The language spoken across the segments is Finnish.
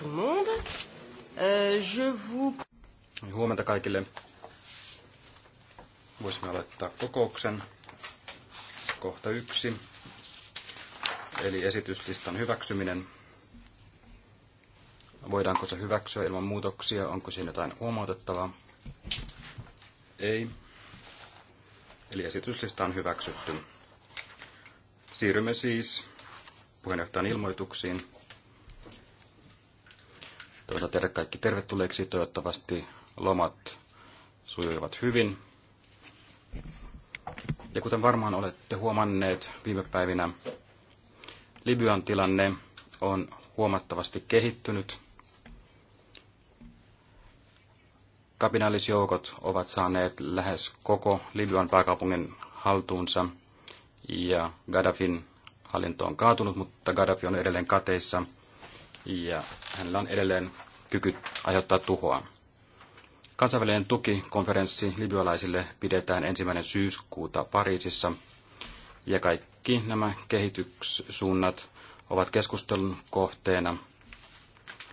tout le monde. Euh, je vous... Huomenta kaikille. Voisimme aloittaa kokouksen. Kohta yksi. Eli esityslistan hyväksyminen. Voidaanko se hyväksyä ilman muutoksia? Onko siinä jotain huomautettavaa? Ei. Eli esityslista on hyväksytty. Siirrymme siis puheenjohtajan ilmoituksiin toivota teille kaikki tervetulleeksi. Toivottavasti lomat sujuivat hyvin. Ja kuten varmaan olette huomanneet viime päivinä, Libyan tilanne on huomattavasti kehittynyt. Kapinallisjoukot ovat saaneet lähes koko Libyan pääkaupungin haltuunsa ja Gaddafin hallinto on kaatunut, mutta Gaddafi on edelleen kateissa ja hänellä on edelleen kyky aiheuttaa tuhoa. Kansainvälinen tukikonferenssi libyalaisille pidetään ensimmäinen syyskuuta Pariisissa, ja kaikki nämä kehityssuunnat ovat keskustelun kohteena.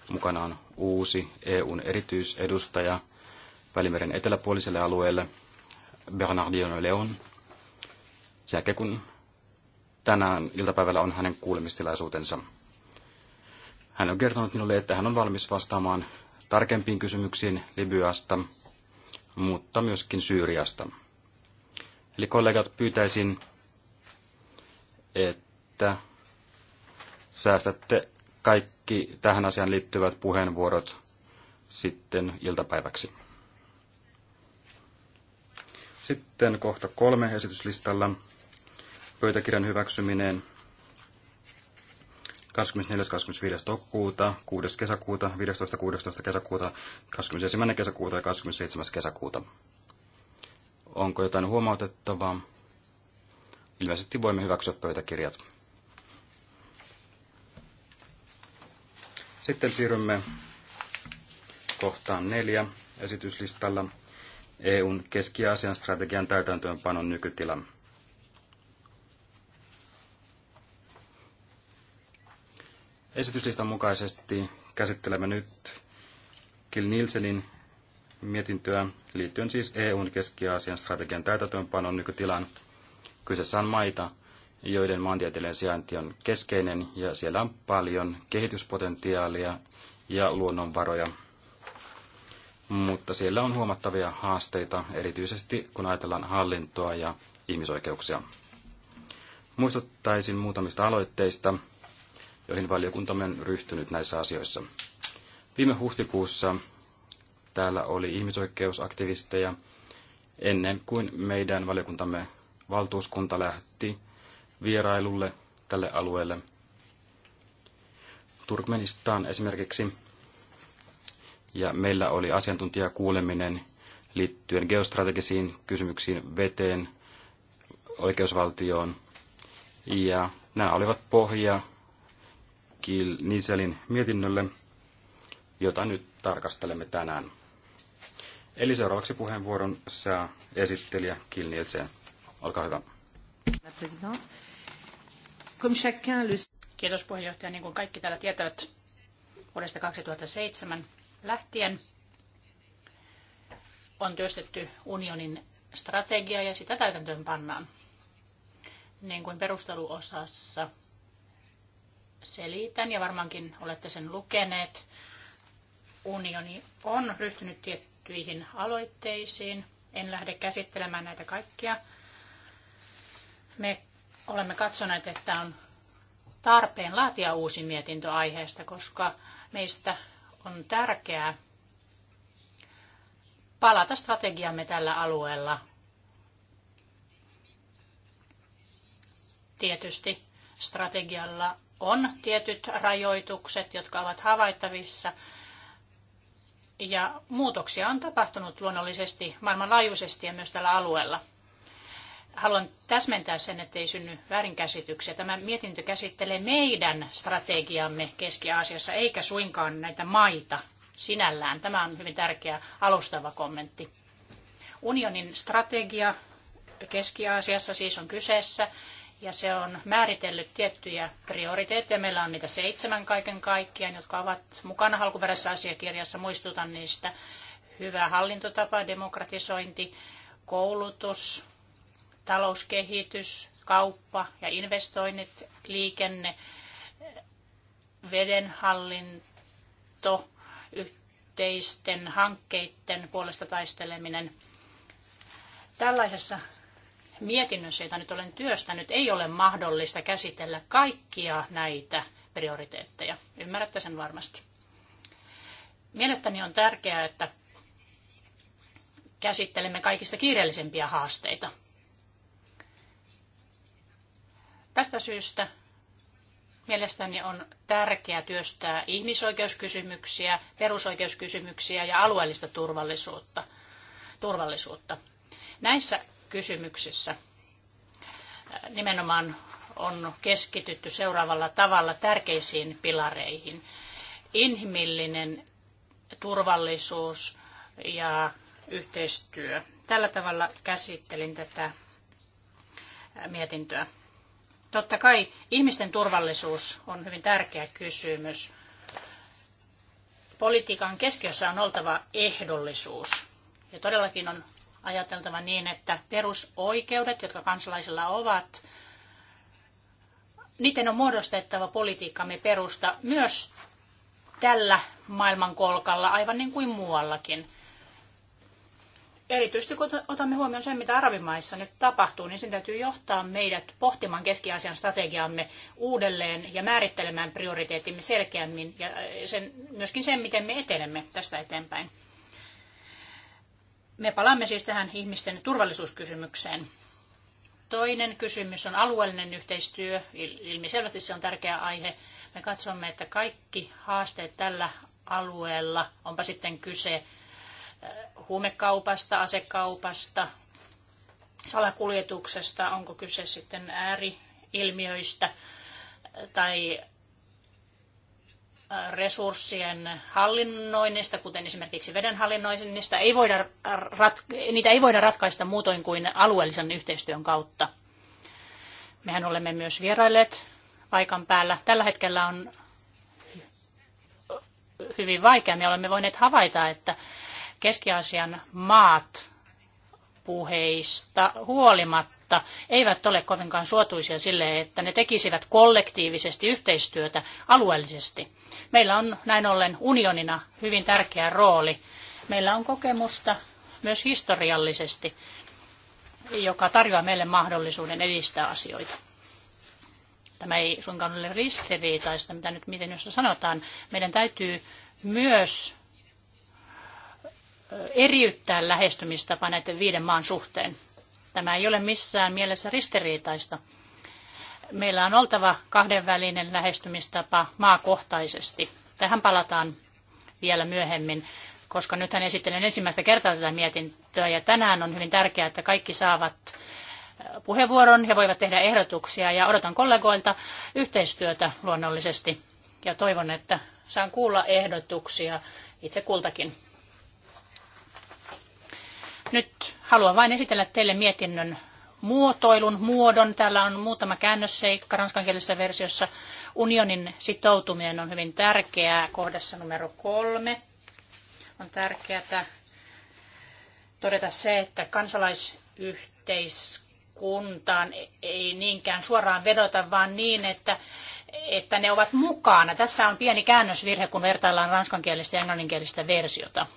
Mukana on uusi EUn erityisedustaja Välimeren eteläpuoliselle alueelle, Bernardino Leon, sen jälkeen kun tänään iltapäivällä on hänen kuulemistilaisuutensa. Hän on kertonut minulle, että hän on valmis vastaamaan tarkempiin kysymyksiin Libyasta, mutta myöskin Syyriasta. Eli kollegat, pyytäisin, että säästätte kaikki tähän asiaan liittyvät puheenvuorot sitten iltapäiväksi. Sitten kohta kolme esityslistalla pöytäkirjan hyväksyminen 24. 25. toukokuuta, 6. kesäkuuta, 15. 16. kesäkuuta, 21. kesäkuuta ja 27. kesäkuuta. Onko jotain huomautettavaa? Ilmeisesti voimme hyväksyä pöytäkirjat. Sitten siirrymme kohtaan neljä esityslistalla EUn Keski-Aasian strategian täytäntöönpanon nykytilan. Esityslistan mukaisesti käsittelemme nyt Kil Nielsenin mietintöä liittyen siis EUn Keski-Aasian strategian täytäntöönpanon nykytilan. Kyseessä on maita, joiden maantieteellinen sijainti on keskeinen ja siellä on paljon kehityspotentiaalia ja luonnonvaroja. Mutta siellä on huomattavia haasteita, erityisesti kun ajatellaan hallintoa ja ihmisoikeuksia. Muistuttaisin muutamista aloitteista, joihin valiokuntamme on ryhtynyt näissä asioissa. Viime huhtikuussa täällä oli ihmisoikeusaktivisteja ennen kuin meidän valiokuntamme valtuuskunta lähti vierailulle tälle alueelle. Turkmenistaan esimerkiksi. Ja meillä oli asiantuntijakuuleminen liittyen geostrategisiin kysymyksiin, veteen, oikeusvaltioon. Ja nämä olivat pohja Kiel Niiselin mietinnölle, jota nyt tarkastelemme tänään. Eli seuraavaksi puheenvuoron saa esittelijä Kiel Nielsen. Olkaa hyvä. Kiitos puheenjohtaja. Niin kuin kaikki täällä tietävät, vuodesta 2007 lähtien on työstetty unionin strategia ja sitä täytäntöön pannaan. Niin kuin perusteluosassa selitän ja varmaankin olette sen lukeneet. Unioni on ryhtynyt tiettyihin aloitteisiin. En lähde käsittelemään näitä kaikkia. Me olemme katsoneet, että on tarpeen laatia uusi mietintö aiheesta, koska meistä on tärkeää palata strategiamme tällä alueella. Tietysti strategialla on tietyt rajoitukset, jotka ovat havaittavissa. Ja muutoksia on tapahtunut luonnollisesti maailmanlaajuisesti ja myös tällä alueella. Haluan täsmentää sen, ettei synny väärinkäsityksiä. Tämä mietintö käsittelee meidän strategiamme Keski-Aasiassa, eikä suinkaan näitä maita sinällään. Tämä on hyvin tärkeä alustava kommentti. Unionin strategia Keski-Aasiassa siis on kyseessä ja se on määritellyt tiettyjä prioriteetteja. Meillä on niitä seitsemän kaiken kaikkiaan, jotka ovat mukana alkuperäisessä asiakirjassa. Muistutan niistä. Hyvä hallintotapa, demokratisointi, koulutus, talouskehitys, kauppa ja investoinnit, liikenne, vedenhallinto, yhteisten hankkeiden puolesta taisteleminen. Tällaisessa mietinnössä, jota nyt olen työstänyt, ei ole mahdollista käsitellä kaikkia näitä prioriteetteja. Ymmärrätte sen varmasti. Mielestäni on tärkeää, että käsittelemme kaikista kiireellisempiä haasteita. Tästä syystä mielestäni on tärkeää työstää ihmisoikeuskysymyksiä, perusoikeuskysymyksiä ja alueellista turvallisuutta. turvallisuutta. Näissä kysymyksissä. Nimenomaan on keskitytty seuraavalla tavalla tärkeisiin pilareihin. Inhimillinen turvallisuus ja yhteistyö. Tällä tavalla käsittelin tätä mietintöä. Totta kai ihmisten turvallisuus on hyvin tärkeä kysymys. Politiikan keskiössä on oltava ehdollisuus. Ja todellakin on ajateltava niin, että perusoikeudet, jotka kansalaisilla ovat, niiden on muodostettava politiikkamme perusta myös tällä maailmankolkalla, aivan niin kuin muuallakin. Erityisesti kun otamme huomioon sen, mitä arabimaissa nyt tapahtuu, niin sen täytyy johtaa meidät pohtimaan keski-Aasian strategiamme uudelleen ja määrittelemään prioriteettimme selkeämmin ja sen, myöskin sen, miten me etenemme tästä eteenpäin. Me palaamme siis tähän ihmisten turvallisuuskysymykseen. Toinen kysymys on alueellinen yhteistyö. Ilmiselvästi se on tärkeä aihe. Me katsomme, että kaikki haasteet tällä alueella, onpa sitten kyse äh, huumekaupasta, asekaupasta, salakuljetuksesta, onko kyse sitten ääriilmiöistä äh, tai resurssien hallinnoinnista, kuten esimerkiksi veden hallinnoinnista, ei voida rat- niitä ei voida ratkaista muutoin kuin alueellisen yhteistyön kautta. Mehän olemme myös vierailleet paikan päällä. Tällä hetkellä on hyvin vaikea. Me olemme voineet havaita, että Keski-Aasian maat puheista huolimatta mutta eivät ole kovinkaan suotuisia sille, että ne tekisivät kollektiivisesti yhteistyötä alueellisesti. Meillä on näin ollen unionina hyvin tärkeä rooli. Meillä on kokemusta myös historiallisesti, joka tarjoaa meille mahdollisuuden edistää asioita. Tämä ei suinkaan ole ristiriitaista, mitä nyt miten jos sanotaan. Meidän täytyy myös eriyttää lähestymistapa näiden viiden maan suhteen. Tämä ei ole missään mielessä ristiriitaista. Meillä on oltava kahdenvälinen lähestymistapa maakohtaisesti. Tähän palataan vielä myöhemmin, koska nythän esittelen ensimmäistä kertaa tätä mietintöä ja tänään on hyvin tärkeää, että kaikki saavat puheenvuoron ja voivat tehdä ehdotuksia ja odotan kollegoilta yhteistyötä luonnollisesti ja toivon, että saan kuulla ehdotuksia itse kultakin. Nyt haluan vain esitellä teille mietinnön muotoilun, muodon. Täällä on muutama käännösseikka ranskankielisessä versiossa. Unionin sitoutuminen on hyvin tärkeää kohdassa numero kolme. On tärkeää todeta se, että kansalaisyhteiskuntaan ei niinkään suoraan vedota, vaan niin, että, että ne ovat mukana. Tässä on pieni käännösvirhe, kun vertaillaan ranskankielistä ja englanninkielistä versiota.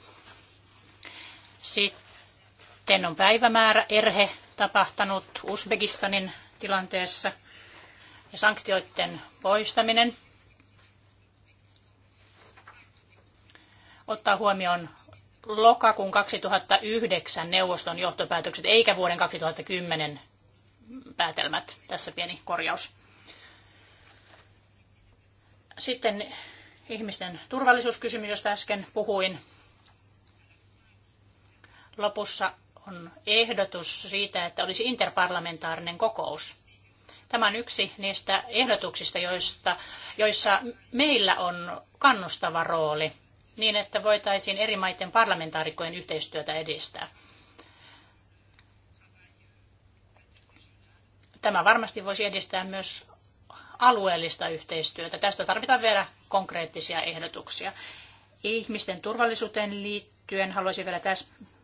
Sitten sitten on päivämäärä erhe tapahtanut Uzbekistanin tilanteessa ja sanktioiden poistaminen. Ottaa huomioon lokakuun 2009 neuvoston johtopäätökset, eikä vuoden 2010 päätelmät. Tässä pieni korjaus. Sitten ihmisten turvallisuuskysymys, josta äsken puhuin. Lopussa on ehdotus siitä, että olisi interparlamentaarinen kokous. Tämä on yksi niistä ehdotuksista, joista, joissa meillä on kannustava rooli niin, että voitaisiin eri maiden parlamentaarikkojen yhteistyötä edistää. Tämä varmasti voisi edistää myös alueellista yhteistyötä. Tästä tarvitaan vielä konkreettisia ehdotuksia. Ihmisten turvallisuuteen liittyen haluaisin vielä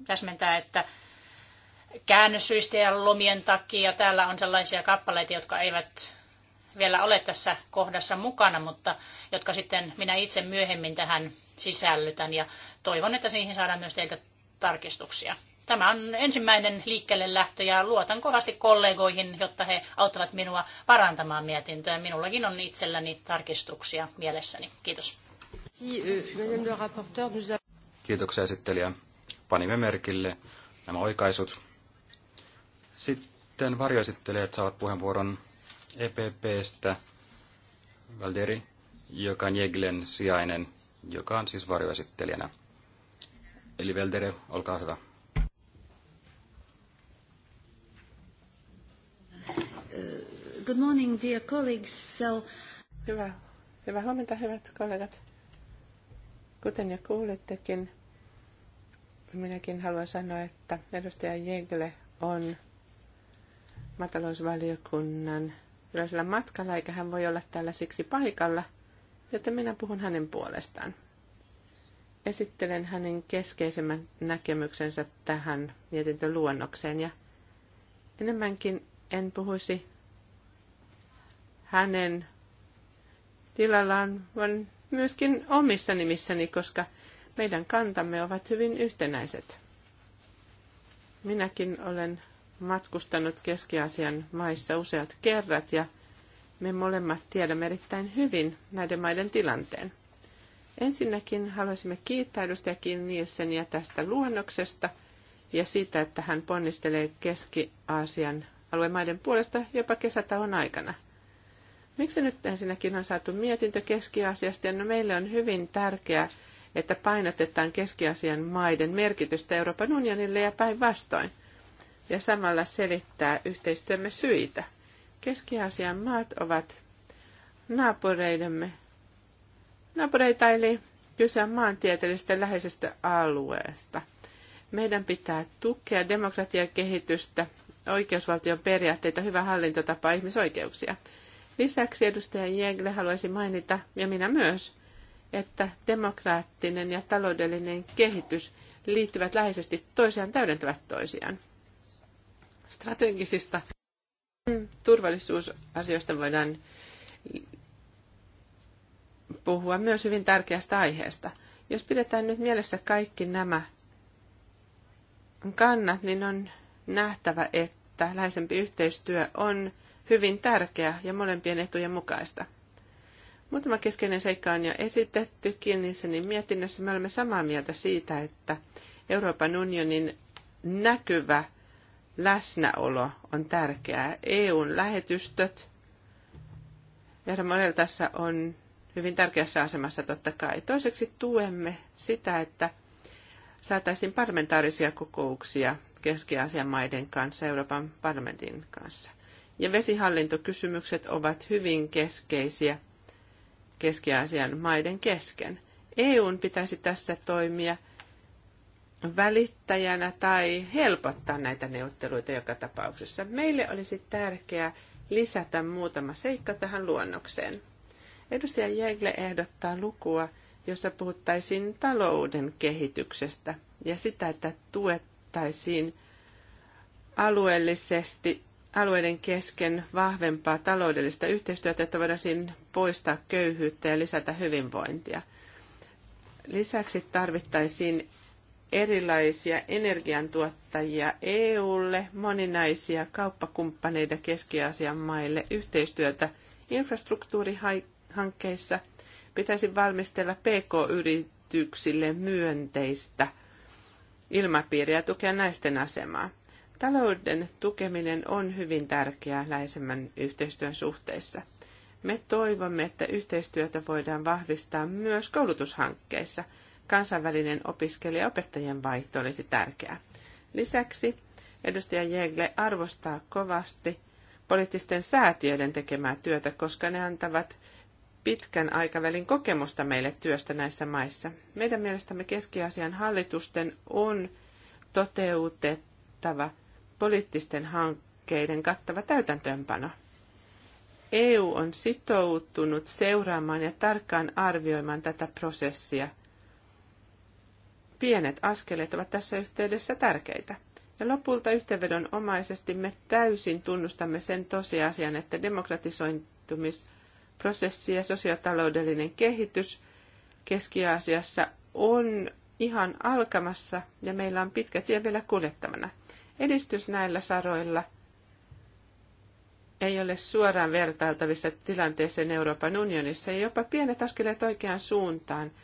täsmentää, että käännösyistä ja lomien takia. Täällä on sellaisia kappaleita, jotka eivät vielä ole tässä kohdassa mukana, mutta jotka sitten minä itse myöhemmin tähän sisällytän ja toivon, että siihen saadaan myös teiltä tarkistuksia. Tämä on ensimmäinen liikkeelle lähtö ja luotan kovasti kollegoihin, jotta he auttavat minua parantamaan mietintöä. Minullakin on itselläni tarkistuksia mielessäni. Kiitos. Kiitoksia esittelijä. Panimme merkille nämä oikaisut. Sitten varjoesittelijät saavat puheenvuoron EPPstä Valderi, joka on Jeglen sijainen, joka on siis varjoesittelijänä. Eli Valderi, olkaa hyvä. Good morning, dear colleagues. So... Hyvä. Hyvää huomenta, hyvät kollegat. Kuten jo kuulittekin, minäkin haluan sanoa, että edustaja Jegle on maatalousvaliokunnan yleisellä matkalla, eikä hän voi olla täällä siksi paikalla, joten minä puhun hänen puolestaan. Esittelen hänen keskeisemmän näkemyksensä tähän mietintöluonnokseen ja enemmänkin en puhuisi hänen tilallaan, vaan myöskin omissa nimissäni, koska meidän kantamme ovat hyvin yhtenäiset. Minäkin olen matkustanut Keski-Aasian maissa useat kerrat ja me molemmat tiedämme erittäin hyvin näiden maiden tilanteen. Ensinnäkin haluaisimme kiittää edustaja Kim Nielseniä tästä luonnoksesta ja siitä, että hän ponnistelee Keski-Aasian aluemaiden puolesta jopa kesätauon aikana. Miksi nyt ensinnäkin on saatu mietintö Keski-Aasiasta? No meille on hyvin tärkeää, että painotetaan Keski-Aasian maiden merkitystä Euroopan unionille ja päinvastoin – ja samalla selittää yhteistyömme syitä. Keski-Aasian maat ovat naapureidemme naapureita, eli kyse on maantieteellisestä läheisestä alueesta. Meidän pitää tukea demokratiakehitystä, oikeusvaltion periaatteita, hyvä hallintotapa, ihmisoikeuksia. Lisäksi edustaja Jengle haluaisi mainita, ja minä myös, että demokraattinen ja taloudellinen kehitys liittyvät läheisesti toisiaan täydentävät toisiaan. Strategisista turvallisuusasioista voidaan puhua myös hyvin tärkeästä aiheesta. Jos pidetään nyt mielessä kaikki nämä kannat, niin on nähtävä, että läheisempi yhteistyö on hyvin tärkeä ja molempien etujen mukaista. Muutama keskeinen seikka on jo esitetty niin mietinnössä. Me olemme samaa mieltä siitä, että Euroopan unionin näkyvä läsnäolo on tärkeää. EUn lähetystöt, Jahda Morel tässä on hyvin tärkeässä asemassa totta kai. Toiseksi tuemme sitä, että saataisiin parlamentaarisia kokouksia Keski-Aasian maiden kanssa, Euroopan parlamentin kanssa. Ja vesihallintokysymykset ovat hyvin keskeisiä Keski-Aasian maiden kesken. EUn pitäisi tässä toimia – välittäjänä tai helpottaa näitä neuvotteluita joka tapauksessa. Meille olisi tärkeää lisätä muutama seikka tähän luonnokseen. Edustaja Jägle ehdottaa lukua, jossa puhuttaisiin talouden kehityksestä ja sitä, että tuettaisiin alueellisesti alueiden kesken vahvempaa taloudellista yhteistyötä, että voidaan poistaa köyhyyttä ja lisätä hyvinvointia. Lisäksi tarvittaisiin erilaisia energiantuottajia EUlle, moninaisia kauppakumppaneita Keski-Aasian maille, yhteistyötä infrastruktuurihankkeissa. Pitäisi valmistella PK-yrityksille myönteistä ilmapiiriä tukea naisten asemaa. Talouden tukeminen on hyvin tärkeää läheisemmän yhteistyön suhteissa. Me toivomme, että yhteistyötä voidaan vahvistaa myös koulutushankkeissa – kansainvälinen opiskelija opettajien vaihto olisi tärkeää. Lisäksi edustaja Jegle arvostaa kovasti poliittisten säätiöiden tekemää työtä, koska ne antavat pitkän aikavälin kokemusta meille työstä näissä maissa. Meidän mielestämme keskiasian hallitusten on toteutettava poliittisten hankkeiden kattava täytäntöönpano. EU on sitoutunut seuraamaan ja tarkkaan arvioimaan tätä prosessia – pienet askeleet ovat tässä yhteydessä tärkeitä. Ja lopulta yhteenvedonomaisesti me täysin tunnustamme sen tosiasian, että demokratisointumisprosessi ja sosiotaloudellinen kehitys Keski-Aasiassa on ihan alkamassa ja meillä on pitkä tie vielä kuljettavana. Edistys näillä saroilla ei ole suoraan vertailtavissa tilanteeseen Euroopan unionissa ja jopa pienet askeleet oikeaan suuntaan –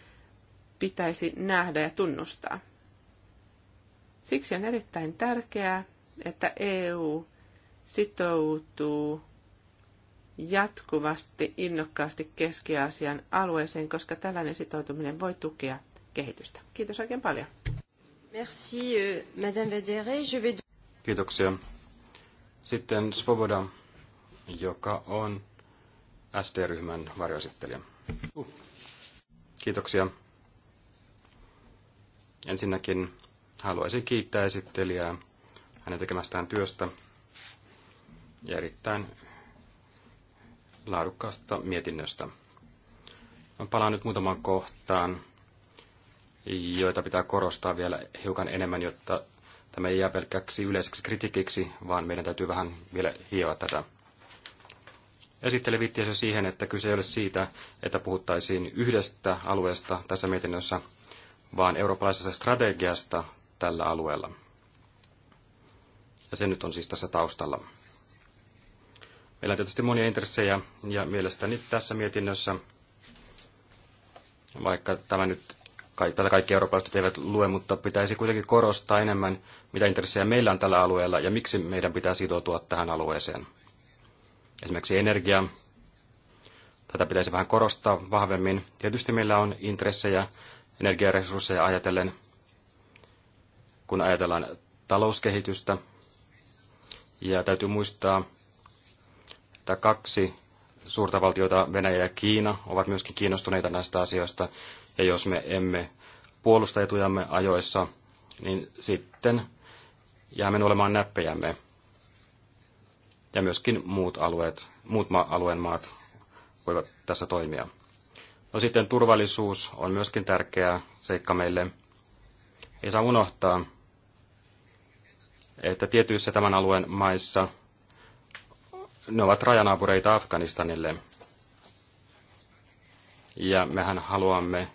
pitäisi nähdä ja tunnustaa. Siksi on erittäin tärkeää, että EU sitoutuu jatkuvasti innokkaasti Keski-Aasian alueeseen, koska tällainen sitoutuminen voi tukea kehitystä. Kiitos oikein paljon. Merci, euh, Madame Je vais... Kiitoksia. Sitten Svoboda, joka on st ryhmän varjoesittelijä. Kiitoksia. Ensinnäkin haluaisin kiittää esittelijää hänen tekemästään työstä ja erittäin laadukkaasta mietinnöstä. Mä palaan nyt muutamaan kohtaan, joita pitää korostaa vielä hiukan enemmän, jotta tämä ei jää pelkäksi yleiseksi kritiikiksi, vaan meidän täytyy vähän vielä hioa tätä. Esittely viittiä siihen, että kyse ei ole siitä, että puhuttaisiin yhdestä alueesta tässä mietinnössä, vaan eurooppalaisesta strategiasta tällä alueella. Ja se nyt on siis tässä taustalla. Meillä on tietysti monia intressejä, ja mielestäni tässä mietinnössä, vaikka tämä nyt tätä kaikki eurooppalaiset eivät lue, mutta pitäisi kuitenkin korostaa enemmän, mitä intressejä meillä on tällä alueella ja miksi meidän pitää sitoutua tähän alueeseen. Esimerkiksi energia. Tätä pitäisi vähän korostaa vahvemmin. Tietysti meillä on intressejä energiaresursseja ajatellen, kun ajatellaan talouskehitystä. Ja täytyy muistaa, että kaksi suurta valtiota, Venäjä ja Kiina, ovat myöskin kiinnostuneita näistä asioista. Ja jos me emme puolusta etujamme ajoissa, niin sitten jäämme olemaan näppejämme. Ja myöskin muut alueet, muut alueen maat voivat tässä toimia. No sitten turvallisuus on myöskin tärkeä seikka meille. Ei saa unohtaa, että tietyissä tämän alueen maissa ne ovat rajanaapureita Afganistanille. Ja mehän haluamme,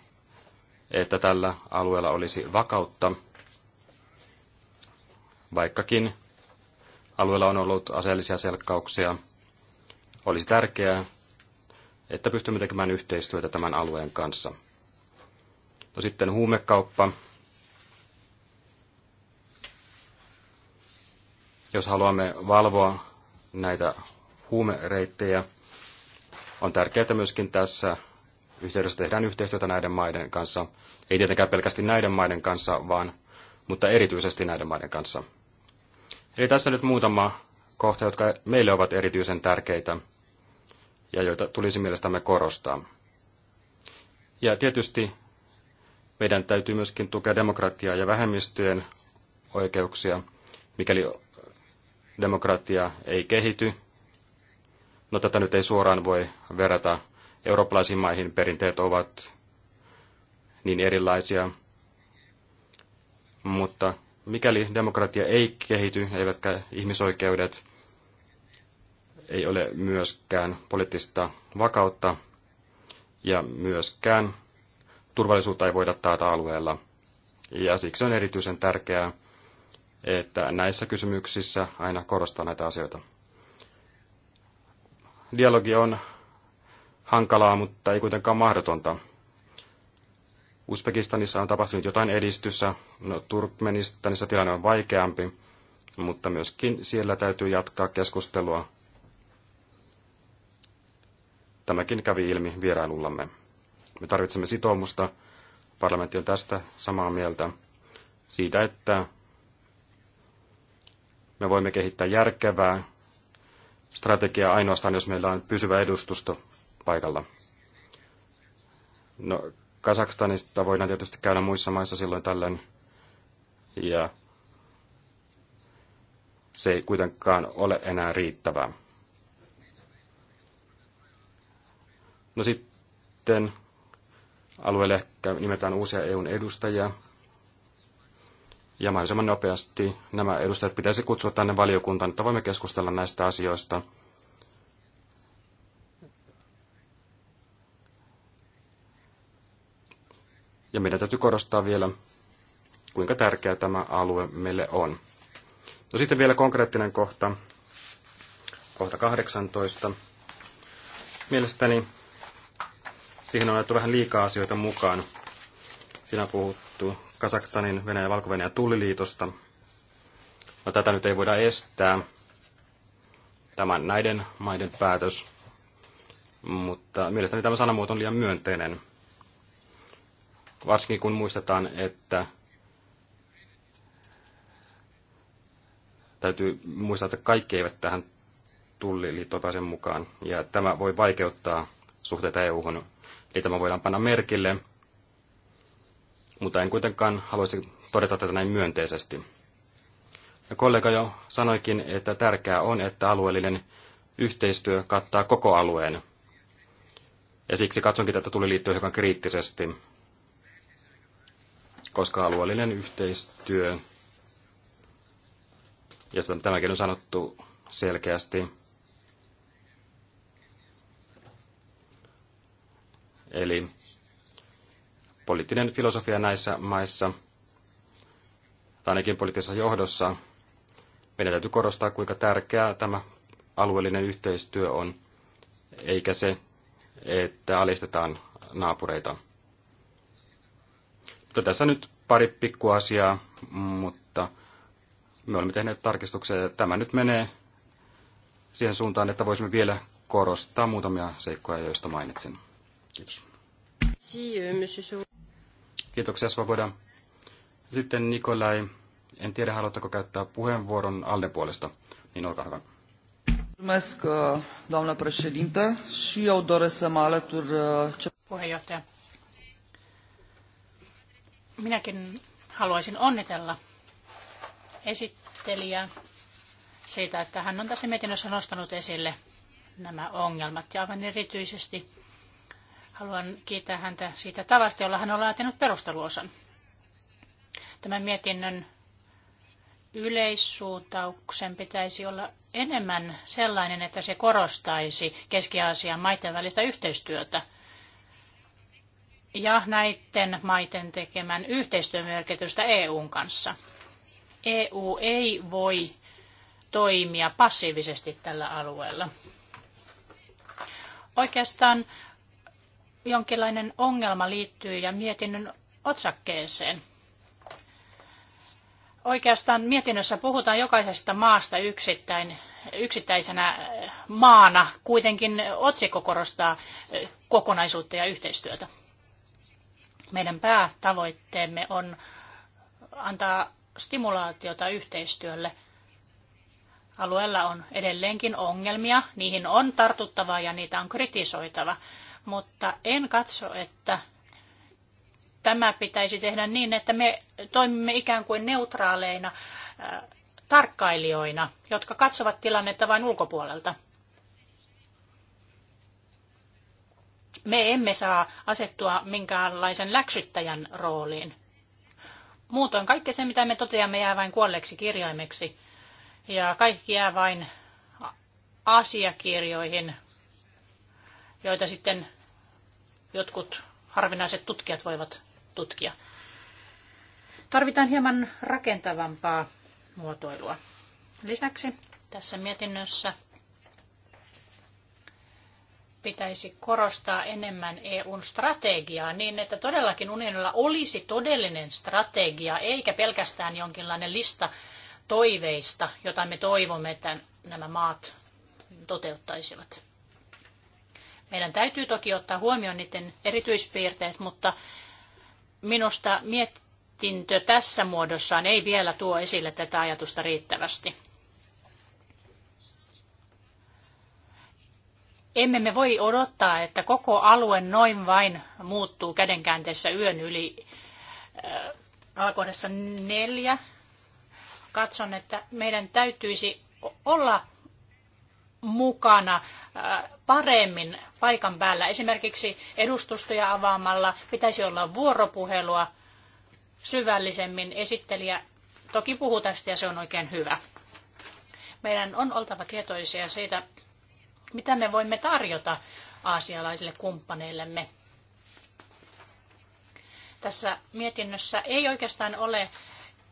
että tällä alueella olisi vakautta, vaikkakin alueella on ollut aseellisia selkkauksia. Olisi tärkeää, että pystymme tekemään yhteistyötä tämän alueen kanssa. No sitten huumekauppa. Jos haluamme valvoa näitä huumereittejä, on tärkeää, että myöskin tässä yhteydessä tehdään yhteistyötä näiden maiden kanssa. Ei tietenkään pelkästään näiden maiden kanssa, vaan mutta erityisesti näiden maiden kanssa. Eli tässä nyt muutama kohta, jotka meille ovat erityisen tärkeitä ja joita tulisi mielestämme korostaa. Ja tietysti meidän täytyy myöskin tukea demokratiaa ja vähemmistöjen oikeuksia, mikäli demokratia ei kehity. No tätä nyt ei suoraan voi verrata eurooppalaisiin maihin. Perinteet ovat niin erilaisia. Mutta mikäli demokratia ei kehity, eivätkä ihmisoikeudet ei ole myöskään poliittista vakautta ja myöskään turvallisuutta ei voida taata alueella. Ja siksi on erityisen tärkeää, että näissä kysymyksissä aina korostaa näitä asioita. Dialogi on hankalaa, mutta ei kuitenkaan mahdotonta. Uzbekistanissa on tapahtunut jotain edistyssä, no, Turkmenistanissa tilanne on vaikeampi, mutta myöskin siellä täytyy jatkaa keskustelua Tämäkin kävi ilmi vierailullamme. Me tarvitsemme sitoumusta. Parlamentti on tästä samaa mieltä siitä, että me voimme kehittää järkevää strategiaa ainoastaan, jos meillä on pysyvä edustusto paikalla. No, Kasakstanista voidaan tietysti käydä muissa maissa silloin tällöin, ja se ei kuitenkaan ole enää riittävää. No sitten alueelle ehkä nimetään uusia EUn edustajia. Ja mahdollisimman nopeasti nämä edustajat pitäisi kutsua tänne valiokuntaan, että voimme keskustella näistä asioista. Ja meidän täytyy korostaa vielä, kuinka tärkeä tämä alue meille on. No sitten vielä konkreettinen kohta, kohta 18. Mielestäni siihen on otettu vähän liikaa asioita mukaan. Siinä on puhuttu Kasakstanin, Venäjän ja valko -Venäjän tulliliitosta. No, tätä nyt ei voida estää. Tämän näiden maiden päätös. Mutta mielestäni tämä sanamuoto on liian myönteinen. Varsinkin kun muistetaan, että täytyy muistaa, että kaikki eivät tähän tulliliittoon pääse mukaan. Ja tämä voi vaikeuttaa suhteita EU-hun Eli tämä voidaan panna merkille, mutta en kuitenkaan haluaisi todeta tätä näin myönteisesti. Ja kollega jo sanoikin, että tärkeää on, että alueellinen yhteistyö kattaa koko alueen. Ja siksi katsonkin tätä tuli liittyä hiukan kriittisesti, koska alueellinen yhteistyö, ja tämäkin on sanottu selkeästi Eli poliittinen filosofia näissä maissa, tai ainakin poliittisessa johdossa, meidän täytyy korostaa, kuinka tärkeää tämä alueellinen yhteistyö on, eikä se, että alistetaan naapureita. Mutta tässä nyt pari pikkuasiaa, mutta me olemme tehneet tarkistuksia. Tämä nyt menee siihen suuntaan, että voisimme vielä korostaa muutamia seikkoja, joista mainitsin. Kiitos. Euh, Kiitoksia Svoboda. Sitten Nikolai, en tiedä haluatteko käyttää puheenvuoron Alden puolesta, niin olkaa hyvä. Mulțumesc, uh, doamnă președintă, și eu doresc să mă alătur... Uh, Puheenjohtaja. Minäkin haluaisin onnitella esittelijää siitä, että hän on tässä mietinnössä nostanut esille nämä ongelmat ja aivan erityisesti Haluan kiittää häntä siitä tavasta, jolla hän on laatinut perusteluosan. Tämän mietinnön yleissuuntauksen pitäisi olla enemmän sellainen, että se korostaisi Keski-Aasian maiden välistä yhteistyötä ja näiden maiden tekemän yhteistyön merkitystä EUn kanssa. EU ei voi toimia passiivisesti tällä alueella. Oikeastaan jonkinlainen ongelma liittyy ja mietinnön otsakkeeseen. Oikeastaan mietinnössä puhutaan jokaisesta maasta yksittäin, yksittäisenä äh, maana. Kuitenkin otsikko korostaa äh, kokonaisuutta ja yhteistyötä. Meidän päätavoitteemme on antaa stimulaatiota yhteistyölle. Alueella on edelleenkin ongelmia, niihin on tartuttava ja niitä on kritisoitava mutta en katso, että tämä pitäisi tehdä niin, että me toimimme ikään kuin neutraaleina äh, tarkkailijoina, jotka katsovat tilannetta vain ulkopuolelta. Me emme saa asettua minkäänlaisen läksyttäjän rooliin. Muutoin kaikki se, mitä me toteamme, jää vain kuolleeksi kirjaimeksi. Ja kaikki jää vain asiakirjoihin, joita sitten jotkut harvinaiset tutkijat voivat tutkia. Tarvitaan hieman rakentavampaa muotoilua. Lisäksi tässä mietinnössä pitäisi korostaa enemmän EUn strategiaa niin, että todellakin unionilla olisi todellinen strategia, eikä pelkästään jonkinlainen lista toiveista, jota me toivomme, että nämä maat toteuttaisivat. Meidän täytyy toki ottaa huomioon niiden erityispiirteet, mutta minusta mietintö tässä muodossaan ei vielä tuo esille tätä ajatusta riittävästi. Emme me voi odottaa, että koko alue noin vain muuttuu kädenkäänteessä yön yli. Äh, alkohdassa neljä katson, että meidän täytyisi olla mukana äh, paremmin paikan päällä. Esimerkiksi edustustoja avaamalla pitäisi olla vuoropuhelua syvällisemmin. Esittelijä toki puhuu tästä ja se on oikein hyvä. Meidän on oltava tietoisia siitä, mitä me voimme tarjota aasialaisille kumppaneillemme. Tässä mietinnössä ei oikeastaan ole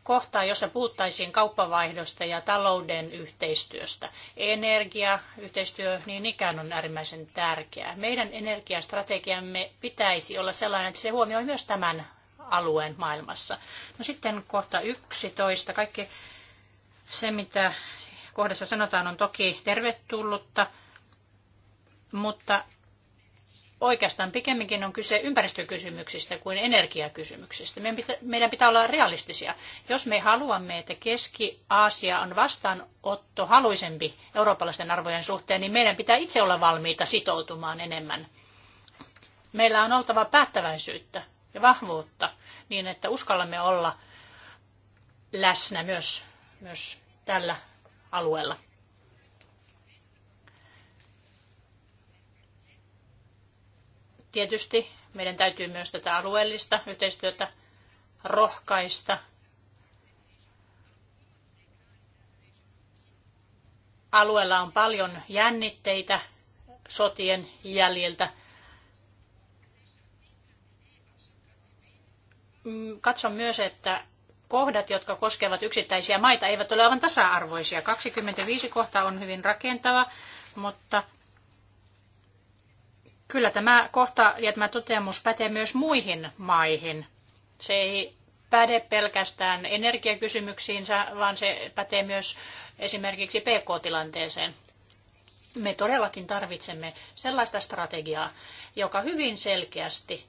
kohtaa, jossa puhuttaisiin kauppavaihdosta ja talouden yhteistyöstä. Energia, yhteistyö niin ikään on äärimmäisen tärkeää. Meidän energiastrategiamme pitäisi olla sellainen, että se huomioi myös tämän alueen maailmassa. No sitten kohta 11. Kaikki se, mitä kohdassa sanotaan, on toki tervetullutta, mutta Oikeastaan pikemminkin on kyse ympäristökysymyksistä kuin energiakysymyksistä. Meidän pitää, meidän pitää olla realistisia. Jos me haluamme, että Keski-Aasia on vastaanotto haluisempi eurooppalaisten arvojen suhteen, niin meidän pitää itse olla valmiita sitoutumaan enemmän. Meillä on oltava päättäväisyyttä ja vahvuutta niin, että uskallamme olla läsnä myös, myös tällä alueella. Tietysti meidän täytyy myös tätä alueellista yhteistyötä rohkaista. Alueella on paljon jännitteitä sotien jäljiltä. Mm, katson myös, että kohdat, jotka koskevat yksittäisiä maita, eivät ole aivan tasa-arvoisia. 25 kohta on hyvin rakentava, mutta Kyllä tämä kohta ja tämä toteamus pätee myös muihin maihin. Se ei päde pelkästään energiakysymyksiinsä, vaan se pätee myös esimerkiksi PK-tilanteeseen. Me todellakin tarvitsemme sellaista strategiaa, joka hyvin selkeästi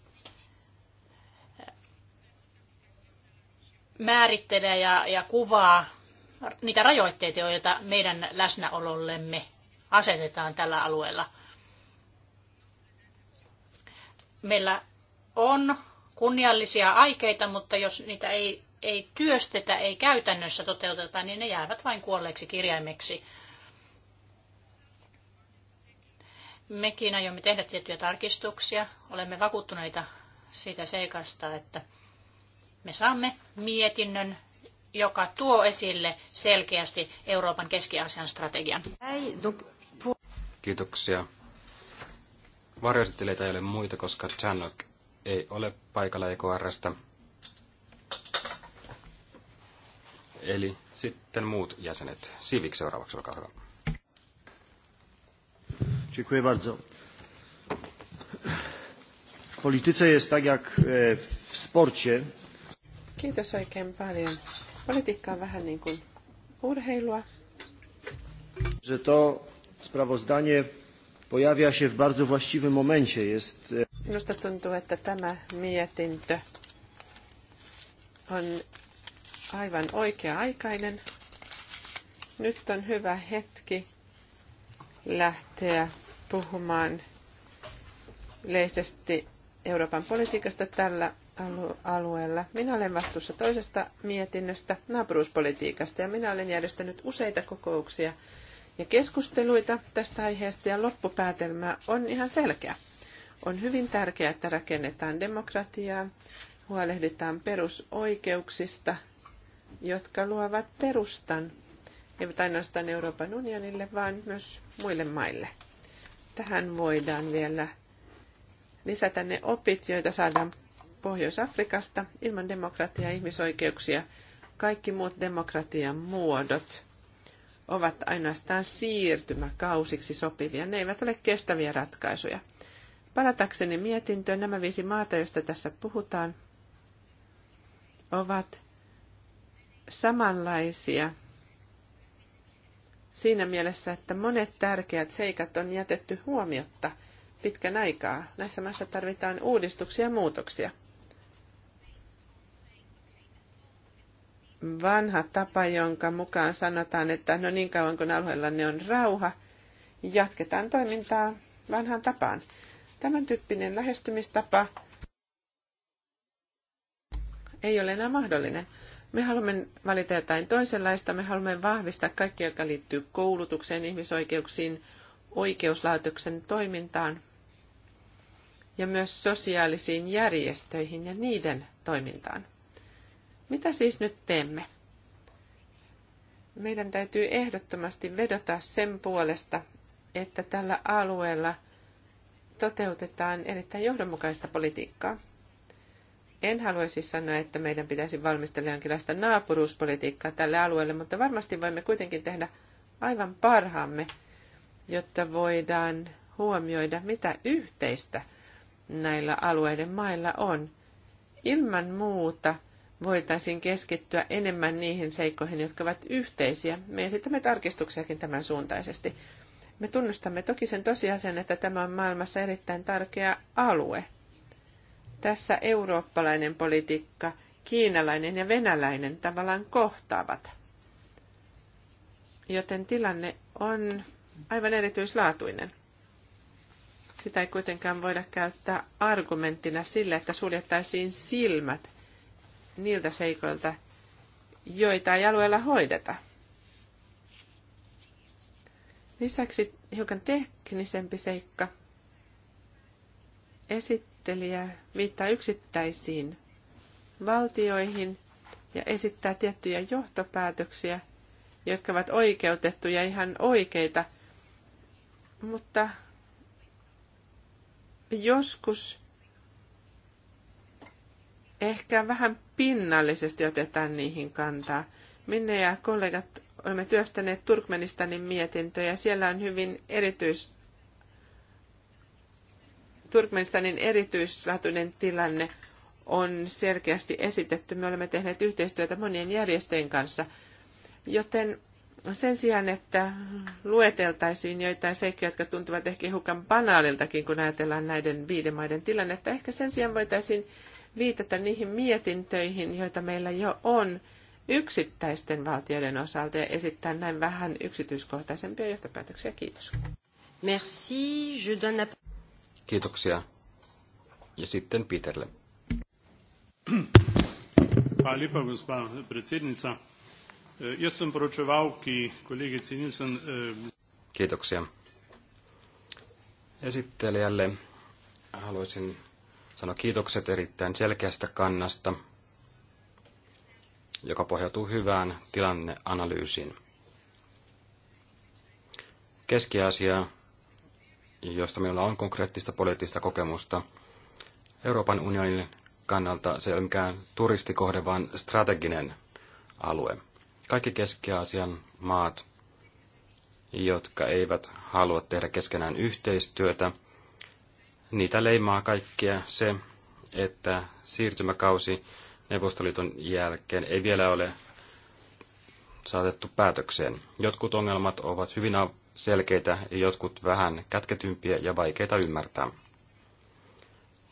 määrittelee ja, ja kuvaa niitä rajoitteita, joita meidän läsnäolollemme asetetaan tällä alueella – meillä on kunniallisia aikeita, mutta jos niitä ei, ei työstetä, ei käytännössä toteuteta, niin ne jäävät vain kuolleiksi kirjaimeksi. Mekin aiomme tehdä tiettyjä tarkistuksia. Olemme vakuuttuneita siitä seikasta, että me saamme mietinnön, joka tuo esille selkeästi Euroopan keskiasian strategian. Kiitoksia. Varjoesittelijöitä ei ole muita, koska Chanok ei ole paikalla EKRstä. Eli sitten muut jäsenet. Sivik seuraavaksi, olkaa hyvä. Dziękuję bardzo. W polityce jest tak jak e, w sporcie. Kiitos oikein paljon. Politiikka on vähän niin kuin urheilua. Że to sprawozdanie pojawia się w bardzo właściwym momencie. Jest... E, Minusta tuntuu, että tämä mietintö on aivan oikea-aikainen. Nyt on hyvä hetki lähteä puhumaan yleisesti Euroopan politiikasta tällä alueella. Minä olen vastuussa toisesta mietinnöstä, naapuruuspolitiikasta, ja minä olen järjestänyt useita kokouksia – ja keskusteluita tästä aiheesta ja loppupäätelmä on ihan selkeä. On hyvin tärkeää, että rakennetaan demokratiaa, huolehditaan perusoikeuksista, jotka luovat perustan, ei ainoastaan Euroopan unionille, vaan myös muille maille. Tähän voidaan vielä lisätä ne opit, joita saadaan Pohjois-Afrikasta ilman demokratiaa ja ihmisoikeuksia. Kaikki muut demokratian muodot ovat ainoastaan siirtymäkausiksi sopivia. Ne eivät ole kestäviä ratkaisuja. Palatakseni mietintöön nämä viisi maata, joista tässä puhutaan, ovat samanlaisia siinä mielessä, että monet tärkeät seikat on jätetty huomiotta pitkän aikaa. Näissä maissa tarvitaan uudistuksia ja muutoksia. vanha tapa, jonka mukaan sanotaan, että no niin kauan kuin alueella ne on rauha, jatketaan toimintaa vanhaan tapaan. Tämän tyyppinen lähestymistapa ei ole enää mahdollinen. Me haluamme valita jotain toisenlaista, me haluamme vahvistaa kaikki, joka liittyy koulutukseen, ihmisoikeuksiin, oikeuslaitoksen toimintaan ja myös sosiaalisiin järjestöihin ja niiden toimintaan. Mitä siis nyt teemme? Meidän täytyy ehdottomasti vedota sen puolesta, että tällä alueella toteutetaan erittäin johdonmukaista politiikkaa. En haluaisi sanoa, että meidän pitäisi valmistella jonkinlaista naapuruuspolitiikkaa tälle alueelle, mutta varmasti voimme kuitenkin tehdä aivan parhaamme, jotta voidaan huomioida, mitä yhteistä näillä alueiden mailla on. Ilman muuta – voitaisiin keskittyä enemmän niihin seikkoihin, jotka ovat yhteisiä. Me esitämme tarkistuksiakin tämän suuntaisesti. Me tunnustamme toki sen tosiasian, että tämä on maailmassa erittäin tärkeä alue. Tässä eurooppalainen politiikka, kiinalainen ja venäläinen tavallaan kohtaavat. Joten tilanne on aivan erityislaatuinen. Sitä ei kuitenkaan voida käyttää argumenttina sille, että suljettaisiin silmät niiltä seikoilta, joita ei alueella hoideta. Lisäksi hiukan teknisempi seikka. Esittelijä viittaa yksittäisiin valtioihin ja esittää tiettyjä johtopäätöksiä, jotka ovat oikeutettuja ihan oikeita. Mutta joskus ehkä vähän pinnallisesti otetaan niihin kantaa. Minne ja kollegat olemme työstäneet Turkmenistanin mietintöä ja siellä on hyvin erityis Turkmenistanin erityislaatuinen tilanne on selkeästi esitetty. Me olemme tehneet yhteistyötä monien järjestöjen kanssa, joten sen sijaan, että lueteltaisiin joitain seikkoja, jotka tuntuvat ehkä hukan banaaliltakin, kun ajatellaan näiden viiden maiden tilannetta, ehkä sen sijaan voitaisiin viitata niihin mietintöihin, joita meillä jo on yksittäisten valtioiden osalta ja esittää näin vähän yksityiskohtaisempia johtopäätöksiä. Kiitos. Merci. Je donne Kiitoksia. Ja sitten Peterle. Hvala lepa, gospa predsednica. Eh, jaz sem poročeval, ki kolegici Nilsen... Eh, Kiitoksia. Esittelijälle haluaisin sanoi kiitokset erittäin selkeästä kannasta, joka pohjautuu hyvään tilanneanalyysiin. Keski-Asia, josta meillä on konkreettista poliittista kokemusta, Euroopan unionin kannalta se ei ole mikään turistikohde, vaan strateginen alue. Kaikki Keski-Aasian maat, jotka eivät halua tehdä keskenään yhteistyötä, niitä leimaa kaikkia se, että siirtymäkausi Neuvostoliiton jälkeen ei vielä ole saatettu päätökseen. Jotkut ongelmat ovat hyvin selkeitä ja jotkut vähän kätketympiä ja vaikeita ymmärtää.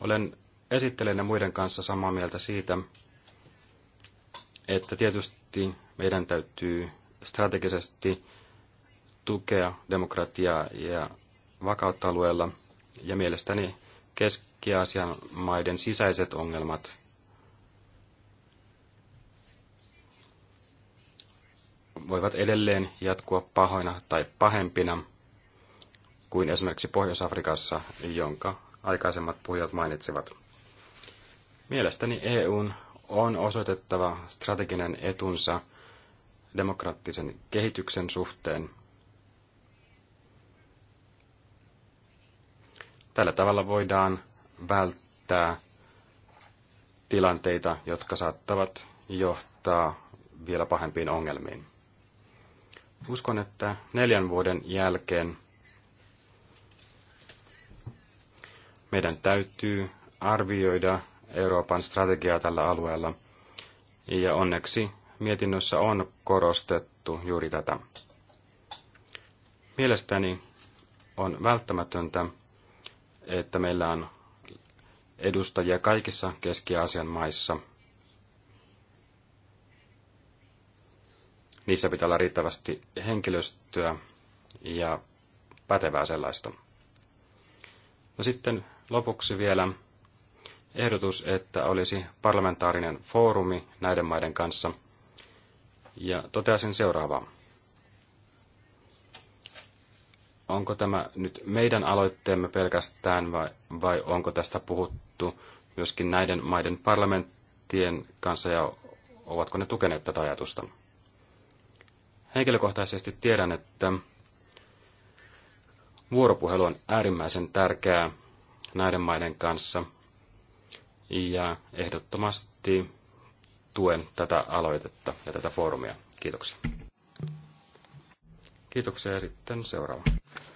Olen esittelen muiden kanssa samaa mieltä siitä, että tietysti meidän täytyy strategisesti tukea demokratiaa ja vakautta alueella – ja mielestäni Keski-Aasian maiden sisäiset ongelmat voivat edelleen jatkua pahoina tai pahempina kuin esimerkiksi Pohjois-Afrikassa, jonka aikaisemmat puhujat mainitsivat. Mielestäni EUn on osoitettava strateginen etunsa demokraattisen kehityksen suhteen Tällä tavalla voidaan välttää tilanteita, jotka saattavat johtaa vielä pahempiin ongelmiin. Uskon, että neljän vuoden jälkeen meidän täytyy arvioida Euroopan strategiaa tällä alueella. Ja onneksi mietinnössä on korostettu juuri tätä. Mielestäni on välttämätöntä, että meillä on edustajia kaikissa Keski-Aasian maissa. Niissä pitää olla riittävästi henkilöstöä ja pätevää sellaista. No sitten lopuksi vielä ehdotus, että olisi parlamentaarinen foorumi näiden maiden kanssa. Ja toteasin seuraavaa. onko tämä nyt meidän aloitteemme pelkästään vai, vai onko tästä puhuttu myöskin näiden maiden parlamenttien kanssa ja ovatko ne tukeneet tätä ajatusta? Henkilökohtaisesti tiedän, että vuoropuhelu on äärimmäisen tärkeää näiden maiden kanssa ja ehdottomasti tuen tätä aloitetta ja tätä foorumia. Kiitoksia. Kiitoksia ja sitten seuraava.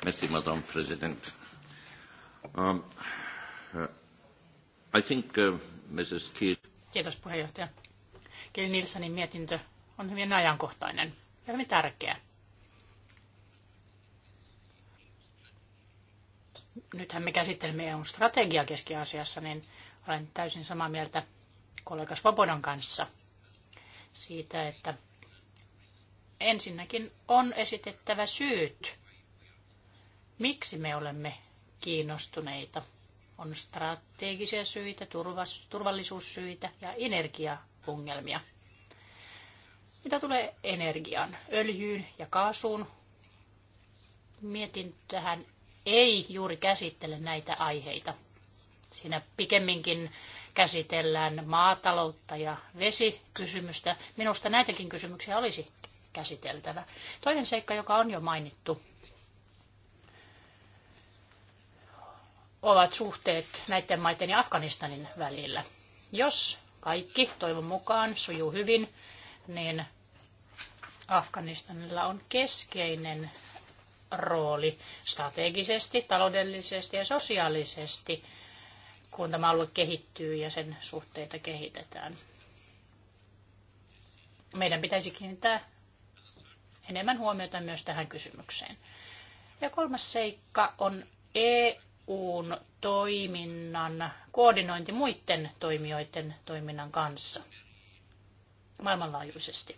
Merci, Madame President. Um, uh, I think uh, Mrs. Keel... Kiitos puheenjohtaja. Kiel Nilssonin mietintö on hyvin ajankohtainen ja hyvin tärkeä. Nythän me käsittelemme EUn strategia keskiasiassa, niin olen täysin samaa mieltä kollega Svobodan kanssa siitä, että Ensinnäkin on esitettävä syyt, miksi me olemme kiinnostuneita. On strategisia syitä, turvallisuussyitä ja energiaongelmia. Mitä tulee energiaan, öljyyn ja kaasuun, tähän ei juuri käsittele näitä aiheita. Siinä pikemminkin käsitellään maataloutta ja vesikysymystä. Minusta näitäkin kysymyksiä olisi käsiteltävä. Toinen seikka, joka on jo mainittu, ovat suhteet näiden maiden ja Afganistanin välillä. Jos kaikki toivon mukaan sujuu hyvin, niin Afganistanilla on keskeinen rooli strategisesti, taloudellisesti ja sosiaalisesti, kun tämä alue kehittyy ja sen suhteita kehitetään. Meidän pitäisi kiinnittää enemmän huomiota myös tähän kysymykseen. Ja kolmas seikka on EUn toiminnan koordinointi muiden toimijoiden toiminnan kanssa maailmanlaajuisesti.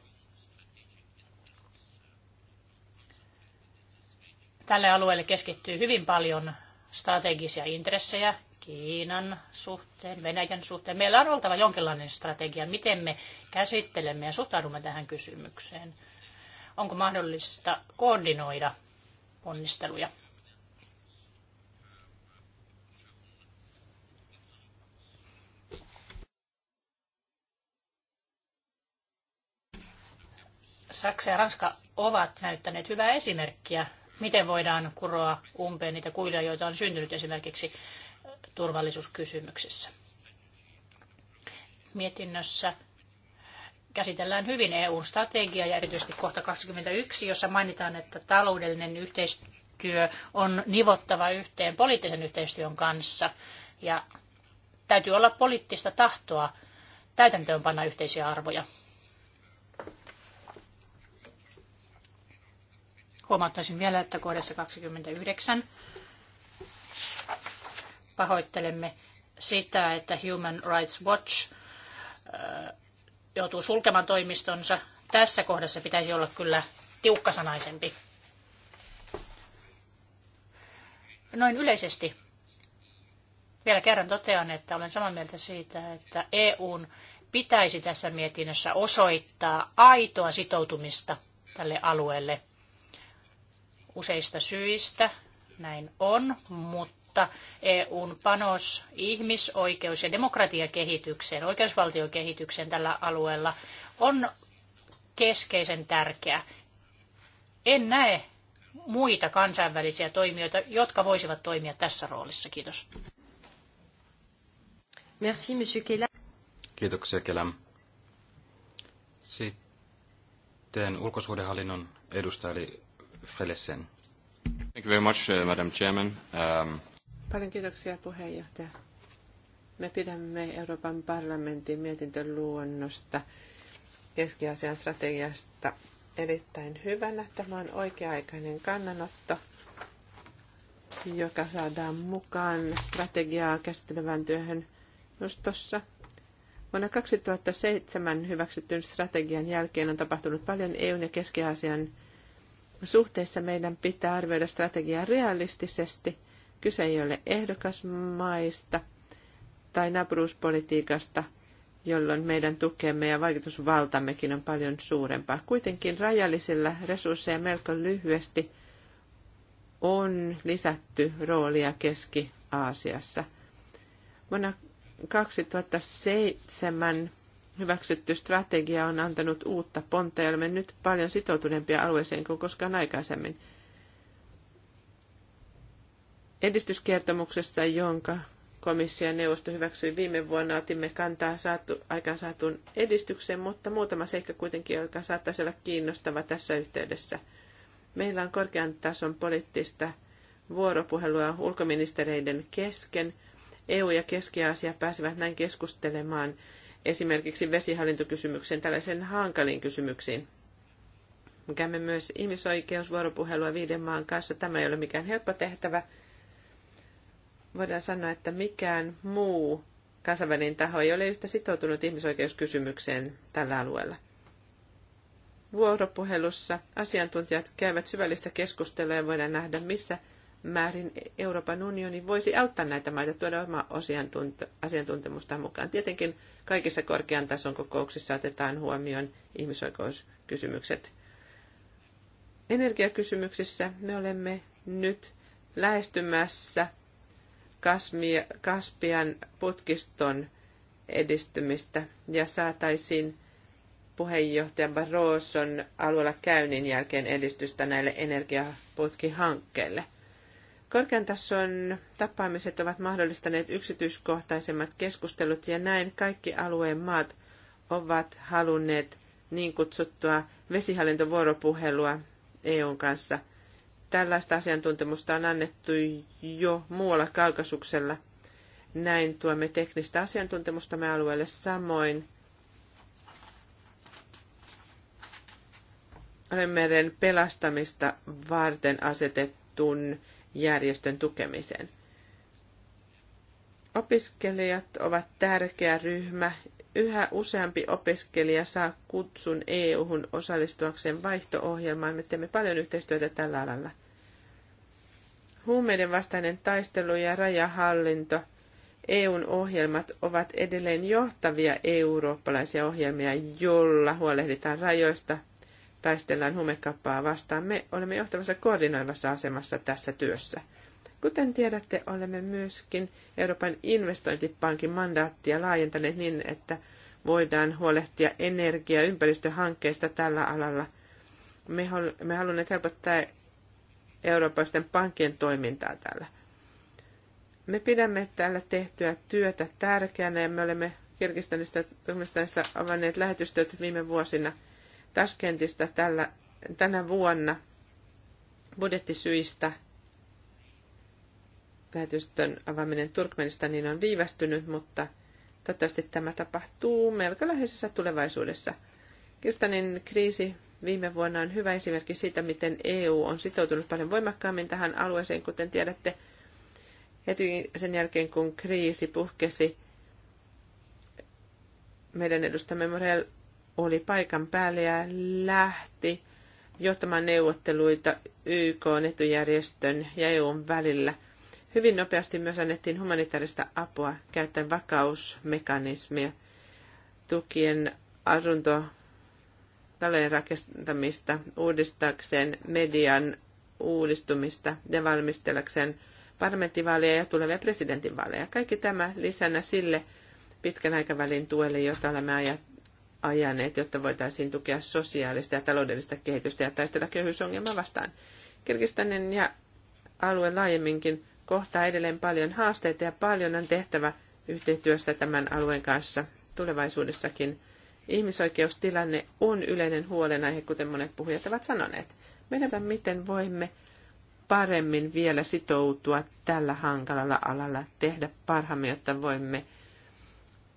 Tälle alueelle keskittyy hyvin paljon strategisia intressejä Kiinan suhteen, Venäjän suhteen. Meillä on oltava jonkinlainen strategia, miten me käsittelemme ja suhtaudumme tähän kysymykseen – Onko mahdollista koordinoida ponnisteluja? Saksa ja Ranska ovat näyttäneet hyvää esimerkkiä, miten voidaan kuroa umpeen niitä kuilia, joita on syntynyt esimerkiksi turvallisuuskysymyksissä. Mietinnössä käsitellään hyvin EU-strategiaa ja erityisesti kohta 21, jossa mainitaan, että taloudellinen yhteistyö on nivottava yhteen poliittisen yhteistyön kanssa ja täytyy olla poliittista tahtoa täytäntöönpanna yhteisiä arvoja. Huomauttaisin vielä, että kohdassa 29 pahoittelemme sitä, että Human Rights Watch joutuu sulkemaan toimistonsa. Tässä kohdassa pitäisi olla kyllä tiukkasanaisempi. Noin yleisesti vielä kerran totean, että olen samaa mieltä siitä, että EUn pitäisi tässä mietinnössä osoittaa aitoa sitoutumista tälle alueelle. Useista syistä näin on, mutta kautta EUn panos ihmisoikeus- ja demokratiakehitykseen, oikeusvaltiokehitykseen tällä alueella on keskeisen tärkeä. En näe muita kansainvälisiä toimijoita, jotka voisivat toimia tässä roolissa. Kiitos. Merci, Monsieur Kelam. Kiitoksia, Kelam. Sitten ulkosuhdehallinnon edustaja, eli Frelesen. Thank you very much, uh, Madam Chairman. Um... Paljon kiitoksia puheenjohtaja. Me pidämme Euroopan parlamentin mietintöluonnosta keski-Aasian strategiasta erittäin hyvänä. Tämä on oikea-aikainen kannanotto, joka saadaan mukaan strategiaa käsittelevään työhön nostossa. Vuonna 2007 hyväksytyn strategian jälkeen on tapahtunut paljon EUn ja Keski-Aasian suhteissa. Meidän pitää arvioida strategiaa realistisesti Kyse ei ole ehdokasmaista tai naapuruuspolitiikasta, jolloin meidän tukemme ja vaikutusvaltammekin on paljon suurempaa. Kuitenkin rajallisilla resursseja melko lyhyesti on lisätty roolia Keski-Aasiassa. Vuonna 2007 hyväksytty strategia on antanut uutta pontta ja olemme nyt paljon sitoutuneempia alueeseen kuin koskaan aikaisemmin – edistyskertomuksessa, jonka komissio ja neuvosto hyväksyi viime vuonna, otimme kantaa saatu, aikaan saatuun edistykseen, mutta muutama seikka kuitenkin, joka saattaisi olla kiinnostava tässä yhteydessä. Meillä on korkean tason poliittista vuoropuhelua ulkoministereiden kesken. EU ja Keski-Aasia pääsevät näin keskustelemaan esimerkiksi vesihallintokysymyksiin, tällaisen hankaliin kysymyksiin. Käymme myös ihmisoikeusvuoropuhelua viiden maan kanssa. Tämä ei ole mikään helppo tehtävä, voidaan sanoa, että mikään muu kansainvälinen taho ei ole yhtä sitoutunut ihmisoikeuskysymykseen tällä alueella. Vuoropuhelussa asiantuntijat käyvät syvällistä keskustelua ja voidaan nähdä, missä määrin Euroopan unioni voisi auttaa näitä maita tuoda oma asiantuntemusta mukaan. Tietenkin kaikissa korkean tason kokouksissa otetaan huomioon ihmisoikeuskysymykset. Energiakysymyksissä me olemme nyt lähestymässä – Kaspian putkiston edistymistä ja saataisiin puheenjohtaja Barroson alueella käynnin jälkeen edistystä näille energiaputkihankkeille. Korkean tason tapaamiset ovat mahdollistaneet yksityiskohtaisemmat keskustelut ja näin kaikki alueen maat ovat halunneet niin kutsuttua vesihallintovuoropuhelua EUn kanssa – Tällaista asiantuntemusta on annettu jo muualla kaukasuksella. Näin tuomme teknistä me alueelle samoin. meren pelastamista varten asetettun järjestön tukemiseen. Opiskelijat ovat tärkeä ryhmä. Yhä useampi opiskelija saa kutsun EU-hun osallistuakseen vaihto-ohjelmaan. Me teemme paljon yhteistyötä tällä alalla. Huumeiden vastainen taistelu ja rajahallinto, EUn ohjelmat ovat edelleen johtavia eurooppalaisia ohjelmia, jolla huolehditaan rajoista, taistellaan huumekappaa vastaan. Me olemme johtavassa koordinoivassa asemassa tässä työssä. Kuten tiedätte, olemme myöskin Euroopan investointipankin mandaattia laajentaneet niin, että voidaan huolehtia energia- ja ympäristöhankkeista tällä alalla. Me haluamme halunneet helpottaa eurooppalaisten pankkien toimintaa täällä. Me pidämme täällä tehtyä työtä tärkeänä ja me olemme Kirkistanista Turmistanissa avanneet lähetystyöt viime vuosina Taskentista tällä, tänä vuonna budjettisyistä. Lähetystön avaaminen niin on viivästynyt, mutta toivottavasti tämä tapahtuu melko läheisessä tulevaisuudessa. Kirkistanin kriisi viime vuonna on hyvä esimerkki siitä, miten EU on sitoutunut paljon voimakkaammin tähän alueeseen, kuten tiedätte. Heti sen jälkeen, kun kriisi puhkesi, meidän edustamme Morel oli paikan päällä ja lähti johtamaan neuvotteluita YK, etujärjestön ja EUn välillä. Hyvin nopeasti myös annettiin humanitaarista apua käyttäen vakausmekanismia tukien asunto jälleenrakentamista, rakentamista uudistakseen median uudistumista ja valmistellakseen parlamenttivaaleja ja tulevia presidentinvaaleja. Kaikki tämä lisänä sille pitkän aikavälin tuelle, jota olemme ajaneet, jotta voitaisiin tukea sosiaalista ja taloudellista kehitystä ja taistella köyhyysongelmaa vastaan. Kirkistanen ja alue laajemminkin kohtaa edelleen paljon haasteita ja paljon on tehtävä yhteistyössä tämän alueen kanssa tulevaisuudessakin – Ihmisoikeustilanne on yleinen huolenaihe, kuten monet puhujat ovat sanoneet. Meidän miten voimme paremmin vielä sitoutua tällä hankalalla alalla, tehdä parhaamme, jotta voimme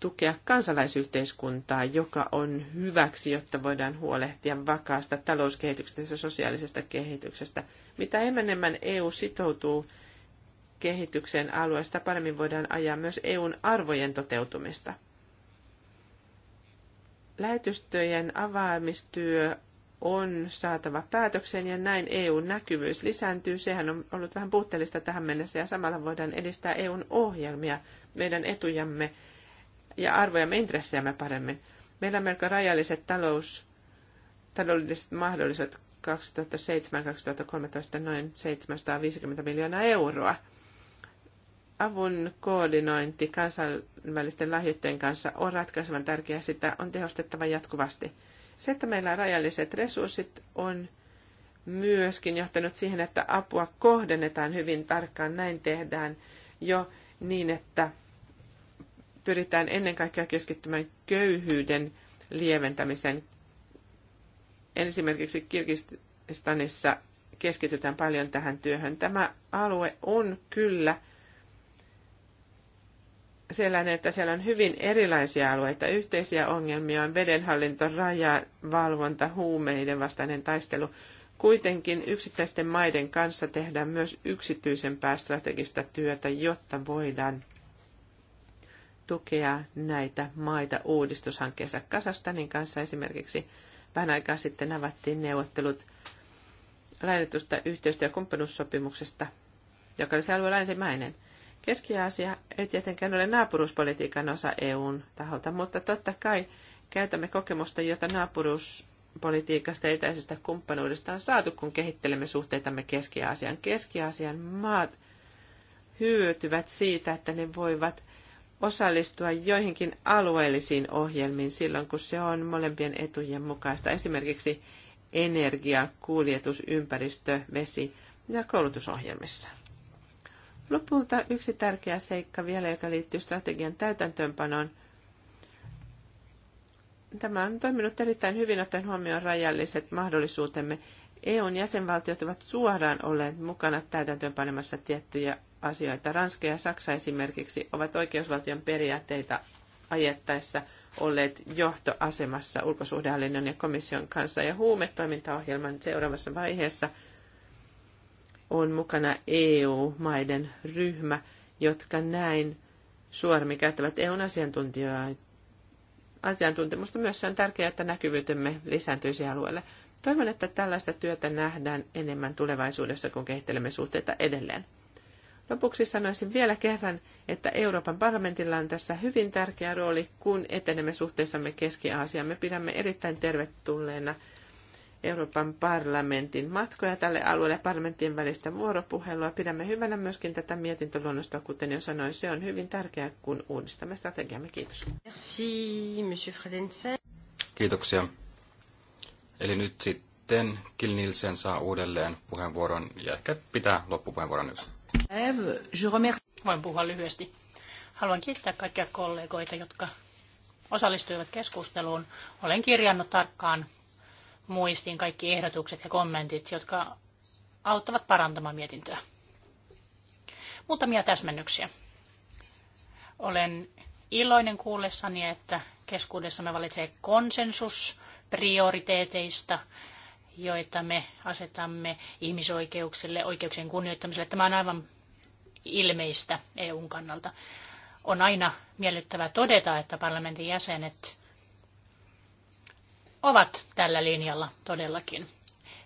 tukea kansalaisyhteiskuntaa, joka on hyväksi, jotta voidaan huolehtia vakaasta talouskehityksestä ja sosiaalisesta kehityksestä. Mitä enemmän EU e sitoutuu kehitykseen alueesta, paremmin voidaan ajaa myös EUn arvojen toteutumista – Lähetystöjen avaamistyö on saatava päätökseen ja näin EUn näkyvyys lisääntyy. Sehän on ollut vähän puutteellista tähän mennessä ja samalla voidaan edistää EUn ohjelmia, meidän etujamme ja arvojamme intressejämme paremmin. Meillä on melko rajalliset talous, taloudelliset mahdollisuudet 2007-2013 noin 750 miljoonaa euroa – avun koordinointi kansainvälisten lahjoitteen kanssa on ratkaisevan tärkeää, sitä on tehostettava jatkuvasti. Se, että meillä on rajalliset resurssit, on myöskin johtanut siihen, että apua kohdennetaan hyvin tarkkaan. Näin tehdään jo niin, että pyritään ennen kaikkea keskittymään köyhyyden lieventämisen. Esimerkiksi Kirgistanissa keskitytään paljon tähän työhön. Tämä alue on kyllä – sellainen, että siellä on hyvin erilaisia alueita. Yhteisiä ongelmia on vedenhallinto, rajavalvonta, huumeiden vastainen taistelu. Kuitenkin yksittäisten maiden kanssa tehdään myös yksityisempää strategista työtä, jotta voidaan tukea näitä maita uudistushankkeessa. Kasastanin kanssa esimerkiksi vähän aikaa sitten avattiin neuvottelut lainatusta yhteistyökumppanuussopimuksesta, joka olisi alueen länsimäinen – Keski-Aasia ei tietenkään ole naapuruuspolitiikan osa EUn taholta, mutta totta kai käytämme kokemusta, jota naapuruuspolitiikasta ja etäisestä kumppanuudesta on saatu, kun kehittelemme suhteitamme Keski-Aasian. Keski-Aasian maat hyötyvät siitä, että ne voivat osallistua joihinkin alueellisiin ohjelmiin silloin, kun se on molempien etujen mukaista. Esimerkiksi energia, kuljetus, ympäristö, vesi ja koulutusohjelmissa. Lopulta yksi tärkeä seikka vielä, joka liittyy strategian täytäntöönpanoon. Tämä on toiminut erittäin hyvin ottaen huomioon rajalliset mahdollisuutemme. EUn jäsenvaltiot ovat suoraan olleet mukana täytäntöönpanemassa tiettyjä asioita. Ranska ja Saksa esimerkiksi ovat oikeusvaltion periaatteita ajettaessa olleet johtoasemassa ulkosuhdehallinnon ja komission kanssa ja huumetoimintaohjelman seuraavassa vaiheessa – on mukana EU-maiden ryhmä, jotka näin suormi käyttävät EUn asiantuntemusta myös on tärkeää, että näkyvyytemme lisääntyisi alueelle. Toivon, että tällaista työtä nähdään enemmän tulevaisuudessa, kun kehittelemme suhteita edelleen. Lopuksi sanoisin vielä kerran, että Euroopan parlamentilla on tässä hyvin tärkeä rooli, kun etenemme suhteessamme Keski-Aasiaan. Me pidämme erittäin tervetulleena Euroopan parlamentin matkoja tälle alueelle parlamenttien välistä vuoropuhelua. Pidämme hyvänä myöskin tätä mietintöluonnosta, kuten jo sanoin, se on hyvin tärkeää, kun uudistamme strategiamme. Kiitos. Merci, Monsieur Fredensen. Kiitoksia. Eli nyt sitten Kil Nielsen saa uudelleen puheenvuoron ja ehkä pitää loppupuheenvuoron nyt. Voin puhua lyhyesti. Haluan kiittää kaikkia kollegoita, jotka osallistuivat keskusteluun. Olen kirjannut tarkkaan muistiin kaikki ehdotukset ja kommentit, jotka auttavat parantamaan mietintöä. Muutamia täsmennyksiä. Olen iloinen kuullessani, että keskuudessamme valitsee konsensus prioriteeteista, joita me asetamme ihmisoikeuksille, oikeuksien kunnioittamiselle. Tämä on aivan ilmeistä EUn kannalta. On aina miellyttävää todeta, että parlamentin jäsenet ovat tällä linjalla todellakin.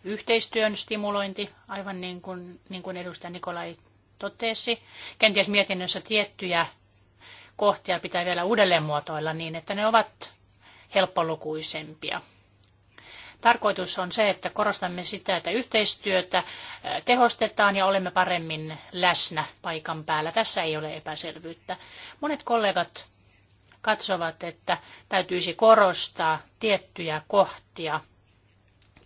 Yhteistyön stimulointi, aivan niin kuin, niin kuin edustaja Nikolai totesi. Kenties mietinnössä tiettyjä kohtia pitää vielä uudelleen muotoilla niin, että ne ovat helppolukuisempia. Tarkoitus on se, että korostamme sitä, että yhteistyötä tehostetaan ja olemme paremmin läsnä paikan päällä. Tässä ei ole epäselvyyttä. Monet kollegat katsovat, että täytyisi korostaa tiettyjä kohtia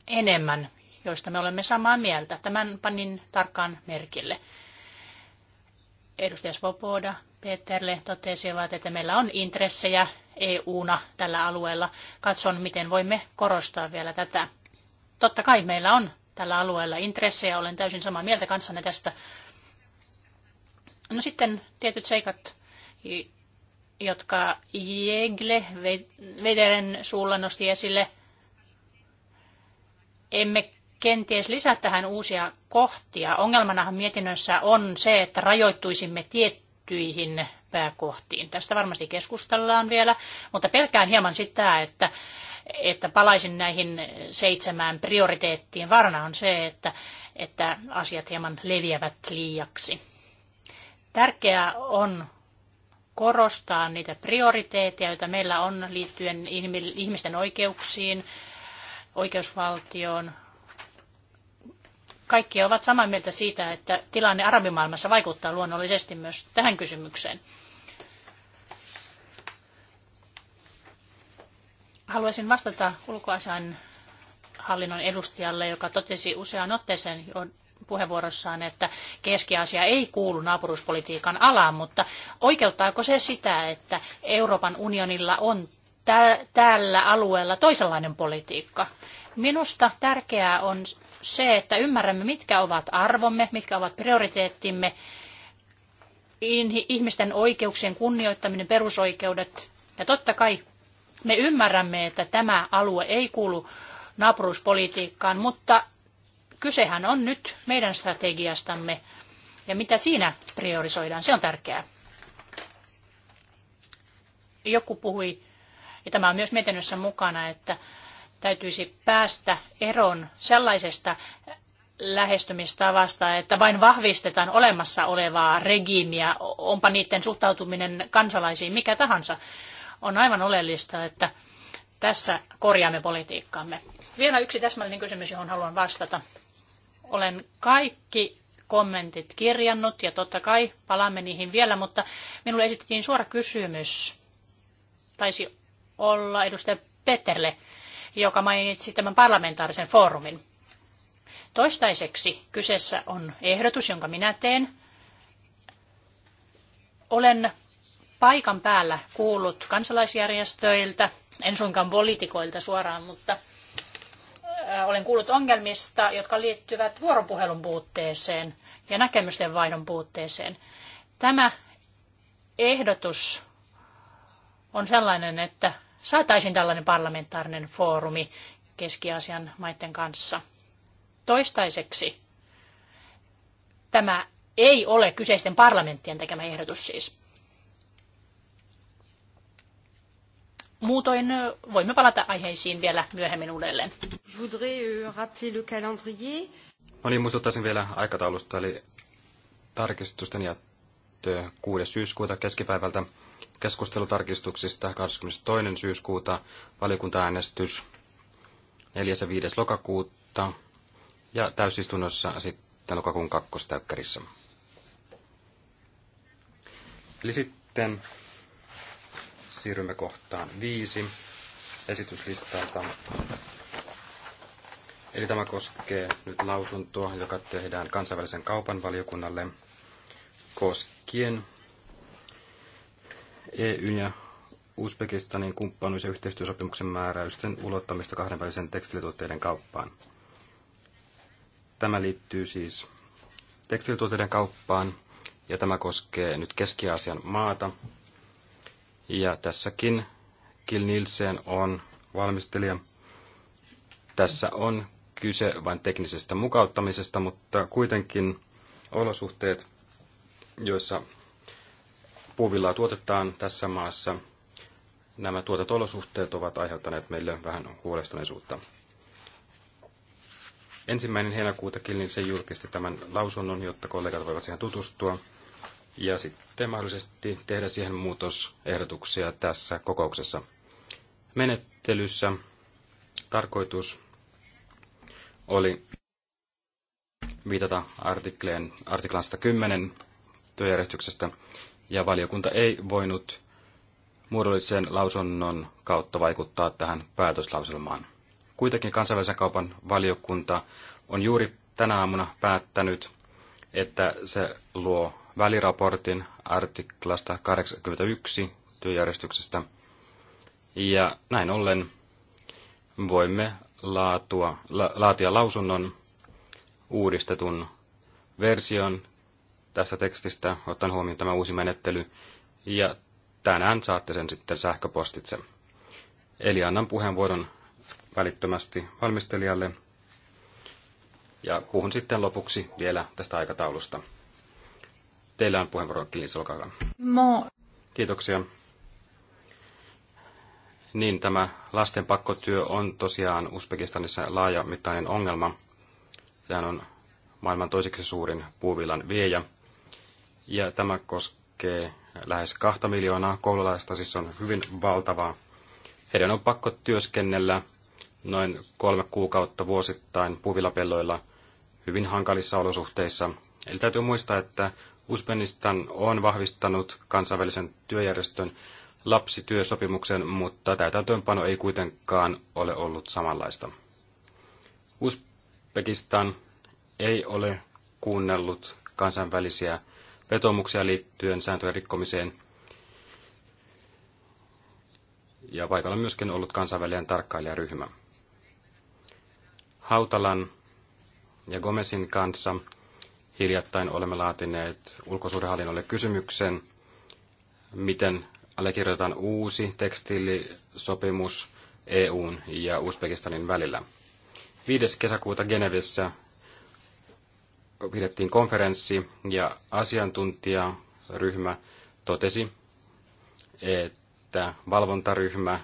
enemmän, joista me olemme samaa mieltä. Tämän panin tarkkaan merkille. Edustaja Svoboda, Peterle totesivat, että meillä on intressejä EU-na tällä alueella. Katson, miten voimme korostaa vielä tätä. Totta kai meillä on tällä alueella intressejä, olen täysin samaa mieltä kanssanne tästä. No sitten tietyt seikat, jotka Jegle Vederen suulla nosti esille. Emme kenties lisää tähän uusia kohtia. Ongelmanahan mietinnössä on se, että rajoittuisimme tiettyihin pääkohtiin. Tästä varmasti keskustellaan vielä, mutta pelkään hieman sitä, että, että palaisin näihin seitsemään prioriteettiin. Varna on se, että, että asiat hieman leviävät liiaksi. Tärkeää on korostaa niitä prioriteetteja, joita meillä on liittyen ihmisten oikeuksiin, oikeusvaltioon. Kaikki ovat samaa mieltä siitä, että tilanne arabimaailmassa vaikuttaa luonnollisesti myös tähän kysymykseen. Haluaisin vastata ulkoasian hallinnon edustajalle, joka totesi useaan otteeseen puheenvuorossaan, että Keski-Aasia ei kuulu naapuruspolitiikan alaan, mutta oikeuttaako se sitä, että Euroopan unionilla on tällä alueella toisenlainen politiikka? Minusta tärkeää on se, että ymmärrämme, mitkä ovat arvomme, mitkä ovat prioriteettimme, ihmisten oikeuksien kunnioittaminen, perusoikeudet. Ja totta kai me ymmärrämme, että tämä alue ei kuulu naapuruuspolitiikkaan, mutta Kysehän on nyt meidän strategiastamme ja mitä siinä priorisoidaan, se on tärkeää. Joku puhui, ja tämä on myös mietinnössä mukana, että täytyisi päästä eroon sellaisesta lähestymistavasta, että vain vahvistetaan olemassa olevaa regiimiä, onpa niiden suhtautuminen kansalaisiin mikä tahansa. On aivan oleellista, että tässä korjaamme politiikkaamme. Vielä yksi täsmällinen kysymys, johon haluan vastata. Olen kaikki kommentit kirjannut ja totta kai palaamme niihin vielä, mutta minulle esitettiin suora kysymys. Taisi olla edustaja Peterle, joka mainitsi tämän parlamentaarisen foorumin. Toistaiseksi kyseessä on ehdotus, jonka minä teen. Olen paikan päällä kuullut kansalaisjärjestöiltä, en suinkaan poliitikoilta suoraan, mutta – Äh, olen kuullut ongelmista, jotka liittyvät vuoropuhelun puutteeseen ja näkemysten vaihdon puutteeseen. Tämä ehdotus on sellainen, että saataisiin tällainen parlamentaarinen foorumi Keski-Aasian maiden kanssa. Toistaiseksi tämä ei ole kyseisten parlamenttien tekemä ehdotus siis. Muutoin voimme palata aiheisiin vielä myöhemmin uudelleen. No niin, muistuttaisin vielä aikataulusta, eli tarkistusten ja 6. syyskuuta keskipäivältä, keskustelutarkistuksista 22. syyskuuta, valiokuntaäänestys 4. ja 5. lokakuuta ja täysistunnossa sitten lokakuun kakkostäykkärissä. Eli sitten Siirrymme kohtaan viisi esityslistalta. Eli tämä koskee nyt lausuntoa, joka tehdään kansainvälisen kaupan valiokunnalle koskien EU ja Uzbekistanin kumppanuus- ja yhteistyösopimuksen määräysten ulottamista kahdenvälisen tekstilituotteiden kauppaan. Tämä liittyy siis tekstilituotteiden kauppaan ja tämä koskee nyt Keski-Aasian maata, ja tässäkin Kil Nielsen on valmistelija. Tässä on kyse vain teknisestä mukauttamisesta, mutta kuitenkin olosuhteet, joissa puuvillaa tuotetaan tässä maassa, nämä olosuhteet ovat aiheuttaneet meille vähän huolestuneisuutta. Ensimmäinen heinäkuuta Kilnilse julkisti tämän lausunnon, jotta kollegat voivat siihen tutustua ja sitten mahdollisesti tehdä siihen muutosehdotuksia tässä kokouksessa. Menettelyssä tarkoitus oli viitata artikleen, artiklan 110 työjärjestyksestä, ja valiokunta ei voinut muodollisen lausunnon kautta vaikuttaa tähän päätöslauselmaan. Kuitenkin kansainvälisen kaupan valiokunta on juuri tänä aamuna päättänyt, että se luo väliraportin artiklasta 81 työjärjestyksestä. Ja näin ollen voimme laatua, la, laatia lausunnon uudistetun version tästä tekstistä, ottaen huomioon tämä uusi menettely, ja tänään saatte sen sitten sähköpostitse. Eli annan puheenvuoron välittömästi valmistelijalle, ja puhun sitten lopuksi vielä tästä aikataulusta. Teillä on puheenvuoro, Kilis, olkaa hyvä. Mo. Kiitoksia. Niin, tämä lasten pakkotyö on tosiaan Uzbekistanissa laajamittainen ongelma. Sehän on maailman toiseksi suurin puuvillan viejä. Ja tämä koskee lähes kahta miljoonaa koululaista, siis on hyvin valtavaa. Heidän on pakko työskennellä noin kolme kuukautta vuosittain puuvilapelloilla hyvin hankalissa olosuhteissa. Eli täytyy muistaa, että Uzbekistan on vahvistanut kansainvälisen työjärjestön lapsityösopimuksen, mutta täytäntöönpano ei kuitenkaan ole ollut samanlaista. Uzbekistan ei ole kuunnellut kansainvälisiä vetomuksia liittyen sääntöjen rikkomiseen. Ja paikalla on myöskin ollut kansainvälinen tarkkailijaryhmä. Hautalan ja Gomesin kanssa Hiljattain olemme laatineet ulkosuhdehallinnolle kysymyksen, miten allekirjoitetaan uusi tekstiilisopimus EUn ja Uzbekistanin välillä. 5. kesäkuuta Genevessä pidettiin konferenssi ja asiantuntijaryhmä totesi, että valvontaryhmä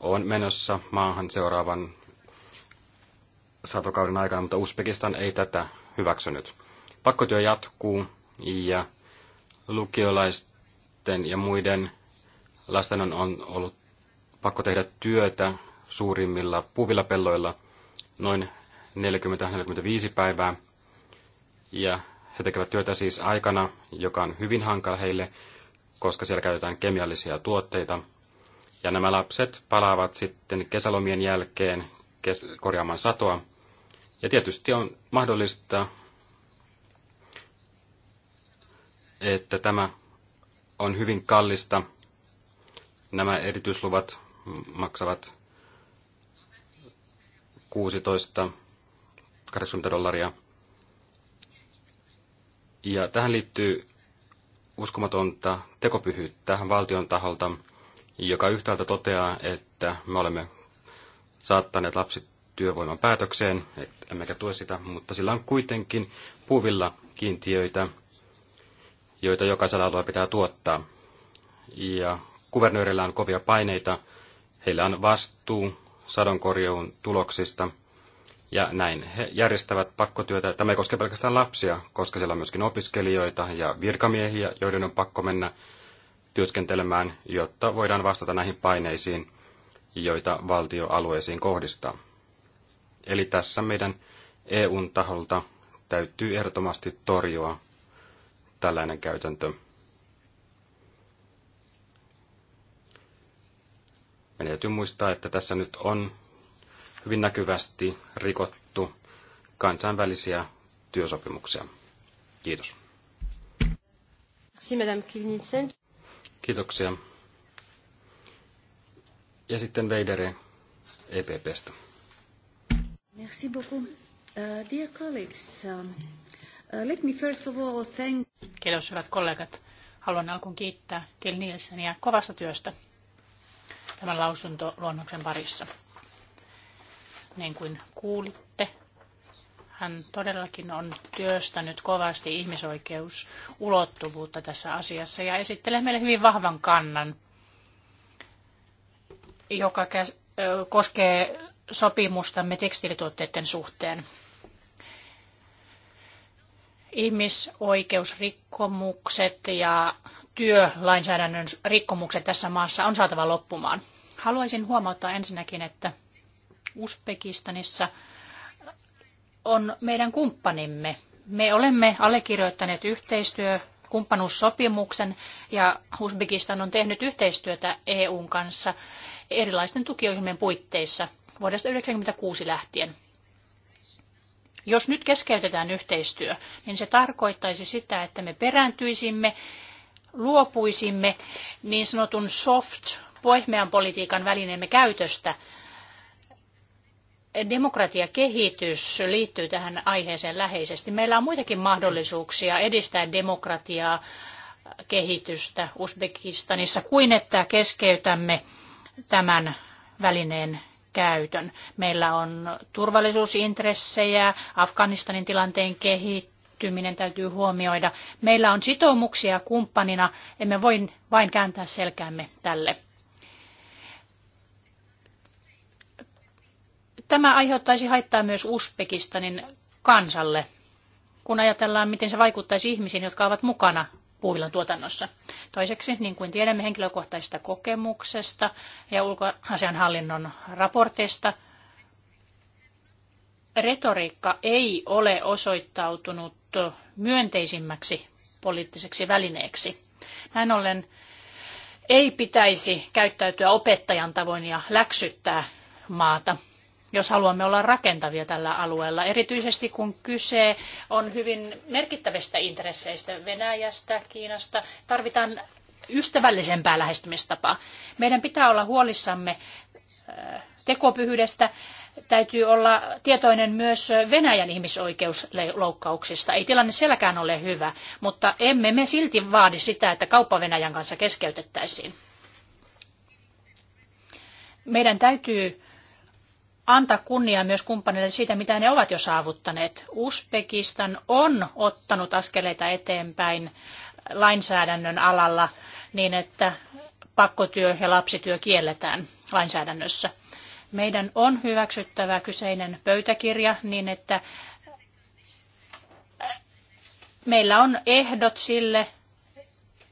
on menossa maahan seuraavan satokauden aikana, mutta Uzbekistan ei tätä hyväksynyt pakkotyö jatkuu ja lukiolaisten ja muiden lasten on, ollut pakko tehdä työtä suurimmilla puuvilla pelloilla noin 40-45 päivää. Ja he tekevät työtä siis aikana, joka on hyvin hankala heille, koska siellä käytetään kemiallisia tuotteita. Ja nämä lapset palaavat sitten kesälomien jälkeen kes- korjaamaan satoa. Ja tietysti on mahdollista että tämä on hyvin kallista. Nämä erityisluvat maksavat 16 80 dollaria. Ja tähän liittyy uskomatonta tekopyhyyttä valtion taholta, joka yhtäältä toteaa, että me olemme saattaneet lapset työvoiman päätökseen, emmekä tue sitä, mutta sillä on kuitenkin puuvilla kiintiöitä, joita jokaisella alueella pitää tuottaa. Ja kuvernöörillä on kovia paineita, heillä on vastuu sadonkorjuun tuloksista, ja näin he järjestävät pakkotyötä. Tämä ei koske pelkästään lapsia, koska siellä on myöskin opiskelijoita ja virkamiehiä, joiden on pakko mennä työskentelemään, jotta voidaan vastata näihin paineisiin, joita valtioalueisiin kohdistaa. Eli tässä meidän EUn taholta täytyy ehdottomasti torjua tällainen käytäntö. Meidän täytyy muistaa, että tässä nyt on hyvin näkyvästi rikottu kansainvälisiä työsopimuksia. Kiitos. Kiitoksia. Ja sitten Veidere EPPstä. Merci beaucoup. Uh, dear colleagues, um... Uh, let me first of all thank... Kiitos hyvät kollegat. Haluan alkuun kiittää Kiel Nielseniä kovasta työstä tämän lausuntoluonnoksen parissa. Niin kuin kuulitte, hän todellakin on työstänyt kovasti ihmisoikeusulottuvuutta tässä asiassa ja esittelee meille hyvin vahvan kannan, joka koskee sopimustamme tekstiilituotteiden suhteen ihmisoikeusrikkomukset ja työlainsäädännön rikkomukset tässä maassa on saatava loppumaan. Haluaisin huomauttaa ensinnäkin, että Uzbekistanissa on meidän kumppanimme. Me olemme allekirjoittaneet yhteistyö kumppanuussopimuksen ja Uzbekistan on tehnyt yhteistyötä EUn kanssa erilaisten tukiohjelmien puitteissa vuodesta 1996 lähtien. Jos nyt keskeytetään yhteistyö, niin se tarkoittaisi sitä, että me perääntyisimme, luopuisimme niin sanotun soft, pehmeän politiikan välineemme käytöstä. Demokratiakehitys liittyy tähän aiheeseen läheisesti. Meillä on muitakin mahdollisuuksia edistää demokratiaa, kehitystä Uzbekistanissa kuin että keskeytämme tämän välineen käytön. Meillä on turvallisuusintressejä, Afganistanin tilanteen kehittyminen täytyy huomioida. Meillä on sitoumuksia kumppanina, emme voi vain kääntää selkäämme tälle. Tämä aiheuttaisi haittaa myös Uzbekistanin kansalle, kun ajatellaan, miten se vaikuttaisi ihmisiin, jotka ovat mukana puuvillan tuotannossa. Toiseksi, niin kuin tiedämme henkilökohtaisesta kokemuksesta ja ulkoasianhallinnon raporteista, retoriikka ei ole osoittautunut myönteisimmäksi poliittiseksi välineeksi. Näin ollen ei pitäisi käyttäytyä opettajan tavoin ja läksyttää maata jos haluamme olla rakentavia tällä alueella, erityisesti kun kyse on hyvin merkittävistä intresseistä Venäjästä, Kiinasta, tarvitaan ystävällisempää lähestymistapaa. Meidän pitää olla huolissamme äh, tekopyhyydestä, täytyy olla tietoinen myös Venäjän ihmisoikeusloukkauksista. Ei tilanne sielläkään ole hyvä, mutta emme me silti vaadi sitä, että kauppa Venäjän kanssa keskeytettäisiin. Meidän täytyy antaa kunnia myös kumppaneille siitä, mitä ne ovat jo saavuttaneet. Uzbekistan on ottanut askeleita eteenpäin lainsäädännön alalla niin, että pakkotyö ja lapsityö kielletään lainsäädännössä. Meidän on hyväksyttävä kyseinen pöytäkirja niin, että meillä on ehdot sille,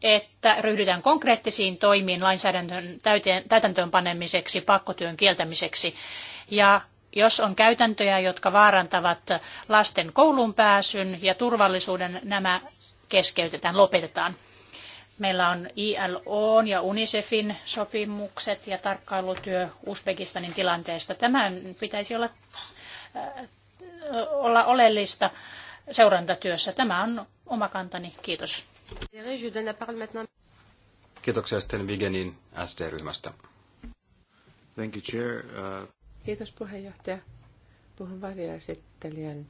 että ryhdytään konkreettisiin toimiin lainsäädännön täytäntöönpanemiseksi, pakkotyön kieltämiseksi ja jos on käytäntöjä, jotka vaarantavat lasten kouluun pääsyn ja turvallisuuden, nämä keskeytetään, lopetetaan. Meillä on ILO ja UNICEFin sopimukset ja tarkkailutyö Uzbekistanin tilanteesta. Tämän pitäisi olla, äh, olla oleellista seurantatyössä. Tämä on oma kantani. Kiitos. Kiitoksia sitten Vigenin SD-ryhmästä. Thank you, Chair. Uh... Kiitos puheenjohtaja. Puhun varjoesittelijän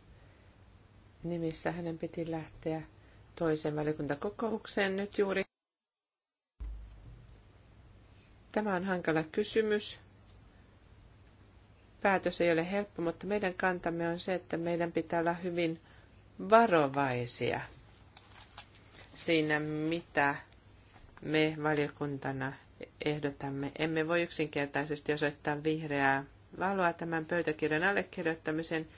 nimissä. Hänen piti lähteä toisen valiokuntakokoukseen nyt juuri. Tämä on hankala kysymys. Päätös ei ole helppo, mutta meidän kantamme on se, että meidän pitää olla hyvin varovaisia siinä, mitä me valiokuntana ehdotamme. Emme voi yksinkertaisesti osoittaa vihreää valoa tämän pöytäkirjan allekirjoittamisen.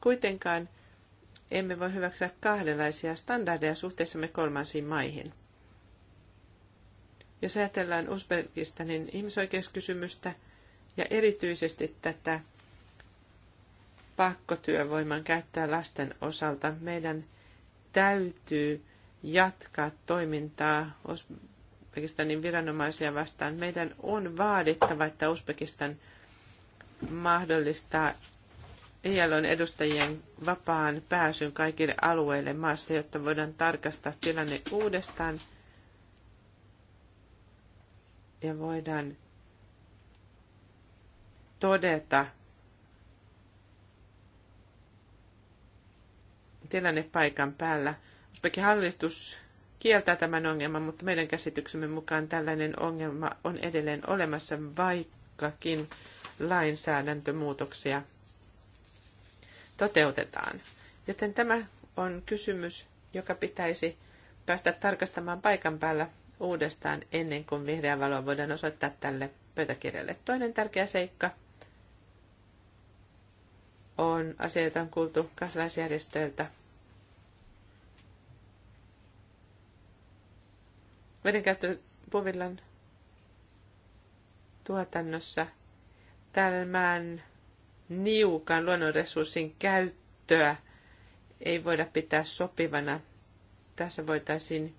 Kuitenkaan emme voi hyväksyä kahdenlaisia standardeja suhteessamme kolmansiin maihin. Jos ajatellaan Uzbekistanin ihmisoikeuskysymystä ja erityisesti tätä pakkotyövoiman käyttää lasten osalta, meidän täytyy jatkaa toimintaa Uzbekistanin viranomaisia vastaan. Meidän on vaadittava, että Uzbekistan – mahdollistaa ILOn edustajien vapaan pääsyn kaikille alueille maassa, jotta voidaan tarkastaa tilanne uudestaan ja voidaan todeta tilanne paikan päällä. Uzbekin hallitus kieltää tämän ongelman, mutta meidän käsityksemme mukaan tällainen ongelma on edelleen olemassa, vaikkakin lainsäädäntömuutoksia toteutetaan. Joten tämä on kysymys, joka pitäisi päästä tarkastamaan paikan päällä uudestaan ennen kuin vihreä valo voidaan osoittaa tälle pöytäkirjalle. Toinen tärkeä seikka on asia, jota on kuultu kansalaisjärjestöiltä. Vedenkäyttö Puvillan tuotannossa – tämän niukan luonnonresurssin käyttöä ei voida pitää sopivana. Tässä voitaisiin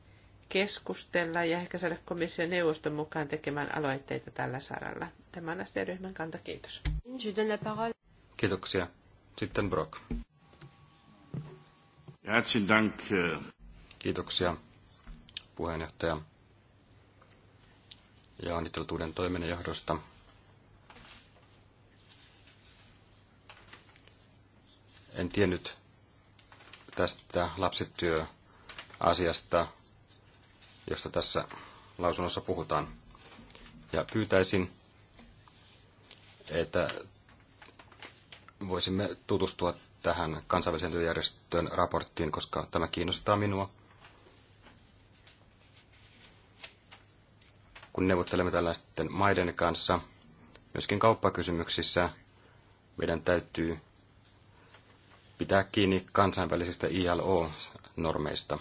keskustella ja ehkä saada komission neuvoston mukaan tekemään aloitteita tällä saralla. Tämä on ryhmän kanta. Kiitos. Kiitoksia. Sitten Brock. Dank. Äh. Kiitoksia, puheenjohtaja. Ja onnittelut uuden toiminnan johdosta. en tiennyt tästä lapsityöasiasta, josta tässä lausunnossa puhutaan. Ja pyytäisin, että voisimme tutustua tähän kansainvälisen työjärjestön raporttiin, koska tämä kiinnostaa minua. Kun neuvottelemme tällaisten maiden kanssa, myöskin kauppakysymyksissä, meidän täytyy pitää kiinni kansainvälisistä ILO-normeista.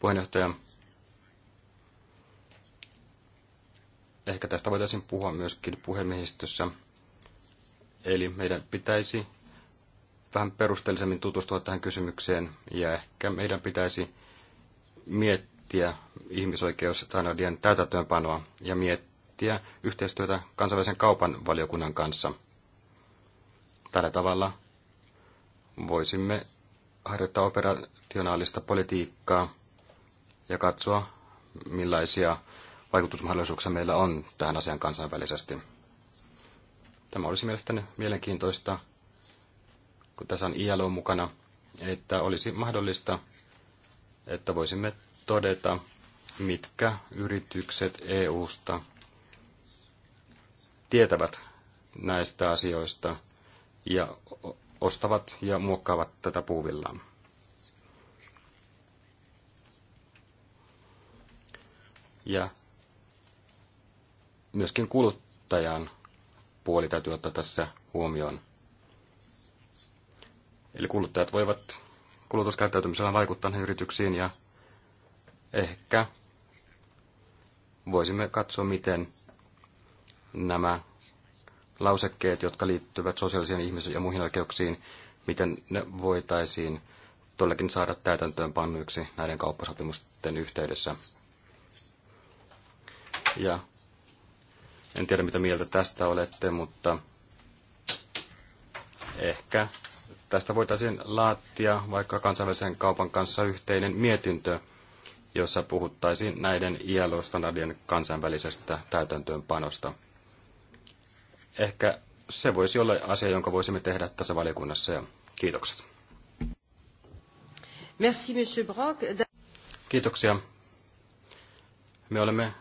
Puheenjohtaja, ehkä tästä voitaisiin puhua myöskin puhemiehistössä. Eli meidän pitäisi vähän perusteellisemmin tutustua tähän kysymykseen ja ehkä meidän pitäisi miettiä ihmisoikeusstandardien täytäntöönpanoa ja miettiä yhteistyötä kansainvälisen kaupan valiokunnan kanssa – Tällä tavalla voisimme harjoittaa operationaalista politiikkaa ja katsoa, millaisia vaikutusmahdollisuuksia meillä on tähän asian kansainvälisesti. Tämä olisi mielestäni mielenkiintoista, kun tässä on ILO mukana, että olisi mahdollista, että voisimme todeta, mitkä yritykset EUsta tietävät näistä asioista – ja ostavat ja muokkaavat tätä puuvillaa. Ja myöskin kuluttajan puoli täytyy ottaa tässä huomioon. Eli kuluttajat voivat kulutuskäyttäytymisellä vaikuttaa näihin yrityksiin ja ehkä voisimme katsoa, miten nämä lausekkeet, jotka liittyvät sosiaalisiin ihmisiin ja muihin oikeuksiin, miten ne voitaisiin todellakin saada täytäntöön pannuiksi näiden kauppasopimusten yhteydessä. Ja en tiedä, mitä mieltä tästä olette, mutta ehkä tästä voitaisiin laatia vaikka kansainvälisen kaupan kanssa yhteinen mietintö, jossa puhuttaisiin näiden ILO-standardien kansainvälisestä täytäntöönpanosta ehkä se voisi olla asia, jonka voisimme tehdä tässä valiokunnassa. Ja kiitokset. Merci, Monsieur Brock. Kiitoksia. Me olemme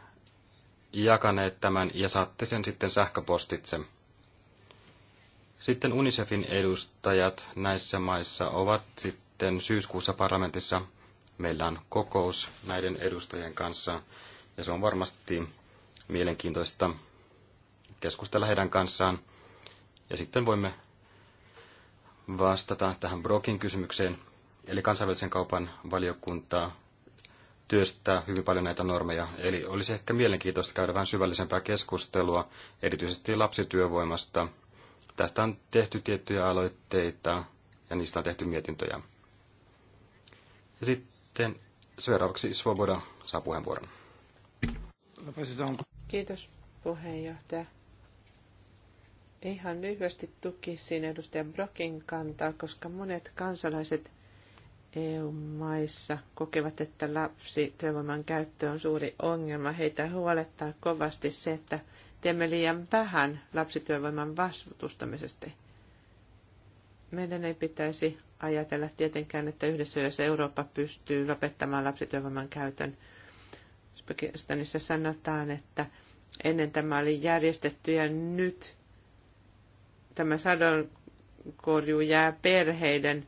jakaneet tämän ja saatte sen sitten sähköpostitse. Sitten UNICEFin edustajat näissä maissa ovat sitten syyskuussa parlamentissa. Meillä on kokous näiden edustajien kanssa ja se on varmasti mielenkiintoista keskustella heidän kanssaan. Ja sitten voimme vastata tähän Brokin kysymykseen. Eli kansainvälisen kaupan valiokuntaa työstää hyvin paljon näitä normeja. Eli olisi ehkä mielenkiintoista käydä vähän syvällisempää keskustelua, erityisesti lapsityövoimasta. Tästä on tehty tiettyjä aloitteita ja niistä on tehty mietintöjä. Ja sitten seuraavaksi Svoboda saa puheenvuoron. Kiitos puheenjohtaja. Ihan lyhyesti tukisin edustaja Brokin kantaa, koska monet kansalaiset EU-maissa kokevat, että lapsityövoiman käyttö on suuri ongelma. Heitä huolettaa kovasti se, että teemme liian vähän lapsityövoiman vastustamisesta. Meidän ei pitäisi ajatella tietenkään, että yhdessä jos Eurooppa pystyy lopettamaan lapsityövoiman käytön. Uzbekistanissa sanotaan, että ennen tämä oli järjestetty ja nyt tämä sadonkorju jää perheiden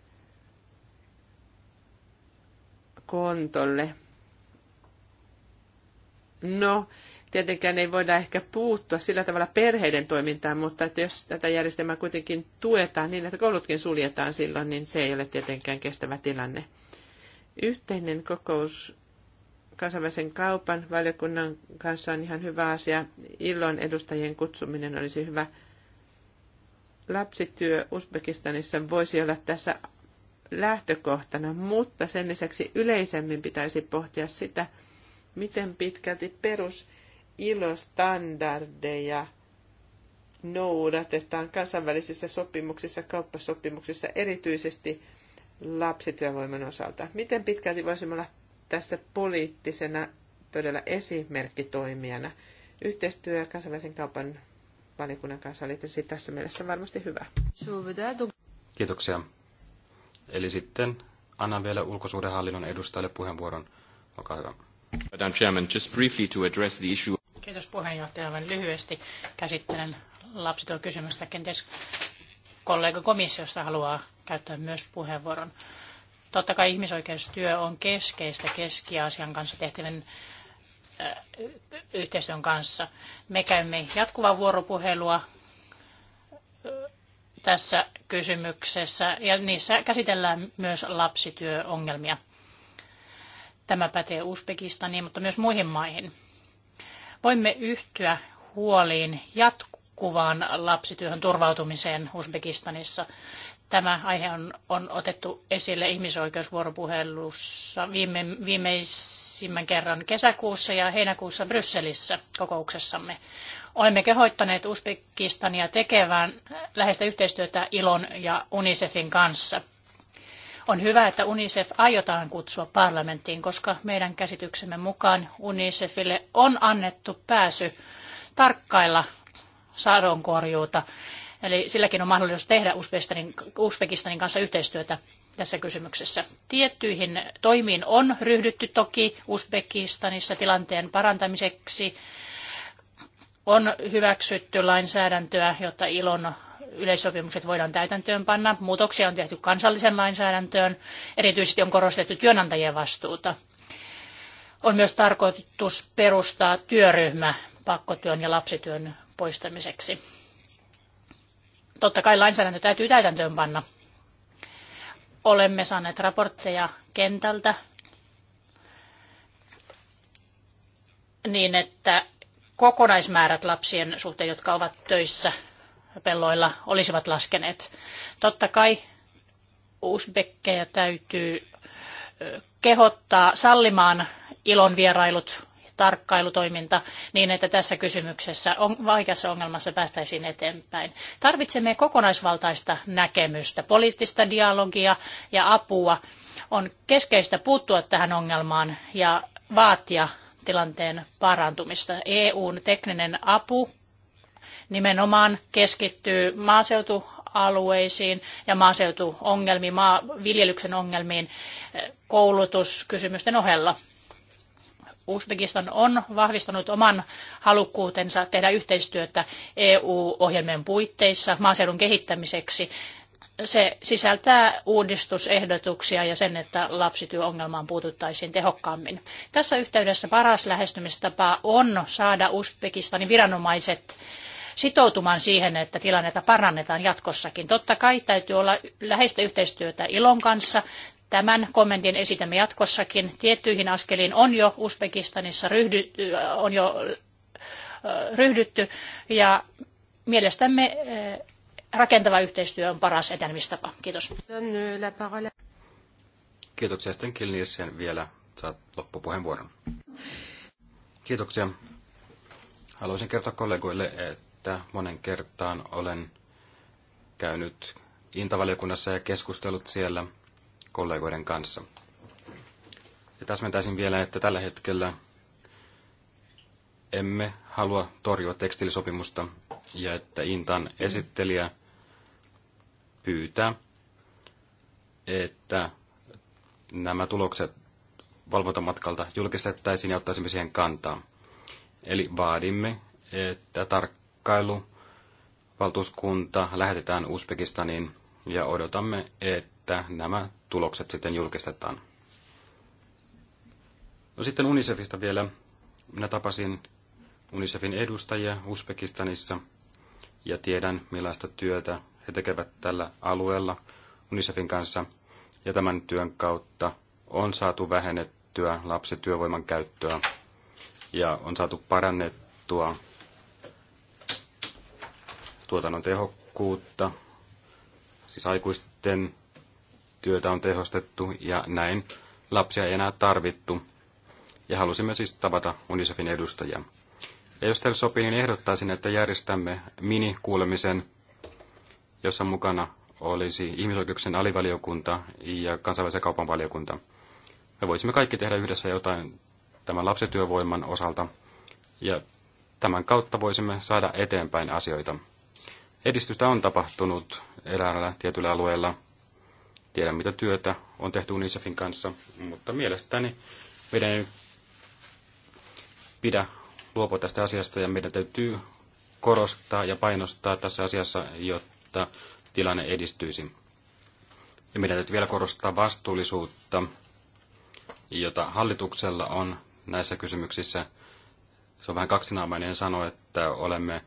kontolle. No, tietenkään ei voida ehkä puuttua sillä tavalla perheiden toimintaan, mutta että jos tätä järjestelmää kuitenkin tuetaan niin, että koulutkin suljetaan silloin, niin se ei ole tietenkään kestävä tilanne. Yhteinen kokous kansainvälisen kaupan valiokunnan kanssa on ihan hyvä asia. Illon edustajien kutsuminen olisi hyvä lapsityö Uzbekistanissa voisi olla tässä lähtökohtana, mutta sen lisäksi yleisemmin pitäisi pohtia sitä, miten pitkälti perus ilostandardeja noudatetaan kansainvälisissä sopimuksissa, kauppasopimuksissa, erityisesti lapsityövoiman osalta. Miten pitkälti voisimme olla tässä poliittisena todella esimerkkitoimijana? Yhteistyö kansainvälisen kaupan valiokunnan kanssa oli tietysti tässä mielessä varmasti hyvä. Kiitoksia. Eli sitten annan vielä ulkosuhdehallinnon edustajalle puheenvuoron. Olkaa hyvä. Madam Chairman, just briefly to address the issue. Kiitos puheenjohtaja. Aivan lyhyesti käsittelen lapsityökysymystä. Kenties kollega komissiosta haluaa käyttää myös puheenvuoron. Totta kai ihmisoikeustyö on keskeistä Keski-Aasian kanssa tehtävän Äh, yhteistyön kanssa. Me käymme jatkuvaa vuoropuhelua äh, tässä kysymyksessä ja niissä käsitellään myös lapsityöongelmia. Tämä pätee Uzbekistaniin, mutta myös muihin maihin. Voimme yhtyä huoliin jatkuvaan lapsityöhön turvautumiseen Uzbekistanissa. Tämä aihe on, on otettu esille ihmisoikeusvuoropuhelussa viime, viimeisimmän kerran kesäkuussa ja heinäkuussa Brysselissä kokouksessamme. Olemme kehoittaneet Uzbekistania tekevään läheistä yhteistyötä ILON ja UNICEFin kanssa. On hyvä, että UNICEF aiotaan kutsua parlamenttiin, koska meidän käsityksemme mukaan UNICEFille on annettu pääsy tarkkailla sadonkorjuuta Eli silläkin on mahdollisuus tehdä Uzbekistanin, Uzbekistanin kanssa yhteistyötä tässä kysymyksessä. Tiettyihin toimiin on ryhdytty toki Uzbekistanissa tilanteen parantamiseksi. On hyväksytty lainsäädäntöä, jotta ilon yleissopimukset voidaan panna. Muutoksia on tehty kansalliseen lainsäädäntöön. Erityisesti on korostettu työnantajien vastuuta. On myös tarkoitus perustaa työryhmä pakkotyön ja lapsityön poistamiseksi totta kai lainsäädäntö täytyy panna. Olemme saaneet raportteja kentältä niin, että kokonaismäärät lapsien suhteen, jotka ovat töissä pelloilla, olisivat laskeneet. Totta kai usbekkejä täytyy kehottaa sallimaan ilon vierailut tarkkailutoiminta niin, että tässä kysymyksessä on, vaikeassa ongelmassa päästäisiin eteenpäin. Tarvitsemme kokonaisvaltaista näkemystä, poliittista dialogia ja apua. On keskeistä puuttua tähän ongelmaan ja vaatia tilanteen parantumista. EUn tekninen apu nimenomaan keskittyy maaseutualueisiin ja maaseutuongelmiin, maanviljelyksen ongelmiin koulutuskysymysten ohella. Uzbekistan on vahvistanut oman halukkuutensa tehdä yhteistyötä EU-ohjelmien puitteissa maaseudun kehittämiseksi. Se sisältää uudistusehdotuksia ja sen, että lapsityöongelmaan puututtaisiin tehokkaammin. Tässä yhteydessä paras lähestymistapa on saada Uzbekistanin viranomaiset sitoutumaan siihen, että tilannetta parannetaan jatkossakin. Totta kai täytyy olla läheistä yhteistyötä ILON kanssa. Tämän kommentin esitämme jatkossakin. Tiettyihin askeliin on jo Uzbekistanissa ryhdytty, on jo ryhdytty ja mielestämme rakentava yhteistyö on paras etenemistapa. Kiitos. Kiitoksia. Sitten vielä saat loppupuheenvuoron. Kiitoksia. Haluaisin kertoa kollegoille, että monen kertaan olen käynyt intavaliokunnassa ja keskustellut siellä – kollegoiden kanssa. Ja täsmentäisin vielä, että tällä hetkellä emme halua torjua tekstilisopimusta ja että Intan esittelijä pyytää, että nämä tulokset valvontamatkalta julkistettaisiin ja ottaisimme siihen kantaa. Eli vaadimme, että tarkkailu valtuuskunta lähetetään Uzbekistaniin ja odotamme, että että nämä tulokset sitten julkistetaan. No sitten UNICEFista vielä. Minä tapasin UNICEFin edustajia Uzbekistanissa ja tiedän, millaista työtä he tekevät tällä alueella UNICEFin kanssa. Ja tämän työn kautta on saatu vähennettyä lapsityövoiman käyttöä ja on saatu parannettua tuotannon tehokkuutta, siis aikuisten työtä on tehostettu ja näin lapsia ei enää tarvittu. Ja halusimme siis tavata UNICEFin edustajia. Ja jos teille sopii, niin ehdottaisin, että järjestämme mini kuulemisen, jossa mukana olisi ihmisoikeuksien alivaliokunta ja kansainvälisen kaupan valiokunta. Me voisimme kaikki tehdä yhdessä jotain tämän lapsityövoiman osalta, ja tämän kautta voisimme saada eteenpäin asioita. Edistystä on tapahtunut eräällä tietyllä alueella, Tiedä, mitä työtä on tehty UNICEFin kanssa, mutta mielestäni meidän ei pidä luopua tästä asiasta ja meidän täytyy korostaa ja painostaa tässä asiassa, jotta tilanne edistyisi. Ja meidän täytyy vielä korostaa vastuullisuutta, jota hallituksella on näissä kysymyksissä. Se on vähän kaksinaamainen sano, että olemme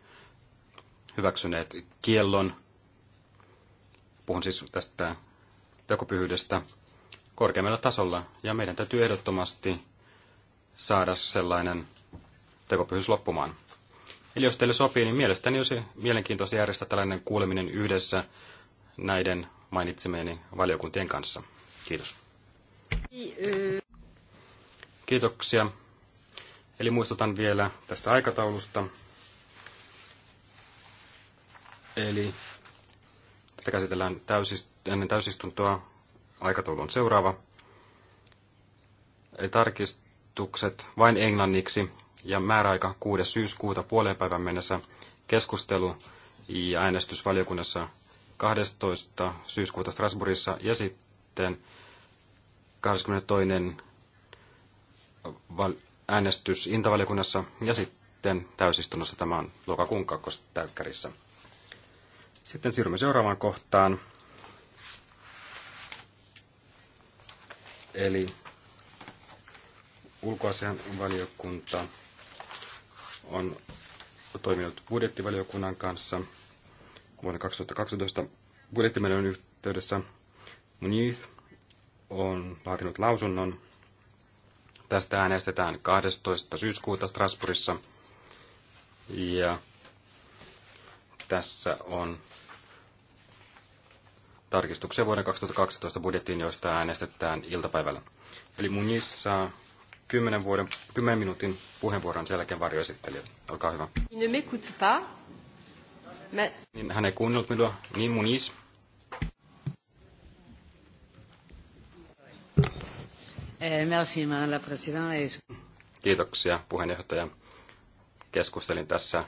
hyväksyneet kiellon. Puhun siis tästä tekopyhyydestä korkeammalla tasolla, ja meidän täytyy ehdottomasti saada sellainen tekopyhyys loppumaan. Eli jos teille sopii, niin mielestäni olisi mielenkiintoista järjestää tällainen kuuleminen yhdessä näiden mainitsemieni valiokuntien kanssa. Kiitos. Kiitoksia. Eli muistutan vielä tästä aikataulusta. Eli sitä käsitellään täysist- ennen täysistuntoa. Aikataulu on seuraava. Eli tarkistukset vain englanniksi ja määräaika 6. syyskuuta puoleen päivän mennessä keskustelu ja valiokunnassa 12. syyskuuta Strasbourgissa ja sitten 22. äänestys Intavaliokunnassa ja sitten täysistunnossa tämä on lokakuun kakkostäykkärissä. Sitten siirrymme seuraavaan kohtaan. Eli ulkoasian valiokunta on toiminut budjettivaliokunnan kanssa vuonna 2012 budjettimenon yhteydessä. Munith on laatinut lausunnon. Tästä äänestetään 12. syyskuuta Strasbourgissa. Ja tässä on tarkistuksia vuoden 2012 budjettiin, joista äänestetään iltapäivällä. Eli Muniz saa 10, vuoden, 10 minuutin puheenvuoron sen jälkeen varjoesittelijät. Olkaa hyvä. Niin, hän ei kuunnellut minua. Niin Muniz. Eh, Kiitoksia puheenjohtaja. Keskustelin tässä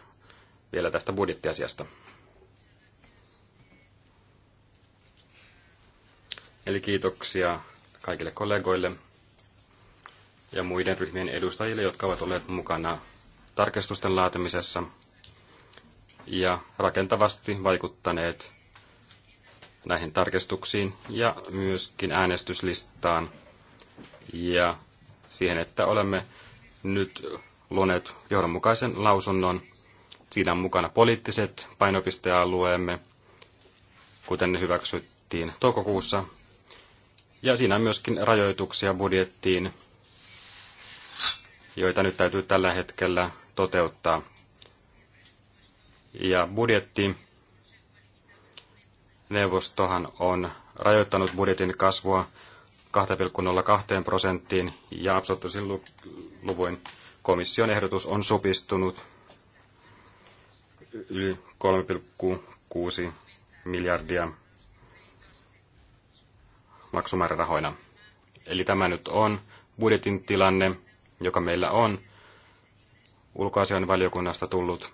vielä tästä budjettiasiasta. Eli kiitoksia kaikille kollegoille ja muiden ryhmien edustajille, jotka ovat olleet mukana tarkastusten laatimisessa ja rakentavasti vaikuttaneet näihin tarkistuksiin ja myöskin äänestyslistaan ja siihen, että olemme nyt luoneet johdonmukaisen lausunnon, Siinä on mukana poliittiset painopistealueemme, kuten ne hyväksyttiin toukokuussa. Ja siinä on myöskin rajoituksia budjettiin, joita nyt täytyy tällä hetkellä toteuttaa. Ja budjetti, neuvostohan on rajoittanut budjetin kasvua 2,02 prosenttiin ja absoluuttisin luvuin komission ehdotus on supistunut yli 3,6 miljardia maksumäärärahoina. Eli tämä nyt on budjetin tilanne, joka meillä on ulkoasian valiokunnasta tullut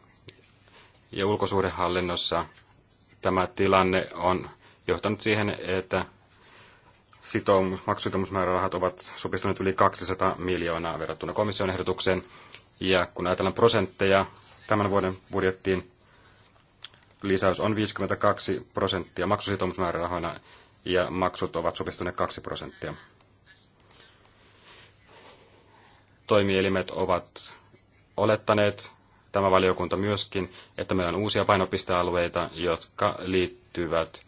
ja ulkosuhdehallinnossa tämä tilanne on johtanut siihen, että sitoumus, maksusitoumusmäärärahat ovat supistuneet yli 200 miljoonaa verrattuna komission ehdotukseen. Ja kun ajatellaan prosentteja, tämän vuoden budjettiin. Lisäys on 52 prosenttia maksusitoumusmäärärahoina ja maksut ovat supistuneet 2 prosenttia. Toimielimet ovat olettaneet, tämä valiokunta myöskin, että meillä on uusia painopistealueita, jotka liittyvät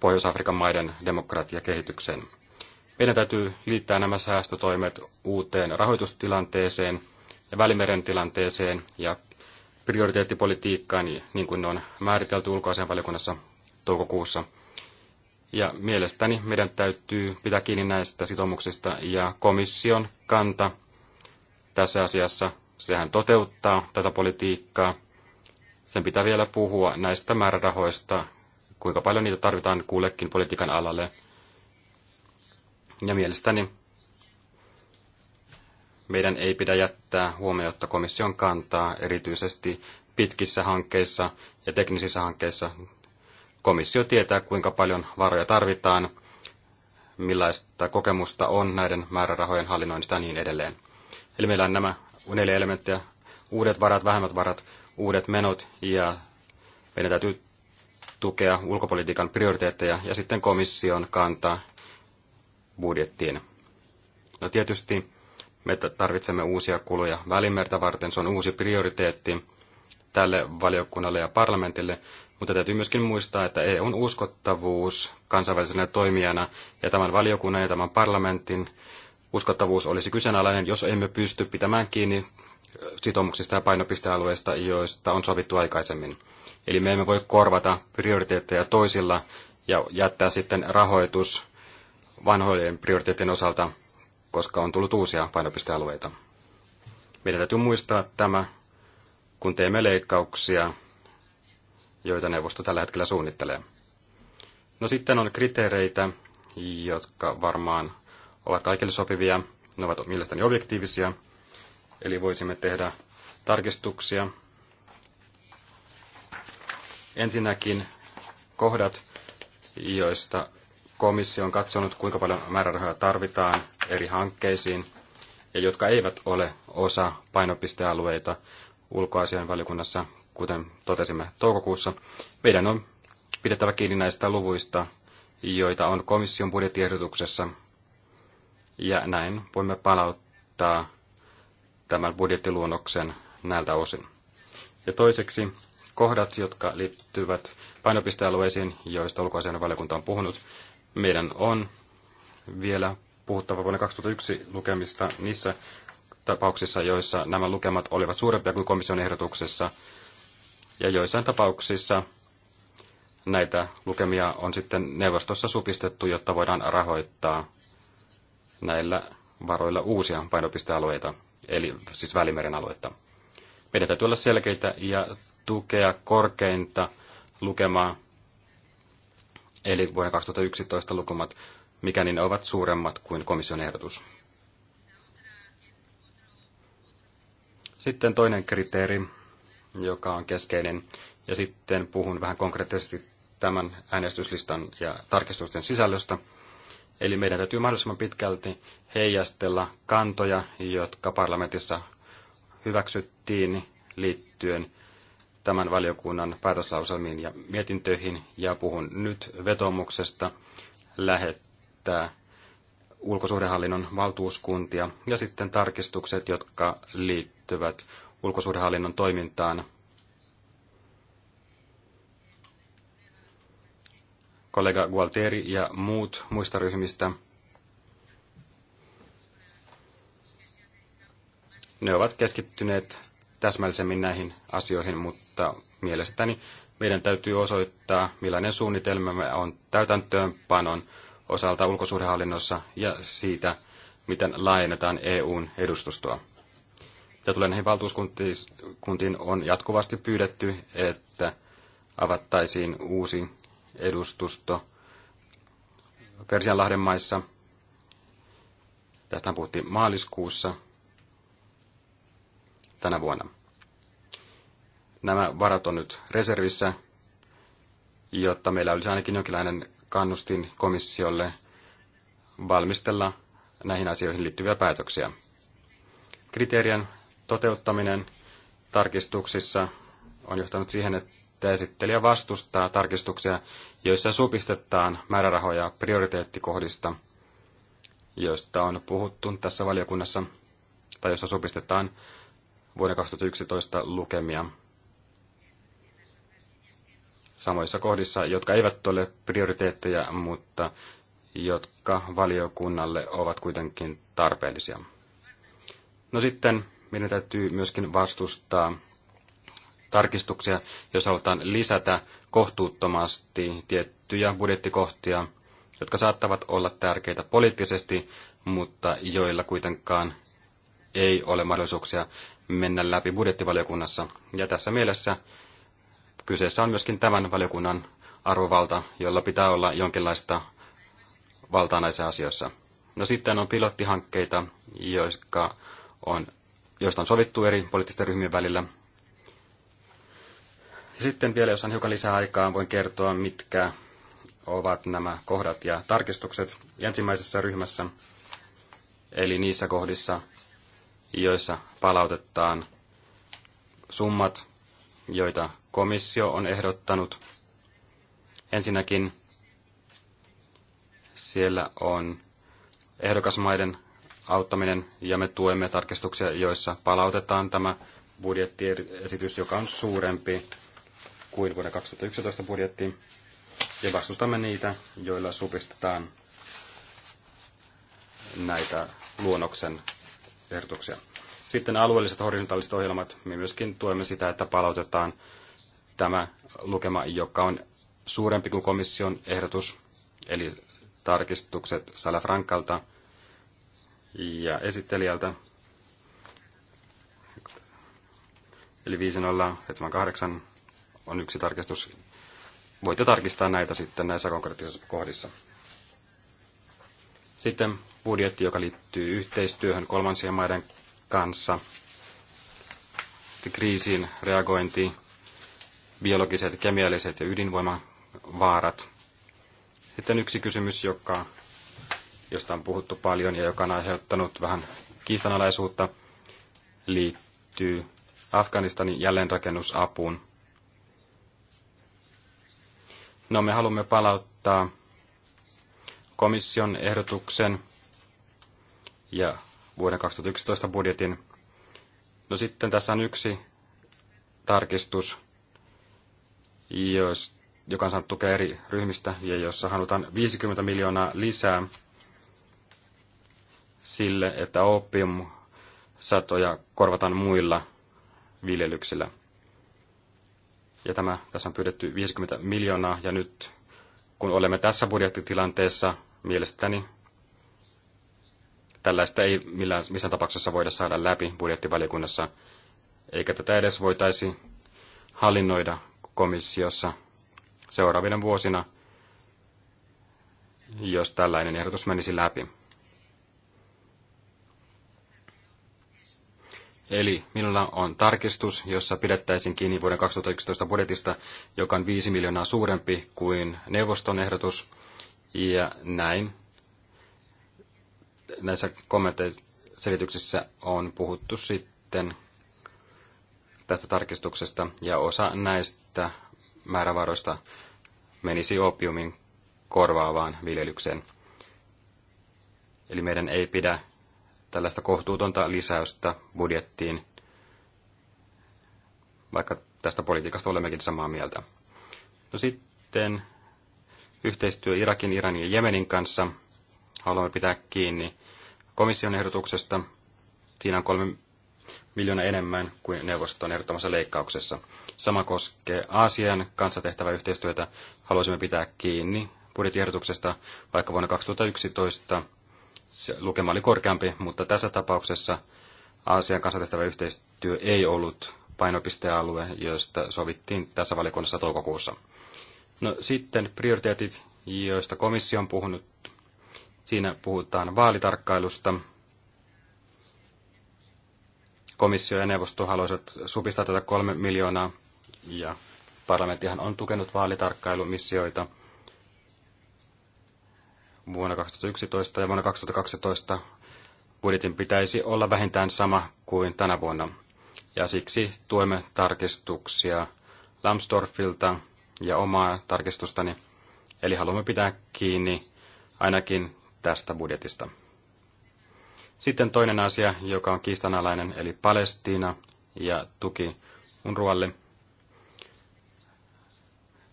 Pohjois-Afrikan maiden demokratiakehitykseen. Meidän täytyy liittää nämä säästötoimet uuteen rahoitustilanteeseen – Välimeren tilanteeseen ja prioriteettipolitiikkaan, niin, niin kuin ne on määritelty valikunnassa toukokuussa. Ja mielestäni meidän täytyy pitää kiinni näistä sitoumuksista ja komission kanta tässä asiassa, sehän toteuttaa tätä politiikkaa. Sen pitää vielä puhua näistä määrärahoista, kuinka paljon niitä tarvitaan kullekin politiikan alalle. Ja mielestäni meidän ei pidä jättää huomiota komission kantaa erityisesti pitkissä hankkeissa ja teknisissä hankkeissa. Komissio tietää, kuinka paljon varoja tarvitaan, millaista kokemusta on näiden määrärahojen hallinnoinnista ja niin edelleen. Eli meillä on nämä neljä elementtiä, uudet varat, vähemmät varat, uudet menot ja meidän täytyy tukea ulkopolitiikan prioriteetteja ja sitten komission kantaa budjettiin. No tietysti me tarvitsemme uusia kuluja välimertä varten. Se on uusi prioriteetti tälle valiokunnalle ja parlamentille, mutta täytyy myöskin muistaa, että EUn uskottavuus kansainvälisenä toimijana ja tämän valiokunnan ja tämän parlamentin uskottavuus olisi kyseenalainen, jos emme pysty pitämään kiinni äh, sitoumuksista ja painopistealueista, joista on sovittu aikaisemmin. Eli me emme voi korvata prioriteetteja toisilla ja jättää sitten rahoitus vanhojen prioriteettien osalta koska on tullut uusia painopistealueita. Meidän täytyy muistaa tämä, kun teemme leikkauksia, joita neuvosto tällä hetkellä suunnittelee. No sitten on kriteereitä, jotka varmaan ovat kaikille sopivia. Ne ovat mielestäni objektiivisia, eli voisimme tehdä tarkistuksia. Ensinnäkin kohdat, joista komissio on katsonut, kuinka paljon määrärahoja tarvitaan eri hankkeisiin ja jotka eivät ole osa painopistealueita ulkoasian valiokunnassa, kuten totesimme toukokuussa. Meidän on pidettävä kiinni näistä luvuista, joita on komission budjettiehdotuksessa, ja näin voimme palauttaa tämän budjettiluonnoksen näiltä osin. Ja toiseksi kohdat, jotka liittyvät painopistealueisiin, joista ulkoasian valiokunta on puhunut, meidän on vielä puhuttava vuonna 2001 lukemista niissä tapauksissa, joissa nämä lukemat olivat suurempia kuin komission ehdotuksessa. Ja joissain tapauksissa näitä lukemia on sitten neuvostossa supistettu, jotta voidaan rahoittaa näillä varoilla uusia painopistealueita, eli siis Välimeren aluetta. Meidän täytyy olla selkeitä ja tukea korkeinta lukemaa, eli vuoden 2011 lukumat mikäli niin ne ovat suuremmat kuin komission ehdotus. Sitten toinen kriteeri, joka on keskeinen, ja sitten puhun vähän konkreettisesti tämän äänestyslistan ja tarkistusten sisällöstä. Eli meidän täytyy mahdollisimman pitkälti heijastella kantoja, jotka parlamentissa hyväksyttiin liittyen tämän valiokunnan päätöslauselmiin ja mietintöihin, ja puhun nyt vetomuksesta lähet käyttää ulkosuhdehallinnon valtuuskuntia ja sitten tarkistukset, jotka liittyvät ulkosuhdehallinnon toimintaan. Kollega Gualteri ja muut muista ryhmistä. Ne ovat keskittyneet täsmällisemmin näihin asioihin, mutta mielestäni meidän täytyy osoittaa, millainen suunnitelma on täytäntöönpanon osalta ulkosuhdehallinnossa ja siitä, miten laajennetaan EUn edustustoa. Ja tulee näihin valtuuskuntiin on jatkuvasti pyydetty, että avattaisiin uusi edustusto Persianlahden maissa. Tästä puhuttiin maaliskuussa tänä vuonna. Nämä varat on nyt reservissä, jotta meillä olisi ainakin jonkinlainen kannustin komissiolle valmistella näihin asioihin liittyviä päätöksiä. Kriteerien toteuttaminen tarkistuksissa on johtanut siihen, että esittelijä vastustaa tarkistuksia, joissa supistetaan määrärahoja prioriteettikohdista, joista on puhuttu tässä valiokunnassa, tai joissa supistetaan vuoden 2011 lukemia samoissa kohdissa, jotka eivät ole prioriteetteja, mutta jotka valiokunnalle ovat kuitenkin tarpeellisia. No sitten meidän täytyy myöskin vastustaa tarkistuksia, jos halutaan lisätä kohtuuttomasti tiettyjä budjettikohtia, jotka saattavat olla tärkeitä poliittisesti, mutta joilla kuitenkaan ei ole mahdollisuuksia mennä läpi budjettivaliokunnassa. Ja tässä mielessä kyseessä on myöskin tämän valiokunnan arvovalta, jolla pitää olla jonkinlaista valtaa näissä asioissa. No sitten on pilottihankkeita, joista on, joista on sovittu eri poliittisten ryhmien välillä. Ja sitten vielä, jos on hiukan lisää aikaa, voin kertoa, mitkä ovat nämä kohdat ja tarkistukset ensimmäisessä ryhmässä, eli niissä kohdissa, joissa palautetaan summat joita komissio on ehdottanut. Ensinnäkin siellä on ehdokasmaiden auttaminen ja me tuemme tarkistuksia, joissa palautetaan tämä budjettiesitys, joka on suurempi kuin vuoden 2011 budjetti. Ja vastustamme niitä, joilla supistetaan näitä luonnoksen ehdotuksia. Sitten alueelliset horisontaaliset ohjelmat, me myöskin tuemme sitä, että palautetaan tämä lukema, joka on suurempi kuin komission ehdotus, eli tarkistukset Salafrankalta ja esittelijältä. Eli 5078 on yksi tarkistus. Voitte tarkistaa näitä sitten näissä konkreettisissa kohdissa. Sitten budjetti, joka liittyy yhteistyöhön kolmansien maiden kanssa. Kriisiin reagointi, biologiset, kemialliset ja ydinvoimavaarat. Sitten yksi kysymys, joka, josta on puhuttu paljon ja joka on aiheuttanut vähän kiistanalaisuutta, liittyy Afganistanin jälleenrakennusapuun. No, me haluamme palauttaa komission ehdotuksen ja vuoden 2011 budjetin. No sitten tässä on yksi tarkistus, jos, joka on saanut tukea eri ryhmistä ja jossa halutaan 50 miljoonaa lisää sille, että opiumsatoja korvataan muilla viljelyksillä. Ja tämä, tässä on pyydetty 50 miljoonaa ja nyt kun olemme tässä budjettitilanteessa, mielestäni Tällaista ei millään, missään tapauksessa voida saada läpi budjettivaliokunnassa, eikä tätä edes voitaisi hallinnoida komissiossa seuraavina vuosina, jos tällainen ehdotus menisi läpi. Eli minulla on tarkistus, jossa pidettäisiin kiinni vuoden 2011 budjetista, joka on 5 miljoonaa suurempi kuin neuvoston ehdotus. Ja näin näissä kommenteissa selityksissä on puhuttu sitten tästä tarkistuksesta, ja osa näistä määrävaroista menisi opiumin korvaavaan viljelykseen. Eli meidän ei pidä tällaista kohtuutonta lisäystä budjettiin, vaikka tästä politiikasta olemmekin samaa mieltä. No sitten yhteistyö Irakin, Iranin ja Jemenin kanssa – haluamme pitää kiinni komission ehdotuksesta. Siinä on kolme miljoonaa enemmän kuin neuvoston ehdottomassa leikkauksessa. Sama koskee Aasian kanssa tehtävää yhteistyötä. Haluaisimme pitää kiinni budjettiehdotuksesta, vaikka vuonna 2011 se lukema oli korkeampi, mutta tässä tapauksessa Aasian kanssa tehtävä yhteistyö ei ollut painopistealue, josta sovittiin tässä valikunnassa toukokuussa. No sitten prioriteetit, joista komissio on puhunut Siinä puhutaan vaalitarkkailusta. Komissio ja neuvosto haluaisivat supistaa tätä kolme miljoonaa ja parlamenttihan on tukenut vaalitarkkailumissioita vuonna 2011 ja vuonna 2012 budjetin pitäisi olla vähintään sama kuin tänä vuonna. Ja siksi tuemme tarkistuksia Lambsdorffilta ja omaa tarkistustani. Eli haluamme pitää kiinni ainakin tästä budjetista. Sitten toinen asia, joka on kiistanalainen, eli Palestiina ja tuki UNRUAlle.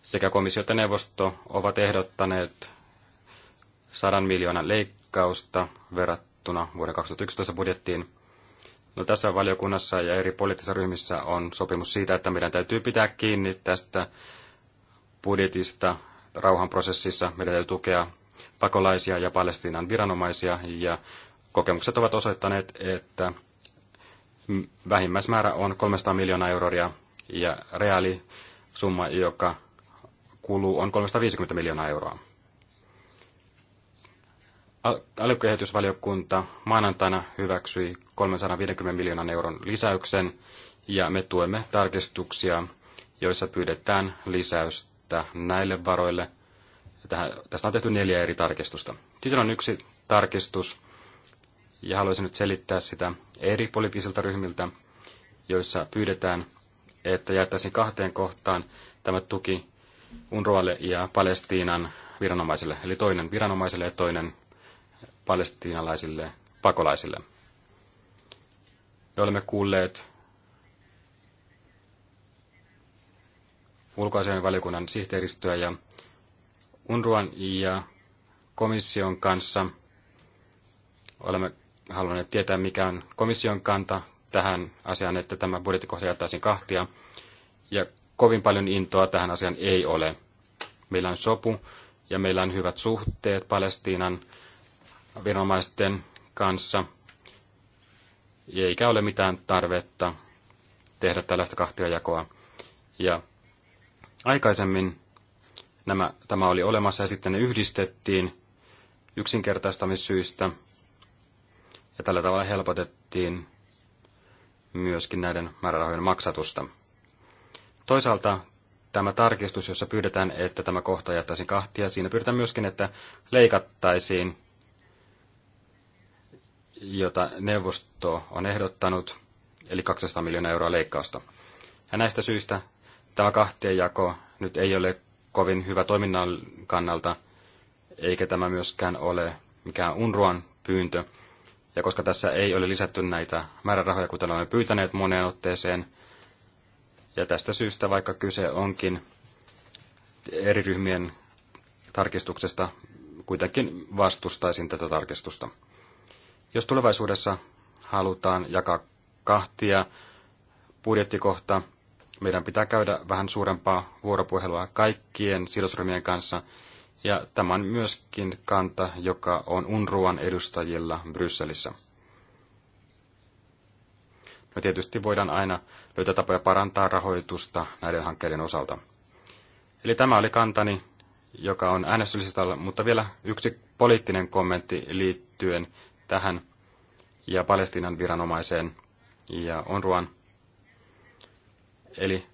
Sekä komissio että neuvosto ovat ehdottaneet 100 miljoonan leikkausta verrattuna vuoden 2011 budjettiin. No, tässä valiokunnassa ja eri poliittisissa ryhmissä on sopimus siitä, että meidän täytyy pitää kiinni tästä budjetista rauhanprosessissa. Meidän täytyy tukea pakolaisia ja Palestiinan viranomaisia, ja kokemukset ovat osoittaneet, että vähimmäismäärä on 300 miljoonaa euroa, ja reaali summa, joka kuluu, on 350 miljoonaa euroa. Alukehitysvaliokunta maanantaina hyväksyi 350 miljoonan euron lisäyksen, ja me tuemme tarkistuksia, joissa pyydetään lisäystä näille varoille Tähän, tästä on tehty neljä eri tarkistusta. Sitten on yksi tarkistus, ja haluaisin nyt selittää sitä eri poliittisilta ryhmiltä, joissa pyydetään, että jaettaisiin kahteen kohtaan tämä tuki UNRWAlle ja Palestiinan viranomaisille, eli toinen viranomaisille ja toinen palestiinalaisille pakolaisille. Me olemme kuulleet ulkoasian valiokunnan sihteeristöä ja UNRUAN ja komission kanssa. Olemme halunneet tietää, mikä on komission kanta tähän asiaan, että tämä budjettikohta jaettaisiin kahtia. Ja kovin paljon intoa tähän asiaan ei ole. Meillä on sopu ja meillä on hyvät suhteet Palestiinan viranomaisten kanssa, eikä ole mitään tarvetta tehdä tällaista kahtiajakoa. Ja aikaisemmin nämä, tämä oli olemassa ja sitten ne yhdistettiin yksinkertaistamissyistä. Ja tällä tavalla helpotettiin myöskin näiden määrärahojen maksatusta. Toisaalta tämä tarkistus, jossa pyydetään, että tämä kohta jättäisiin kahtia, siinä pyydetään myöskin, että leikattaisiin, jota neuvosto on ehdottanut, eli 200 miljoonaa euroa leikkausta. Ja näistä syistä tämä jako nyt ei ole kovin hyvä toiminnan kannalta, eikä tämä myöskään ole mikään UNRUAN pyyntö. Ja koska tässä ei ole lisätty näitä määrärahoja, kuten olemme pyytäneet moneen otteeseen, ja tästä syystä, vaikka kyse onkin eri ryhmien tarkistuksesta, kuitenkin vastustaisin tätä tarkistusta. Jos tulevaisuudessa halutaan jakaa kahtia budjettikohta, meidän pitää käydä vähän suurempaa vuoropuhelua kaikkien sidosryhmien kanssa. Ja tämä on myöskin kanta, joka on UNRUAN edustajilla Brysselissä. No tietysti voidaan aina löytää tapoja parantaa rahoitusta näiden hankkeiden osalta. Eli tämä oli kantani, joka on äänestyslistalla, mutta vielä yksi poliittinen kommentti liittyen tähän ja Palestiinan viranomaiseen ja UNRUAN. Eli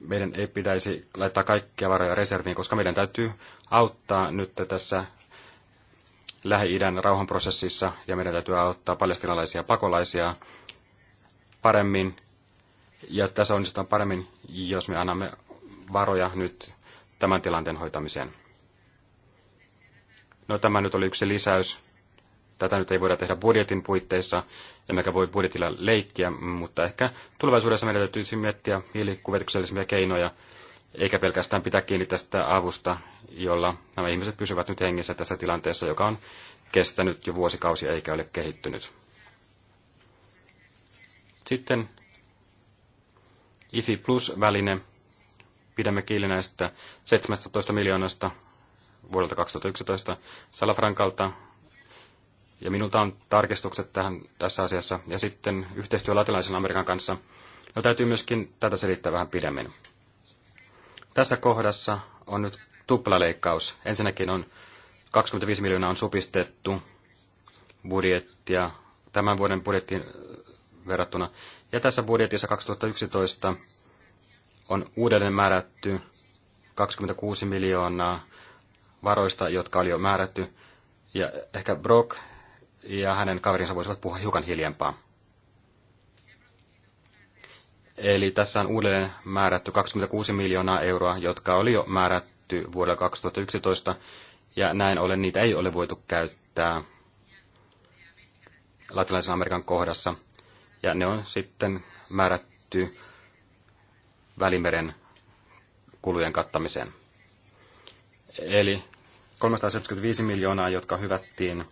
meidän ei pitäisi laittaa kaikkia varoja reserviin, koska meidän täytyy auttaa nyt tässä Lähi-idän rauhanprosessissa ja meidän täytyy auttaa palestinalaisia pakolaisia paremmin. Ja tässä onnistutaan paremmin, jos me annamme varoja nyt tämän tilanteen hoitamiseen. No tämä nyt oli yksi lisäys Tätä nyt ei voida tehdä budjetin puitteissa, emmekä voi budjetilla leikkiä, mutta ehkä tulevaisuudessa meidän täytyy miettiä hiilikuvituksellisempia keinoja, eikä pelkästään pitää kiinni tästä avusta, jolla nämä ihmiset pysyvät nyt hengissä tässä tilanteessa, joka on kestänyt jo vuosikausia eikä ole kehittynyt. Sitten IFI Plus-väline. Pidämme kiinni näistä 17 miljoonasta vuodelta 2011 Salafrankalta ja minulta on tarkistukset tähän tässä asiassa. Ja sitten yhteistyö latinalaisen Amerikan kanssa. No täytyy myöskin tätä selittää vähän pidemmin. Tässä kohdassa on nyt tuplaleikkaus. Ensinnäkin on 25 miljoonaa on supistettu budjettia tämän vuoden budjettiin äh, verrattuna. Ja tässä budjetissa 2011 on uudelleen määrätty 26 miljoonaa varoista, jotka oli jo määrätty. Ja ehkä Brock ja hänen kaverinsa voisivat puhua hiukan hiljempaa. Eli tässä on uudelleen määrätty 26 miljoonaa euroa, jotka oli jo määrätty vuodelle 2011, ja näin ollen niitä ei ole voitu käyttää latinalaisen Amerikan kohdassa. Ja ne on sitten määrätty Välimeren kulujen kattamiseen. Eli 375 miljoonaa, jotka hyvättiin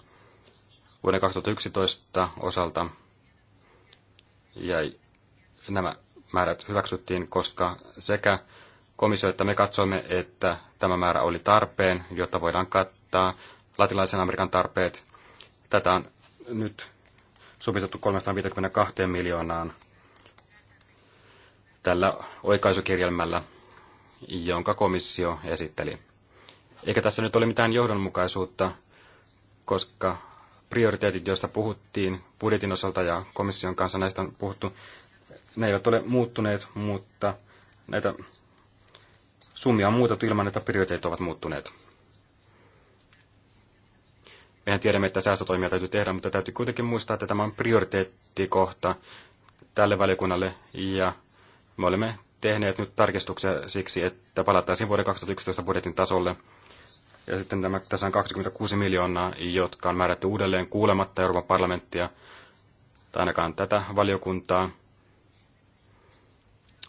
vuoden 2011 osalta. Ja nämä määrät hyväksyttiin, koska sekä komissio että me katsoimme, että tämä määrä oli tarpeen, jotta voidaan kattaa latinalaisen Amerikan tarpeet. Tätä on nyt supistettu 352 miljoonaan tällä oikaisukirjelmällä, jonka komissio esitteli. Eikä tässä nyt ole mitään johdonmukaisuutta, koska prioriteetit, joista puhuttiin budjetin osalta ja komission kanssa näistä on puhuttu, ne eivät ole muuttuneet, mutta näitä summia on muutettu ilman, että prioriteetit ovat muuttuneet. Mehän tiedämme, että säästötoimia täytyy tehdä, mutta täytyy kuitenkin muistaa, että tämä on prioriteettikohta tälle valiokunnalle ja me olemme tehneet nyt tarkistuksia siksi, että palattaisiin vuoden 2011 budjetin tasolle ja sitten tämä, tässä on 26 miljoonaa, jotka on määrätty uudelleen kuulematta Euroopan parlamenttia, tai ainakaan tätä valiokuntaa,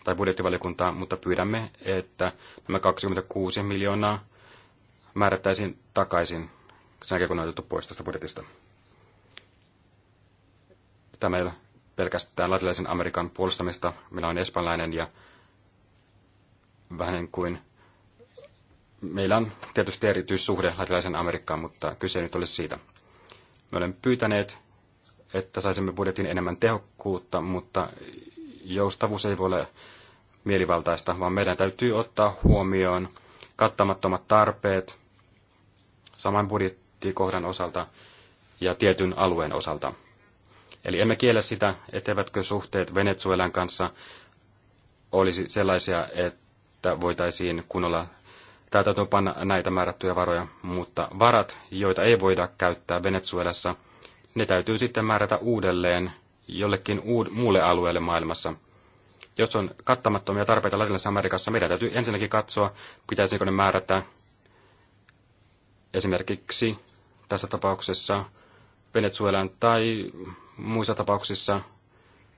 tai budjettivaliokuntaa, mutta pyydämme, että nämä 26 miljoonaa määrättäisiin takaisin sen jälkeen, kun on otettu pois tästä budjetista. Tämä ei ole pelkästään latinalaisen Amerikan puolustamista. Minä olen espanjalainen ja vähän niin kuin meillä on tietysti erityissuhde latinalaisen Amerikkaan, mutta kyse nyt olisi siitä. Me olemme pyytäneet, että saisimme budjetin enemmän tehokkuutta, mutta joustavuus ei voi olla mielivaltaista, vaan meidän täytyy ottaa huomioon kattamattomat tarpeet saman budjettikohdan osalta ja tietyn alueen osalta. Eli emme kiellä sitä, etteivätkö suhteet Venezuelan kanssa olisi sellaisia, että voitaisiin kunnolla täytyy panna näitä määrättyjä varoja, mutta varat, joita ei voida käyttää Venezuelassa, ne täytyy sitten määrätä uudelleen jollekin uud- muulle alueelle maailmassa. Jos on kattamattomia tarpeita Latinalaisessa Amerikassa, meidän täytyy ensinnäkin katsoa, pitäisikö ne määrätä esimerkiksi tässä tapauksessa Venezuelan tai muissa tapauksissa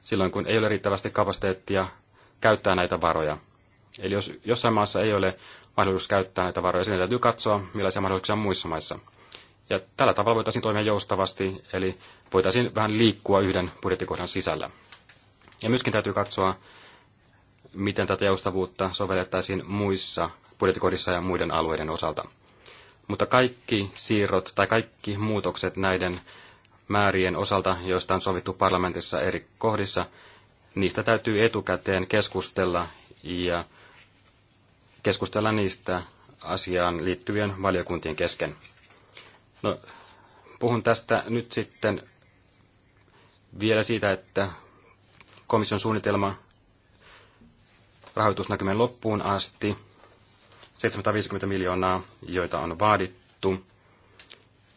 silloin, kun ei ole riittävästi kapasiteettia käyttää näitä varoja. Eli jos jossain maassa ei ole mahdollisuus käyttää näitä varoja. Sen täytyy katsoa, millaisia mahdollisuuksia on muissa maissa. Ja tällä tavalla voitaisiin toimia joustavasti, eli voitaisiin vähän liikkua yhden budjettikohdan sisällä. Ja myöskin täytyy katsoa, miten tätä joustavuutta sovellettaisiin muissa budjettikohdissa ja muiden alueiden osalta. Mutta kaikki siirrot tai kaikki muutokset näiden määrien osalta, joista on sovittu parlamentissa eri kohdissa, niistä täytyy etukäteen keskustella ja keskustella niistä asiaan liittyvien valiokuntien kesken. No, puhun tästä nyt sitten vielä siitä, että komission suunnitelma rahoitusnäkymän loppuun asti, 750 miljoonaa, joita on vaadittu,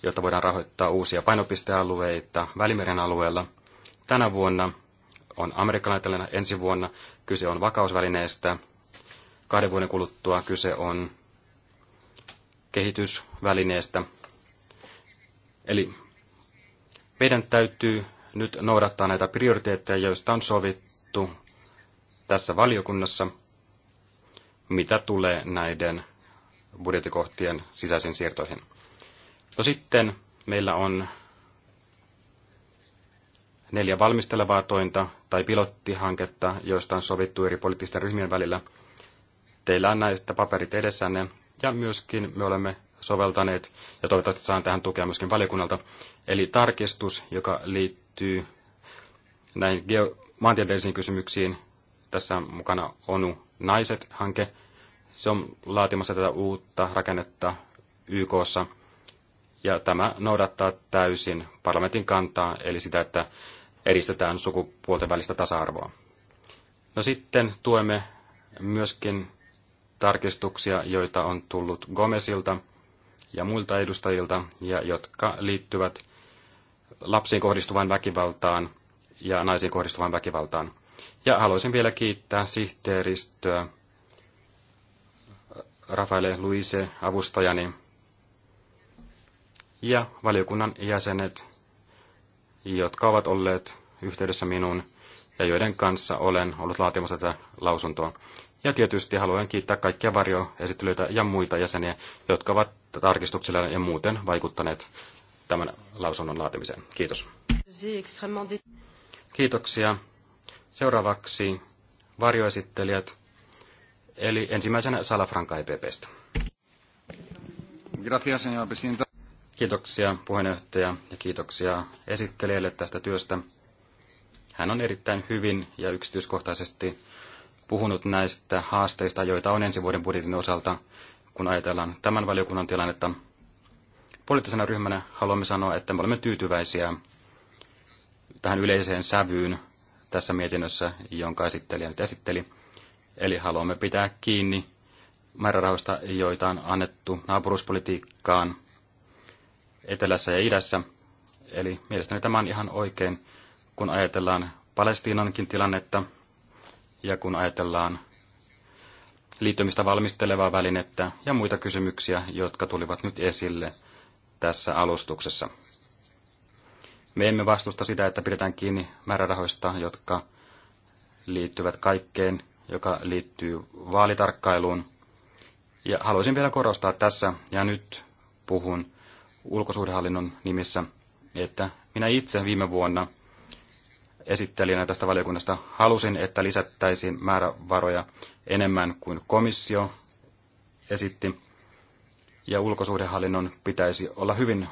jotta voidaan rahoittaa uusia painopistealueita Välimeren alueella. Tänä vuonna on amerikkalainen ensi vuonna kyse on vakausvälineestä, kahden vuoden kuluttua kyse on kehitysvälineestä. Eli meidän täytyy nyt noudattaa näitä prioriteetteja, joista on sovittu tässä valiokunnassa, mitä tulee näiden budjettikohtien sisäisiin siirtoihin. No sitten meillä on neljä valmistelevaa tointa tai pilottihanketta, joista on sovittu eri poliittisten ryhmien välillä – Teillä on näistä paperit edessänne ja myöskin me olemme soveltaneet, ja toivottavasti saan tähän tukea myöskin valiokunnalta, eli tarkistus, joka liittyy näin geo- maantieteellisiin kysymyksiin. Tässä on mukana ONU Naiset-hanke. Se on laatimassa tätä uutta rakennetta YKssa. Ja tämä noudattaa täysin parlamentin kantaa, eli sitä, että edistetään sukupuolten välistä tasa-arvoa. No sitten tuemme myöskin tarkistuksia, joita on tullut Gomesilta ja muilta edustajilta, ja jotka liittyvät lapsiin kohdistuvaan väkivaltaan ja naisiin kohdistuvaan väkivaltaan. Ja haluaisin vielä kiittää sihteeristöä, Rafaele Luise, avustajani, ja valiokunnan jäsenet, jotka ovat olleet yhteydessä minuun ja joiden kanssa olen ollut laatimassa tätä lausuntoa. Ja tietysti haluan kiittää kaikkia varjoesittelyitä ja muita jäseniä, jotka ovat tarkistuksilla ja muuten vaikuttaneet tämän lausunnon laatimiseen. Kiitos. Kiitoksia. Seuraavaksi varjoesittelijät, eli ensimmäisenä Salafranca IPPstä. E Gracias, señor presidente. Kiitoksia puheenjohtaja ja kiitoksia esittelijälle tästä työstä. Hän on erittäin hyvin ja yksityiskohtaisesti puhunut näistä haasteista, joita on ensi vuoden budjetin osalta, kun ajatellaan tämän valiokunnan tilannetta. Poliittisena ryhmänä haluamme sanoa, että me olemme tyytyväisiä tähän yleiseen sävyyn tässä mietinnössä, jonka esittelijä nyt esitteli. Eli haluamme pitää kiinni määrärahoista, joita on annettu naapuruspolitiikkaan etelässä ja idässä. Eli mielestäni tämä on ihan oikein, kun ajatellaan Palestiinankin tilannetta – ja kun ajatellaan liittymistä valmistelevaa välinettä ja muita kysymyksiä, jotka tulivat nyt esille tässä alustuksessa. Me emme vastusta sitä, että pidetään kiinni määrärahoista, jotka liittyvät kaikkeen, joka liittyy vaalitarkkailuun. Ja haluaisin vielä korostaa tässä, ja nyt puhun ulkosuhdehallinnon nimissä, että minä itse viime vuonna – esittelijänä tästä valiokunnasta halusin, että lisättäisiin määrävaroja enemmän kuin komissio esitti. Ja ulkosuhdehallinnon pitäisi olla hyvin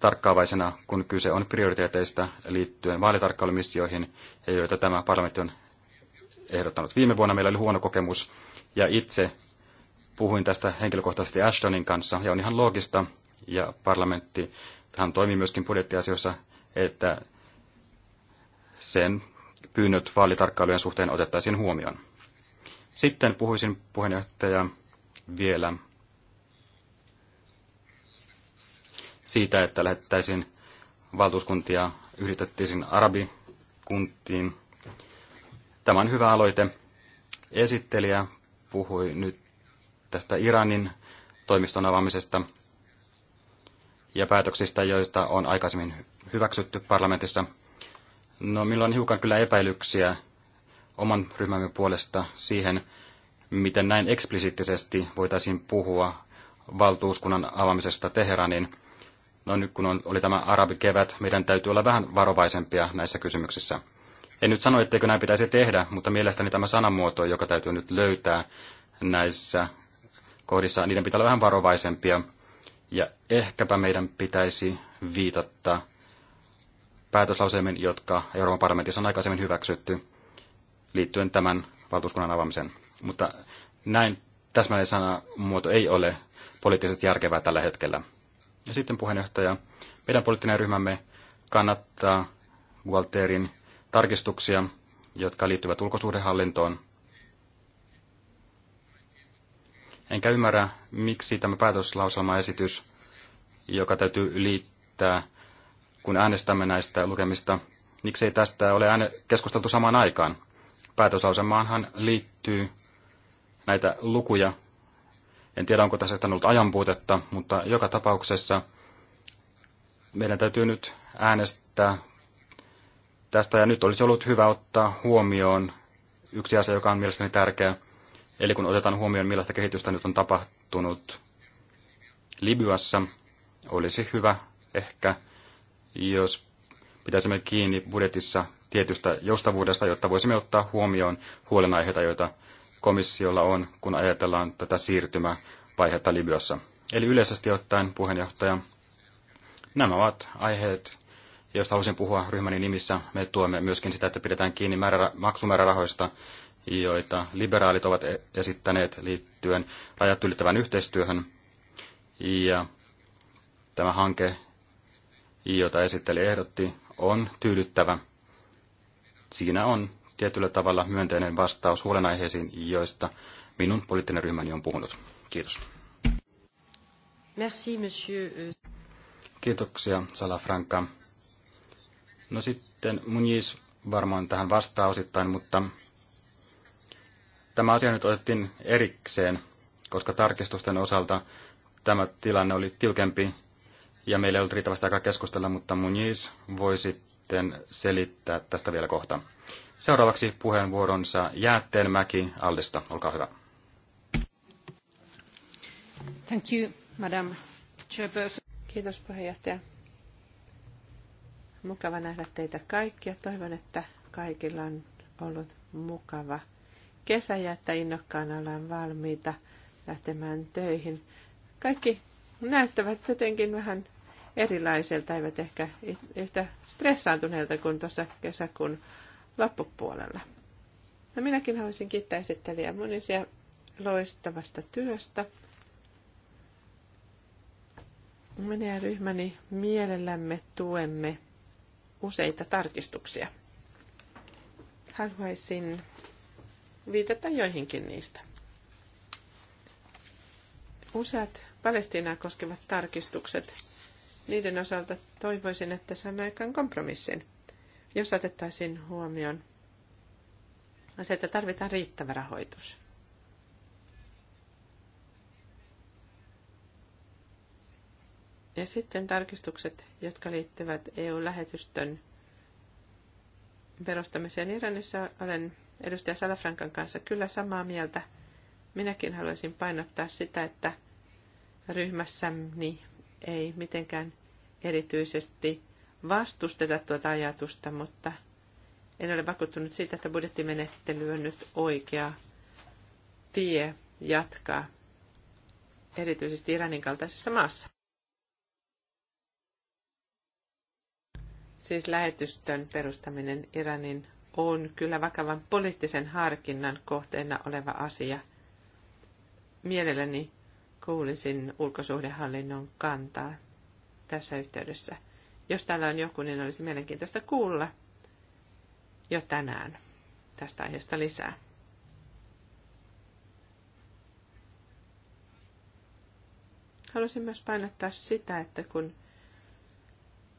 tarkkaavaisena, kun kyse on prioriteeteista liittyen vaalitarkkailumissioihin, joita tämä parlamentti on ehdottanut. Viime vuonna meillä oli huono kokemus, ja itse puhuin tästä henkilökohtaisesti Ashtonin kanssa, ja on ihan loogista, ja parlamentti, hän toimii myöskin budjettiasioissa, että sen pyynnöt vaalitarkkailujen suhteen otettaisiin huomioon. Sitten puhuisin puheenjohtaja vielä siitä, että lähettäisiin valtuuskuntia yhdistettäisiin arabikuntiin. Tämä on hyvä aloite. Esittelijä puhui nyt tästä Iranin toimiston avaamisesta ja päätöksistä, joita on aikaisemmin hyväksytty parlamentissa – No, milloin on hiukan kyllä epäilyksiä oman ryhmämme puolesta siihen, miten näin eksplisiittisesti voitaisiin puhua valtuuskunnan avaamisesta Teheranin. No nyt kun oli tämä arabikevät, meidän täytyy olla vähän varovaisempia näissä kysymyksissä. En nyt sano, etteikö näin pitäisi tehdä, mutta mielestäni tämä sanamuoto, joka täytyy nyt löytää näissä kohdissa, niiden pitää olla vähän varovaisempia. Ja ehkäpä meidän pitäisi viitata päätöslauselmiin, jotka Euroopan parlamentissa on aikaisemmin hyväksytty liittyen tämän valtuuskunnan avaamiseen. Mutta näin täsmälleen muoto ei ole poliittisesti järkevää tällä hetkellä. Ja sitten puheenjohtaja, meidän poliittinen ryhmämme kannattaa Walterin tarkistuksia, jotka liittyvät ulkosuhdehallintoon. Enkä ymmärrä, miksi tämä päätöslauselmaesitys, joka täytyy liittää kun äänestämme näistä lukemista, miksei tästä ole keskusteltu samaan aikaan. Päätöslausemaanhan liittyy näitä lukuja. En tiedä, onko tässä ollut ajanpuutetta, mutta joka tapauksessa meidän täytyy nyt äänestää tästä. Ja nyt olisi ollut hyvä ottaa huomioon yksi asia, joka on mielestäni tärkeä. Eli kun otetaan huomioon, millaista kehitystä nyt on tapahtunut Libyassa, olisi hyvä ehkä jos pitäisimme kiinni budjetissa tietystä joustavuudesta, jotta voisimme ottaa huomioon huolenaiheita, joita komissiolla on, kun ajatellaan tätä siirtymävaihetta Libyassa. Eli yleisesti ottaen, puheenjohtaja, nämä ovat aiheet, joista haluaisin puhua ryhmäni nimissä. Me tuemme myöskin sitä, että pidetään kiinni määrä, maksumäärärahoista, joita liberaalit ovat e-, esittäneet liittyen rajat ylittävän yhteistyöhön. Ja tämä hanke jota esitteli ehdotti, on tyydyttävä. Siinä on tietyllä tavalla myönteinen vastaus huolenaiheisiin, joista minun poliittinen ryhmäni on puhunut. Kiitos. Merci, monsieur. Euh. Kiitoksia, Salafranca. No sitten Muniz varmaan tähän vastaa osittain, mutta tämä asia nyt otettiin erikseen, koska tarkistusten osalta tämä tilanne oli tiukempi ja meillä ei ollut riittävästi aikaa keskustella, mutta Muniz voi sitten selittää tästä vielä kohta. Seuraavaksi puheenvuoronsa Jäätteenmäki Aldesta. Olkaa hyvä. Thank you, Madam Chairperson. Kiitos puheenjohtaja. Mukava nähdä teitä kaikkia. Toivon, että kaikilla on ollut mukava kesä ja että innokkaana ollaan valmiita lähtemään töihin. Kaikki näyttävät jotenkin vähän erilaiselta, eivät ehkä yhtä stressaantuneelta kuin tuossa kesäkuun loppupuolella. No minäkin haluaisin kiittää esittelijä monisia loistavasta työstä. Minä ja ryhmäni mielellämme tuemme useita tarkistuksia. Haluaisin viitata joihinkin niistä. Useat Palestiinaa koskevat tarkistukset niiden osalta toivoisin, että saamme aikaan kompromissin, jos otettaisiin huomioon se, että tarvitaan riittävä rahoitus. Ja sitten tarkistukset, jotka liittyvät EU-lähetystön perustamiseen Iranissa. Olen edustaja Salafrankan kanssa kyllä samaa mieltä. Minäkin haluaisin painottaa sitä, että ryhmässäni ei mitenkään erityisesti vastusteta tuota ajatusta, mutta en ole vakuuttunut siitä, että budjettimenettely on nyt oikea tie jatkaa, erityisesti Iranin kaltaisessa maassa. Siis lähetystön perustaminen Iranin on kyllä vakavan poliittisen harkinnan kohteena oleva asia. Mielelläni kuulisin ulkosuhdehallinnon kantaa tässä yhteydessä. Jos täällä on joku, niin olisi mielenkiintoista kuulla jo tänään tästä aiheesta lisää. Haluaisin myös painottaa sitä, että kun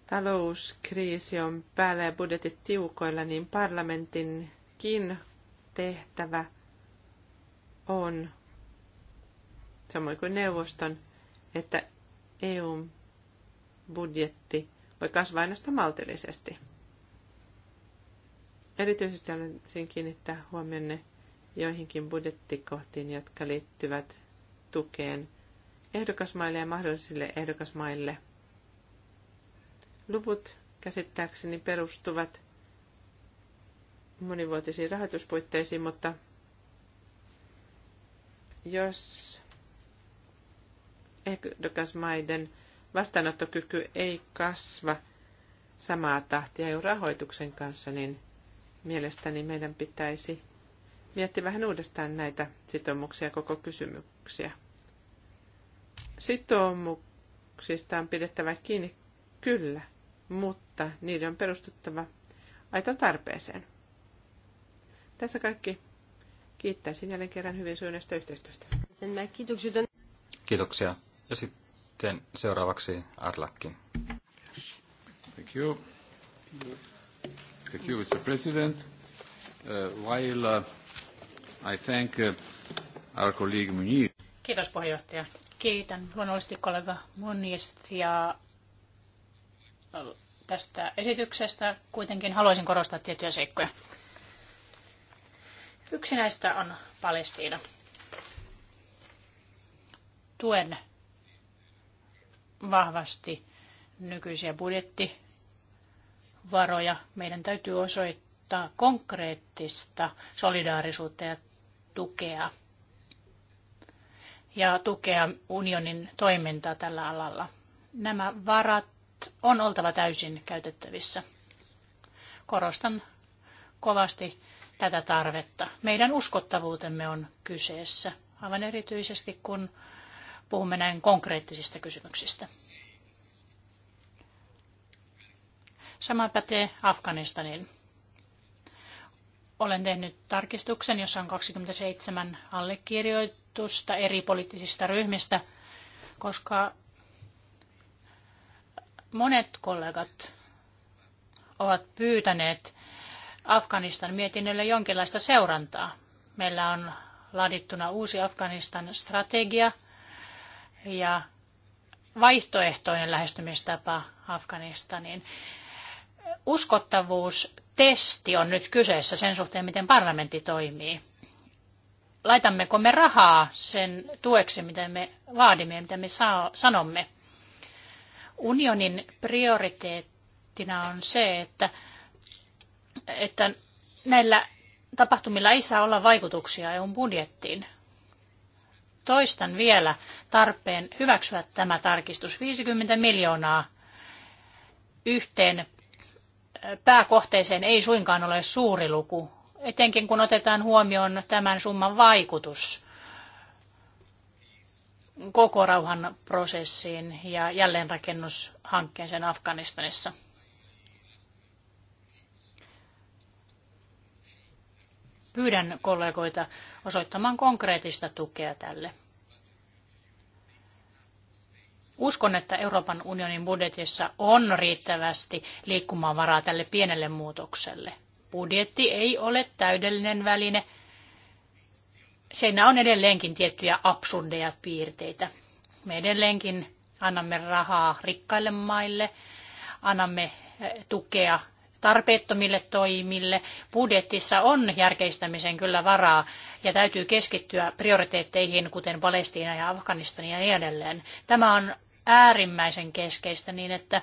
talouskriisi on päällä ja budjetit tiukoilla, niin parlamentinkin tehtävä on, samoin kuin neuvoston, että EUn budjetti voi kasvaa ainoastaan maltillisesti. Erityisesti haluaisin kiinnittää huomionne joihinkin budjettikohtiin, jotka liittyvät tukeen ehdokasmaille ja mahdollisille ehdokasmaille. Luvut käsittääkseni perustuvat monivuotisiin rahoituspuitteisiin, mutta jos ehdokasmaiden vastaanottokyky ei kasva samaa tahtia jo rahoituksen kanssa, niin mielestäni meidän pitäisi miettiä vähän uudestaan näitä sitoumuksia koko kysymyksiä. Sitoumuksista on pidettävä kiinni kyllä, mutta niiden on perustuttava aito tarpeeseen. Tässä kaikki. Kiittäisin jälleen kerran hyvin suunnasta yhteistyöstä. Kiitoksia. Ja sitten sitten seuraavaksi Arlakki. Thank you. Thank you, Mr. President. Uh, while uh, I thank uh, our colleague Munir. Kiitos puheenjohtaja. Kiitän luonnollisesti kollega ja uh, tästä esityksestä. Kuitenkin haluaisin korostaa tiettyjä seikkoja. Yksi näistä on Palestiina. Tuen vahvasti nykyisiä budjettivaroja. Meidän täytyy osoittaa konkreettista solidaarisuutta ja tukea ja tukea unionin toimintaa tällä alalla. Nämä varat on oltava täysin käytettävissä. Korostan kovasti tätä tarvetta. Meidän uskottavuutemme on kyseessä, aivan erityisesti kun puhumme näin konkreettisista kysymyksistä. Sama pätee Afganistaniin. Olen tehnyt tarkistuksen, jossa on 27 allekirjoitusta eri poliittisista ryhmistä, koska monet kollegat ovat pyytäneet Afganistan mietinnölle jonkinlaista seurantaa. Meillä on laadittuna uusi Afganistan strategia ja vaihtoehtoinen lähestymistapa Afganistaniin. Uskottavuustesti on nyt kyseessä sen suhteen, miten parlamentti toimii. Laitammeko me rahaa sen tueksi, mitä me vaadimme ja mitä me sanomme? Unionin prioriteettina on se, että, että näillä tapahtumilla ei saa olla vaikutuksia EUn budjettiin toistan vielä tarpeen hyväksyä tämä tarkistus. 50 miljoonaa yhteen pääkohteeseen ei suinkaan ole suuri luku, etenkin kun otetaan huomioon tämän summan vaikutus koko rauhan prosessiin ja jälleenrakennushankkeeseen Afganistanissa. Pyydän kollegoita osoittamaan konkreettista tukea tälle. Uskon, että Euroopan unionin budjetissa on riittävästi liikkumavaraa tälle pienelle muutokselle. Budjetti ei ole täydellinen väline. Siinä on edelleenkin tiettyjä absurdeja piirteitä. Me edelleenkin annamme rahaa rikkaille maille, annamme eh, tukea tarpeettomille toimille. Budjetissa on järkeistämisen kyllä varaa ja täytyy keskittyä prioriteetteihin, kuten Palestiina ja Afganistania ja niin edelleen. Tämä on äärimmäisen keskeistä niin, että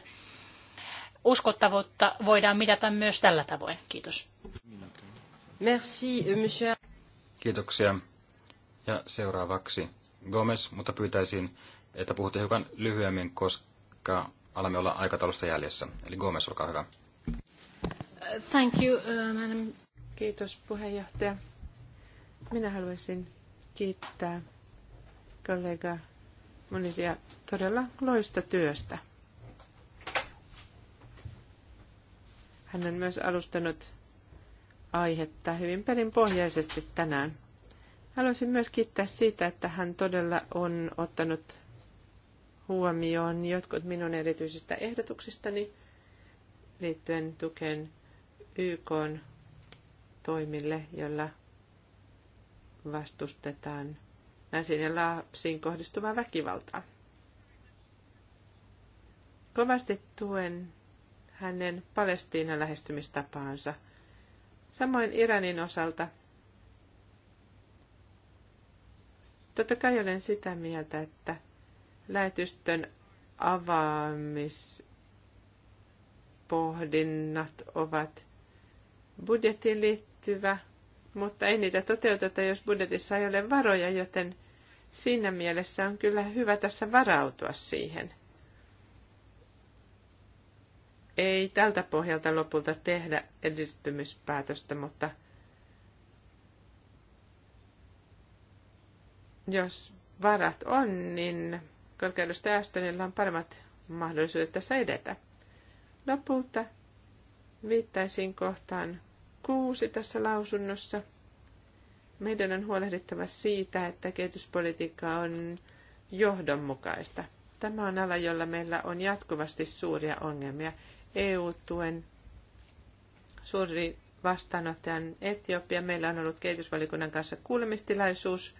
uskottavuutta voidaan mitata myös tällä tavoin. Kiitos. Merci, monsieur. Kiitoksia. Ja seuraavaksi Gomez, mutta pyytäisin, että puhutte hiukan lyhyemmin, koska alamme olla aikataulusta jäljessä. Eli Gomez, olkaa hyvä. Thank you, uh, madam. Kiitos puheenjohtaja. Minä haluaisin kiittää kollega Munisia todella loista työstä. Hän on myös alustanut aihetta hyvin perinpohjaisesti tänään. Haluaisin myös kiittää siitä, että hän todella on ottanut huomioon jotkut minun erityisistä ehdotuksistani liittyen tukeen YK toimille, jolla vastustetaan naisiin ja lapsiin kohdistuvaa väkivaltaa. Kovasti tuen hänen Palestiinan lähestymistapaansa. Samoin Iranin osalta. Totta kai olen sitä mieltä, että lähetystön avaamispohdinnat ovat budjettiin liittyvä, mutta ei niitä toteuteta, jos budjetissa ei ole varoja, joten siinä mielessä on kyllä hyvä tässä varautua siihen. Ei tältä pohjalta lopulta tehdä edistymispäätöstä, mutta jos varat on, niin korkeudusta Astonilla on paremmat mahdollisuudet tässä edetä. Lopulta viittaisin kohtaan kuusi tässä lausunnossa. Meidän on huolehdittava siitä, että kehityspolitiikka on johdonmukaista. Tämä on ala, jolla meillä on jatkuvasti suuria ongelmia. EU-tuen suuri vastaanottajan Etiopia. Meillä on ollut kehitysvalikunnan kanssa kuulemistilaisuus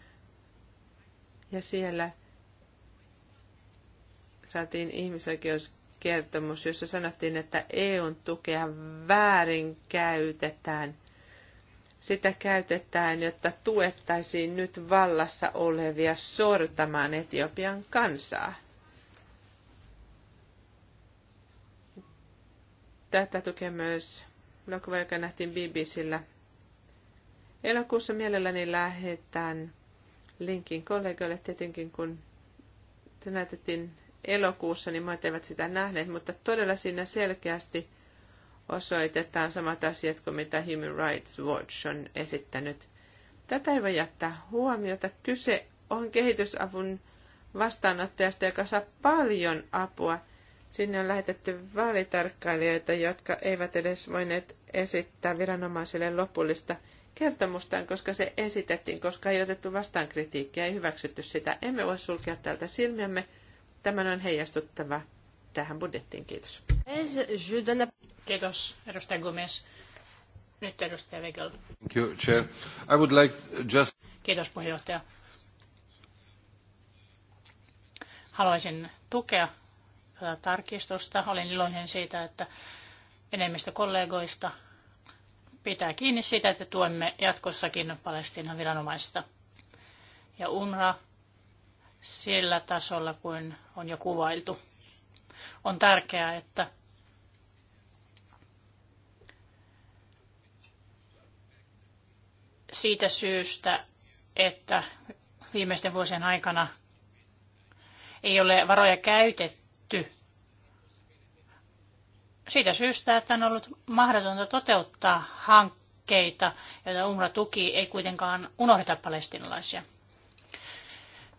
ja siellä saatiin ihmisoikeus kertomus, jossa sanottiin, että EUn tukea väärin käytetään. Sitä käytetään, jotta tuettaisiin nyt vallassa olevia sortamaan Etiopian kansaa. Tätä tukee myös elokuva, joka nähtiin BBCllä. Elokuussa mielelläni lähetän linkin kollegoille tietenkin, kun se näytettiin elokuussa, niin maat eivät sitä nähneet, mutta todella siinä selkeästi osoitetaan samat asiat kuin mitä Human Rights Watch on esittänyt. Tätä ei voi jättää huomiota. Kyse on kehitysavun vastaanottajasta, joka saa paljon apua. Sinne on lähetetty vaalitarkkailijoita, jotka eivät edes voineet esittää viranomaisille lopullista kertomustaan, koska se esitettiin, koska ei otettu vastaan kritiikkiä, ei hyväksytty sitä. Emme voi sulkea tältä silmiämme. Tämän on heijastuttava tähän budjettiin. Kiitos. Kiitos, edustaja Gomez. Nyt edustaja Wegel. Thank you, Chair. I would like just... Kiitos, puheenjohtaja. Haluaisin tukea tätä tarkistusta. Olin iloinen siitä, että enemmistö kollegoista pitää kiinni siitä, että tuemme jatkossakin Palestiinan viranomaista. Ja Unra sillä tasolla kuin on jo kuvailtu. On tärkeää, että siitä syystä, että viimeisten vuosien aikana ei ole varoja käytetty. Siitä syystä, että on ollut mahdotonta toteuttaa hankkeita, joita umra tuki, ei kuitenkaan unohdeta palestinalaisia.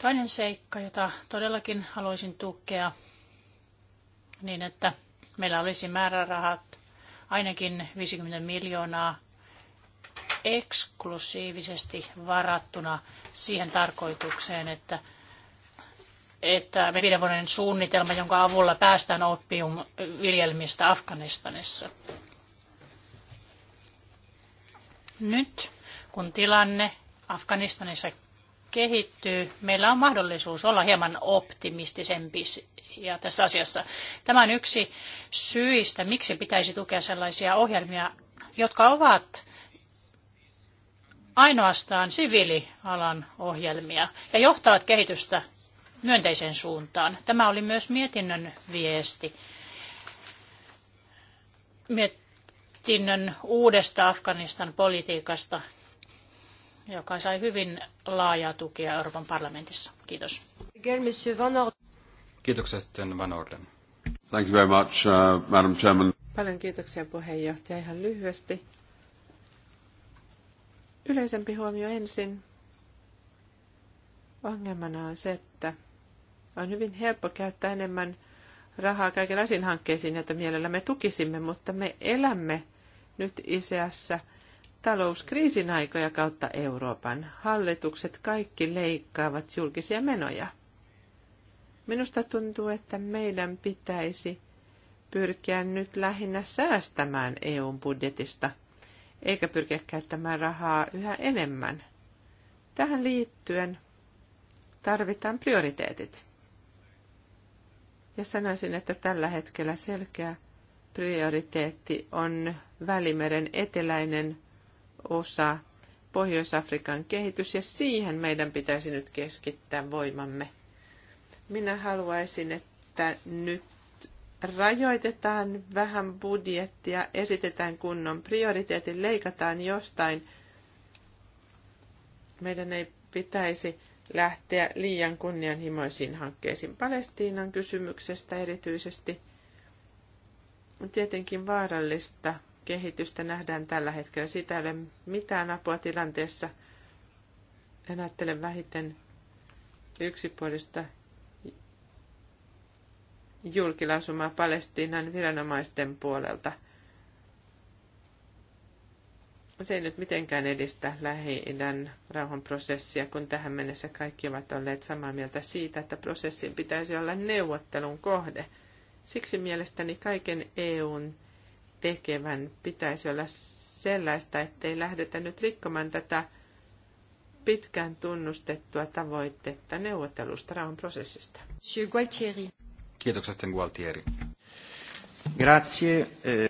Toinen seikka, jota todellakin haluaisin tukea, niin että meillä olisi määrärahat ainakin 50 miljoonaa eksklusiivisesti varattuna siihen tarkoitukseen, että että viiden vuoden suunnitelma, jonka avulla päästään viljelmistä Afganistanissa. Nyt kun tilanne Afganistanissa kehittyy, meillä on mahdollisuus olla hieman optimistisempi ja tässä asiassa. Tämä on yksi syistä, miksi pitäisi tukea sellaisia ohjelmia, jotka ovat ainoastaan siviilialan ohjelmia ja johtavat kehitystä myönteiseen suuntaan. Tämä oli myös mietinnön viesti. Mietinnön uudesta Afganistan politiikasta joka sai hyvin laajaa tukea Euroopan parlamentissa. Kiitos. Kiitoksia sitten Van Orden. Thank you very much, uh, Madam Chairman. Paljon kiitoksia puheenjohtaja ihan lyhyesti. Yleisempi huomio ensin. Ongelmana on se, että on hyvin helppo käyttää enemmän rahaa kaikenlaisiin hankkeisiin, joita mielellämme me tukisimme, mutta me elämme nyt isässä – talouskriisin aikoja kautta Euroopan hallitukset kaikki leikkaavat julkisia menoja. Minusta tuntuu, että meidän pitäisi pyrkiä nyt lähinnä säästämään EUn budjetista, eikä pyrkiä käyttämään rahaa yhä enemmän. Tähän liittyen tarvitaan prioriteetit. Ja sanoisin, että tällä hetkellä selkeä prioriteetti on Välimeren eteläinen osa Pohjois-Afrikan kehitys ja siihen meidän pitäisi nyt keskittää voimamme. Minä haluaisin, että nyt rajoitetaan vähän budjettia, esitetään kunnon prioriteetin, leikataan jostain. Meidän ei pitäisi lähteä liian kunnianhimoisiin hankkeisiin Palestiinan kysymyksestä erityisesti. On tietenkin vaarallista kehitystä nähdään tällä hetkellä. Sitä ei ole mitään apua tilanteessa. En ajattele vähiten yksipuolista julkilausumaa Palestiinan viranomaisten puolelta. Se ei nyt mitenkään edistä Lähi-idän rauhanprosessia, kun tähän mennessä kaikki ovat olleet samaa mieltä siitä, että prosessin pitäisi olla neuvottelun kohde. Siksi mielestäni kaiken EUn tekevän pitäisi olla sellaista, ettei lähdetä nyt rikkomaan tätä pitkään tunnustettua tavoitetta neuvottelusta rauhan prosessista. Kiitoksia sitten Gualtieri. Grazie. Eh.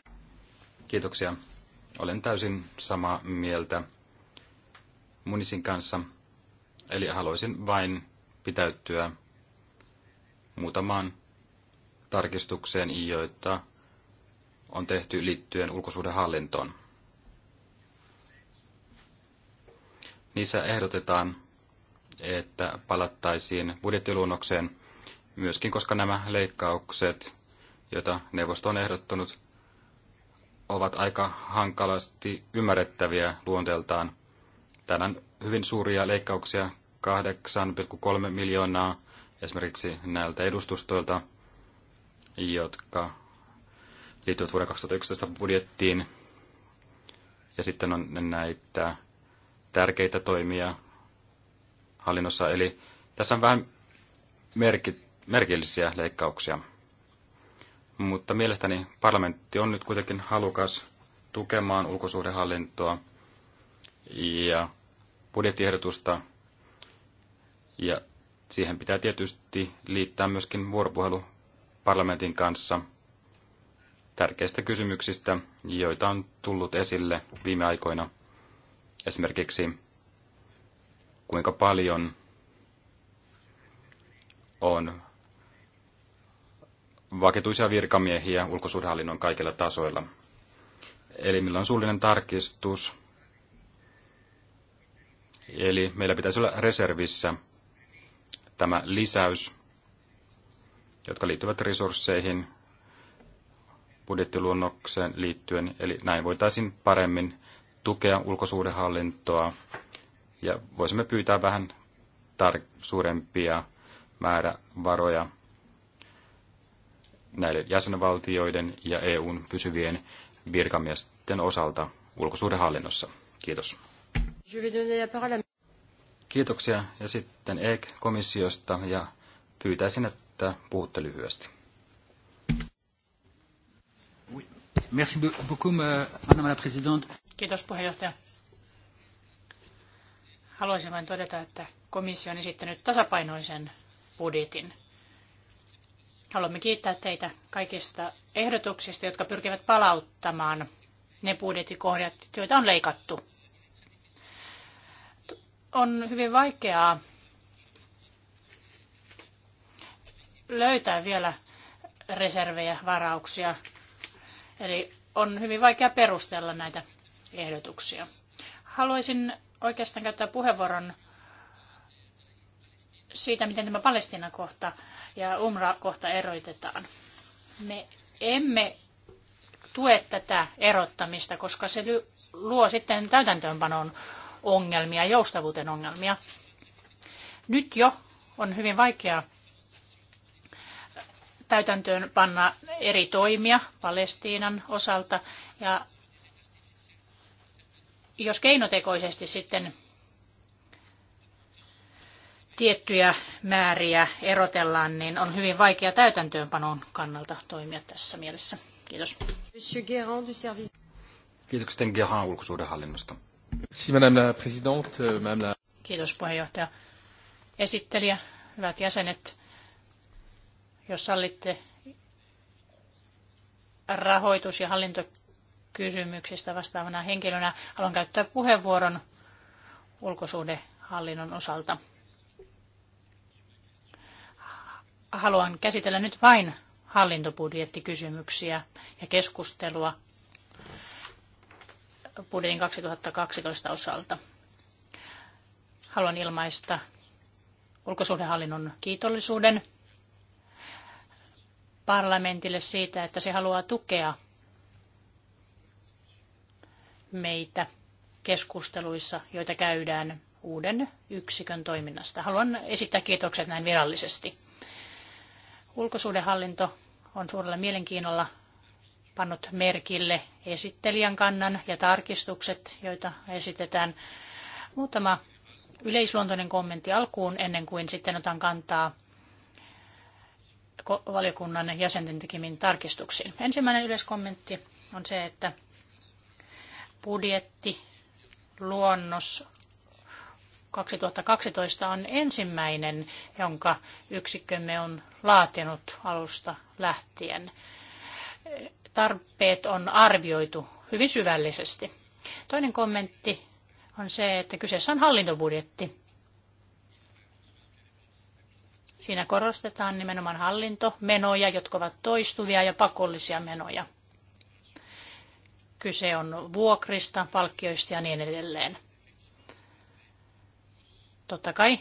Kiitoksia. Olen täysin samaa mieltä Munisin kanssa. Eli haluaisin vain pitäytyä muutamaan tarkistukseen, joita on tehty liittyen ulkosuhdehallintoon. Niissä ehdotetaan, että palattaisiin budjettiluonnokseen myöskin, koska nämä leikkaukset, joita neuvosto on ehdottanut, ovat aika hankalasti ymmärrettäviä luonteeltaan. Täällä on hyvin suuria leikkauksia, 8,3 miljoonaa esimerkiksi näiltä edustustoilta, jotka liittyvät vuoden 2011 budjettiin. Ja sitten on näitä tärkeitä toimia hallinnossa. Eli tässä on vähän merki, merkillisiä leikkauksia. Mutta mielestäni parlamentti on nyt kuitenkin halukas tukemaan ulkosuhdehallintoa ja budjettiehdotusta. Ja siihen pitää tietysti liittää myöskin vuoropuhelu parlamentin kanssa – tärkeistä kysymyksistä, joita on tullut esille viime aikoina. Esimerkiksi kuinka paljon on vakituisia virkamiehiä ulkosuhdehallinnon kaikilla tasoilla. Eli meillä on suullinen tarkistus. Eli meillä pitäisi olla reservissä tämä lisäys, jotka liittyvät resursseihin, budjettiluonnokseen liittyen. Eli näin voitaisiin paremmin tukea ulkosuhdehallintoa ja voisimme pyytää vähän tar- suurempia määrävaroja näiden jäsenvaltioiden ja EUn pysyvien virkamiesten osalta ulkosuhdehallinnossa. Kiitos. Kiitoksia ja sitten EEC-komissiosta ja pyytäisin, että puhutte lyhyesti. Merci beaucoup, madame la présidente. Kiitos puheenjohtaja. Haluaisin vain todeta, että komissio on esittänyt tasapainoisen budjetin. Haluamme kiittää teitä kaikista ehdotuksista, jotka pyrkivät palauttamaan ne budjettikohdat, joita on leikattu. On hyvin vaikeaa löytää vielä reservejä, varauksia Eli on hyvin vaikea perustella näitä ehdotuksia. Haluaisin oikeastaan käyttää puheenvuoron siitä, miten tämä Palestina-kohta ja Umra-kohta eroitetaan. Me emme tue tätä erottamista, koska se luo sitten täytäntöönpanon ongelmia, joustavuuden ongelmia. Nyt jo on hyvin vaikea täytäntöön panna eri toimia Palestiinan osalta ja jos keinotekoisesti sitten tiettyjä määriä erotellaan, niin on hyvin vaikea täytäntöönpanon kannalta toimia tässä mielessä. Kiitos. Kiitoksia Gehan ulkosuudenhallinnosta. Kiitos puheenjohtaja. Esittelijä, hyvät jäsenet. Jos sallitte rahoitus- ja hallintokysymyksistä vastaavana henkilönä, haluan käyttää puheenvuoron ulkosuhdehallinnon osalta. Haluan käsitellä nyt vain hallintobudjettikysymyksiä ja keskustelua budjetin 2012 osalta. Haluan ilmaista ulkosuhdehallinnon kiitollisuuden parlamentille siitä, että se haluaa tukea meitä keskusteluissa, joita käydään uuden yksikön toiminnasta. Haluan esittää kiitokset näin virallisesti. Ulkosuudenhallinto on suurella mielenkiinnolla pannut merkille esittelijän kannan ja tarkistukset, joita esitetään. Muutama yleisluontoinen kommentti alkuun ennen kuin sitten otan kantaa valiokunnan jäsenten tekemiin tarkistuksiin. Ensimmäinen yleiskommentti on se, että budjetti luonnos 2012 on ensimmäinen, jonka yksikkömme on laatinut alusta lähtien. Tarpeet on arvioitu hyvin syvällisesti. Toinen kommentti on se, että kyseessä on hallintobudjetti, Siinä korostetaan nimenomaan hallintomenoja, jotka ovat toistuvia ja pakollisia menoja. Kyse on vuokrista, palkkioista ja niin edelleen. Totta kai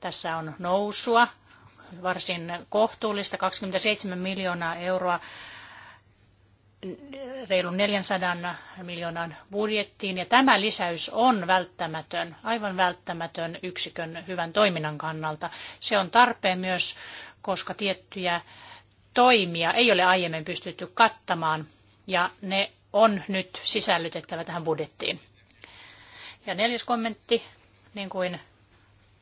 tässä on nousua, varsin kohtuullista, 27 miljoonaa euroa reilun 400 miljoonan budjettiin, ja tämä lisäys on välttämätön, aivan välttämätön yksikön hyvän toiminnan kannalta. Se on tarpeen myös, koska tiettyjä toimia ei ole aiemmin pystytty kattamaan, ja ne on nyt sisällytettävä tähän budjettiin. Ja neljäs kommentti, niin kuin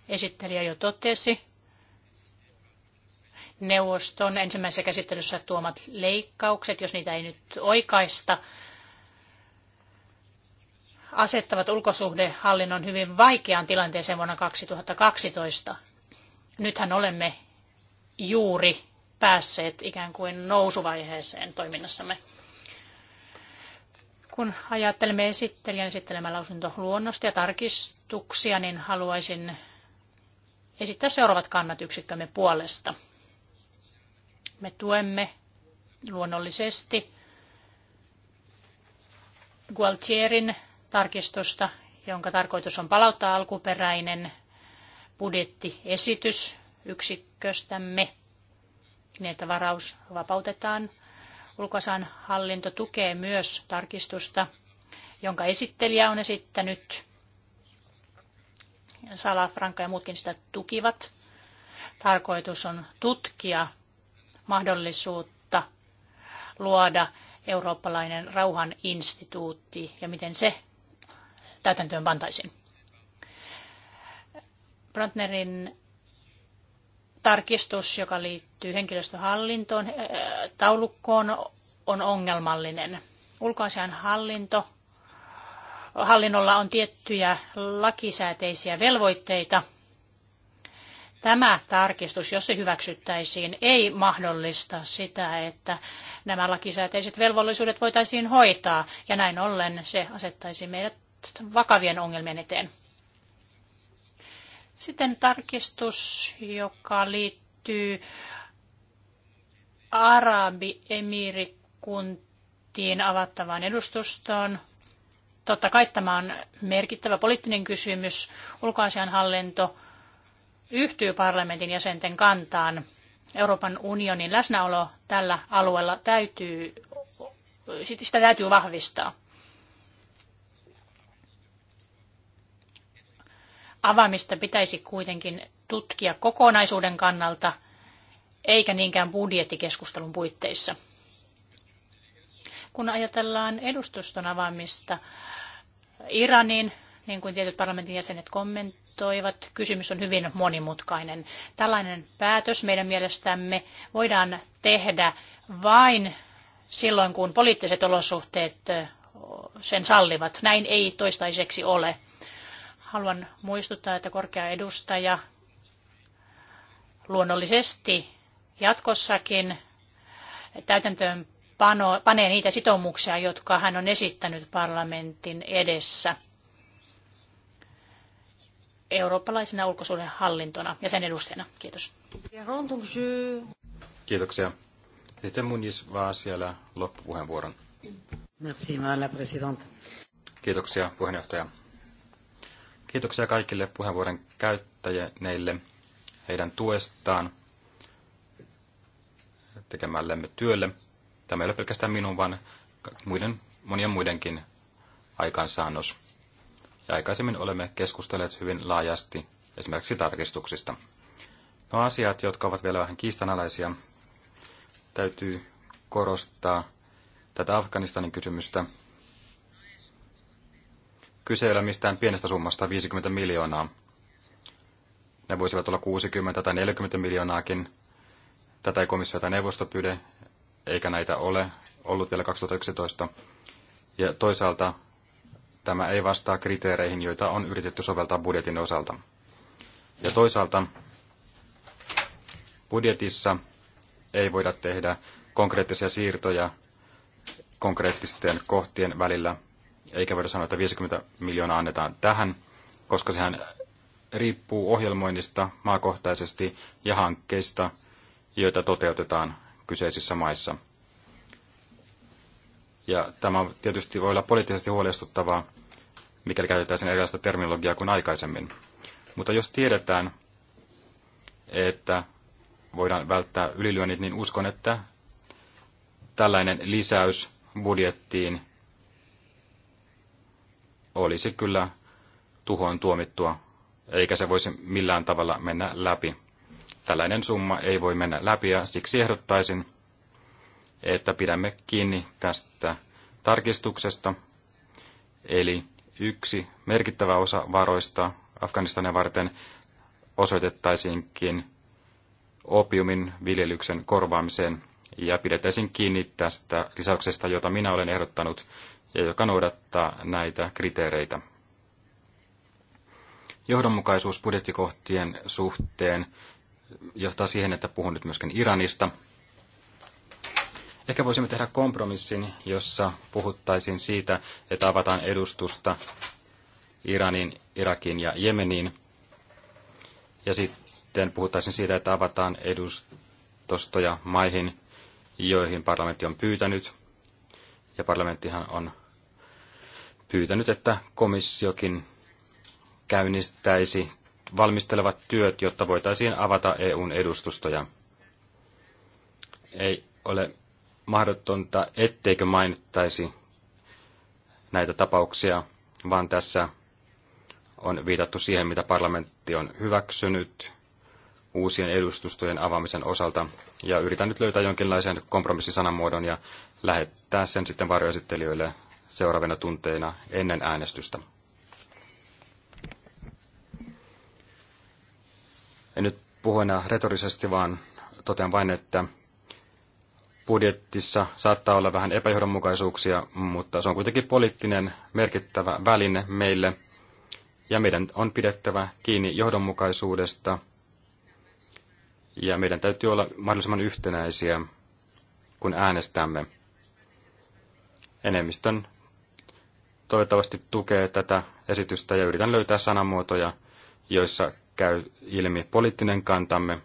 esittelijä jo totesi, neuvoston ensimmäisessä käsittelyssä tuomat leikkaukset, jos niitä ei nyt oikaista, asettavat ulkosuhdehallinnon hyvin vaikeaan tilanteeseen vuonna 2012. Nythän olemme juuri päässeet ikään kuin nousuvaiheeseen toiminnassamme. Kun ajattelemme esittelijän esittelemä lausuntoluonnosta ja tarkistuksia, niin haluaisin esittää seuraavat kannat yksikkömme puolesta. Me tuemme luonnollisesti Gualtierin tarkistusta, jonka tarkoitus on palauttaa alkuperäinen budjettiesitys yksikköstämme, niin että varaus vapautetaan. Ulkoasan hallinto tukee myös tarkistusta, jonka esittelijä on esittänyt. Sala, Franka ja muutkin sitä tukivat. Tarkoitus on tutkia mahdollisuutta luoda eurooppalainen rauhan instituutti ja miten se täytäntöön pantaisiin. Brandnerin tarkistus, joka liittyy henkilöstöhallintoon, äh, taulukkoon, on ongelmallinen. Ulkoasian hallinto, hallinnolla on tiettyjä lakisääteisiä velvoitteita – Tämä tarkistus, jos se hyväksyttäisiin, ei mahdollista sitä, että nämä lakisääteiset velvollisuudet voitaisiin hoitaa, ja näin ollen se asettaisi meidät vakavien ongelmien eteen. Sitten tarkistus, joka liittyy Arabiemiirikuntiin avattavaan edustustoon. Totta kai tämä on merkittävä poliittinen kysymys. Ulkoasianhallinto yhtyy parlamentin jäsenten kantaan. Euroopan unionin läsnäolo tällä alueella täytyy, sitä täytyy vahvistaa. Avaamista pitäisi kuitenkin tutkia kokonaisuuden kannalta, eikä niinkään budjettikeskustelun puitteissa. Kun ajatellaan edustuston avaamista Iranin niin kuin tietyt parlamentin jäsenet kommentoivat, kysymys on hyvin monimutkainen. Tällainen päätös meidän mielestämme voidaan tehdä vain silloin, kun poliittiset olosuhteet sen sallivat. Näin ei toistaiseksi ole. Haluan muistuttaa, että korkea edustaja luonnollisesti jatkossakin täytäntöön panee niitä sitoumuksia, jotka hän on esittänyt parlamentin edessä eurooppalaisena ulkosuuden hallintona ja sen edustajana. Kiitos. Kiitoksia. Sitten Munis vaan siellä loppupuheenvuoron. Merci, madame la Kiitoksia puheenjohtaja. Kiitoksia kaikille puheenvuoron käyttäjille heidän tuestaan tekemällemme työlle. Tämä ei ole pelkästään minun, vaan muiden, monien muidenkin aikaansaannos ja aikaisemmin olemme keskustelleet hyvin laajasti esimerkiksi tarkistuksista. No asiat, jotka ovat vielä vähän kiistanalaisia, täytyy korostaa tätä Afganistanin kysymystä. Kyse ei ole mistään pienestä summasta 50 miljoonaa. Ne voisivat olla 60 tai 40 miljoonaakin. Tätä ei komissio tai neuvosto pyydä, eikä näitä ole ollut vielä 2011. Ja toisaalta tämä ei vastaa kriteereihin, joita on yritetty soveltaa budjetin osalta. Ja toisaalta budjetissa ei voida tehdä konkreettisia siirtoja konkreettisten kohtien välillä, eikä voida sanoa, että 50 miljoonaa annetaan tähän, koska sehän riippuu ohjelmoinnista maakohtaisesti ja hankkeista, joita toteutetaan kyseisissä maissa. Ja tämä tietysti voi olla poliittisesti huolestuttavaa, mikäli käytetään sen erilaista terminologiaa kuin aikaisemmin. Mutta jos tiedetään, että voidaan välttää ylilyönnit, niin uskon, että tällainen lisäys budjettiin olisi kyllä tuhoon tuomittua, eikä se voisi millään tavalla mennä läpi. Tällainen summa ei voi mennä läpi ja siksi ehdottaisin, että pidämme kiinni tästä tarkistuksesta, eli yksi merkittävä osa varoista Afganistania varten osoitettaisiinkin opiumin viljelyksen korvaamiseen ja pidetäisiin kiinni tästä lisäyksestä, jota minä olen ehdottanut ja joka noudattaa näitä kriteereitä. Johdonmukaisuus budjettikohtien suhteen johtaa siihen, että puhun nyt myöskin Iranista – Ehkä voisimme tehdä kompromissin, jossa puhuttaisiin siitä, että avataan edustusta Iranin, Irakin ja Jemeniin. Ja sitten puhuttaisiin siitä, että avataan edustustoja maihin, joihin parlamentti on pyytänyt. Ja parlamenttihan on pyytänyt, että komissiokin käynnistäisi valmistelevat työt, jotta voitaisiin avata EUn edustustoja. Ei ole mahdotonta, etteikö mainittaisi näitä tapauksia, vaan tässä on viitattu siihen, mitä parlamentti on hyväksynyt uusien edustustojen avaamisen osalta. Ja yritän nyt löytää jonkinlaisen kompromissisanamuodon ja lähettää sen sitten varjoesittelijöille seuraavina tunteina ennen äänestystä. En nyt puhu enää retorisesti, vaan totean vain, että budjettissa saattaa olla vähän epäjohdonmukaisuuksia, mutta se on kuitenkin poliittinen merkittävä väline meille, ja meidän on pidettävä kiinni johdonmukaisuudesta, ja meidän täytyy olla mahdollisimman yhtenäisiä, kun äänestämme. Enemmistön toivottavasti tukee tätä esitystä ja yritän löytää sanamuotoja, joissa käy ilmi poliittinen kantamme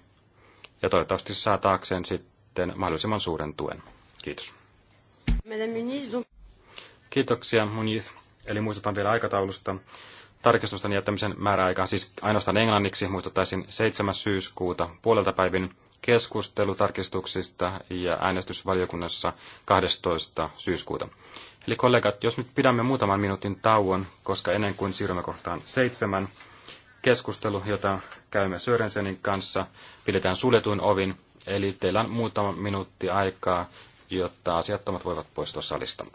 ja toivottavasti saa taakseen sitten sitten mahdollisimman suuren tuen. Kiitos. Kiitoksia, Muniz. Eli muistutan vielä aikataulusta. Tarkistusten jättämisen määräaika siis ainoastaan englanniksi muistuttaisin 7. syyskuuta puolelta päivin keskustelu tarkistuksista ja äänestysvaliokunnassa 12. syyskuuta. Eli kollegat, jos nyt pidämme muutaman minuutin tauon, koska ennen kuin siirrymme kohtaan seitsemän, keskustelu, jota käymme Sörensenin kanssa, pidetään suljetuin ovin Eli teillä on muutama minuutti aikaa, jotta asiattomat voivat poistua salista.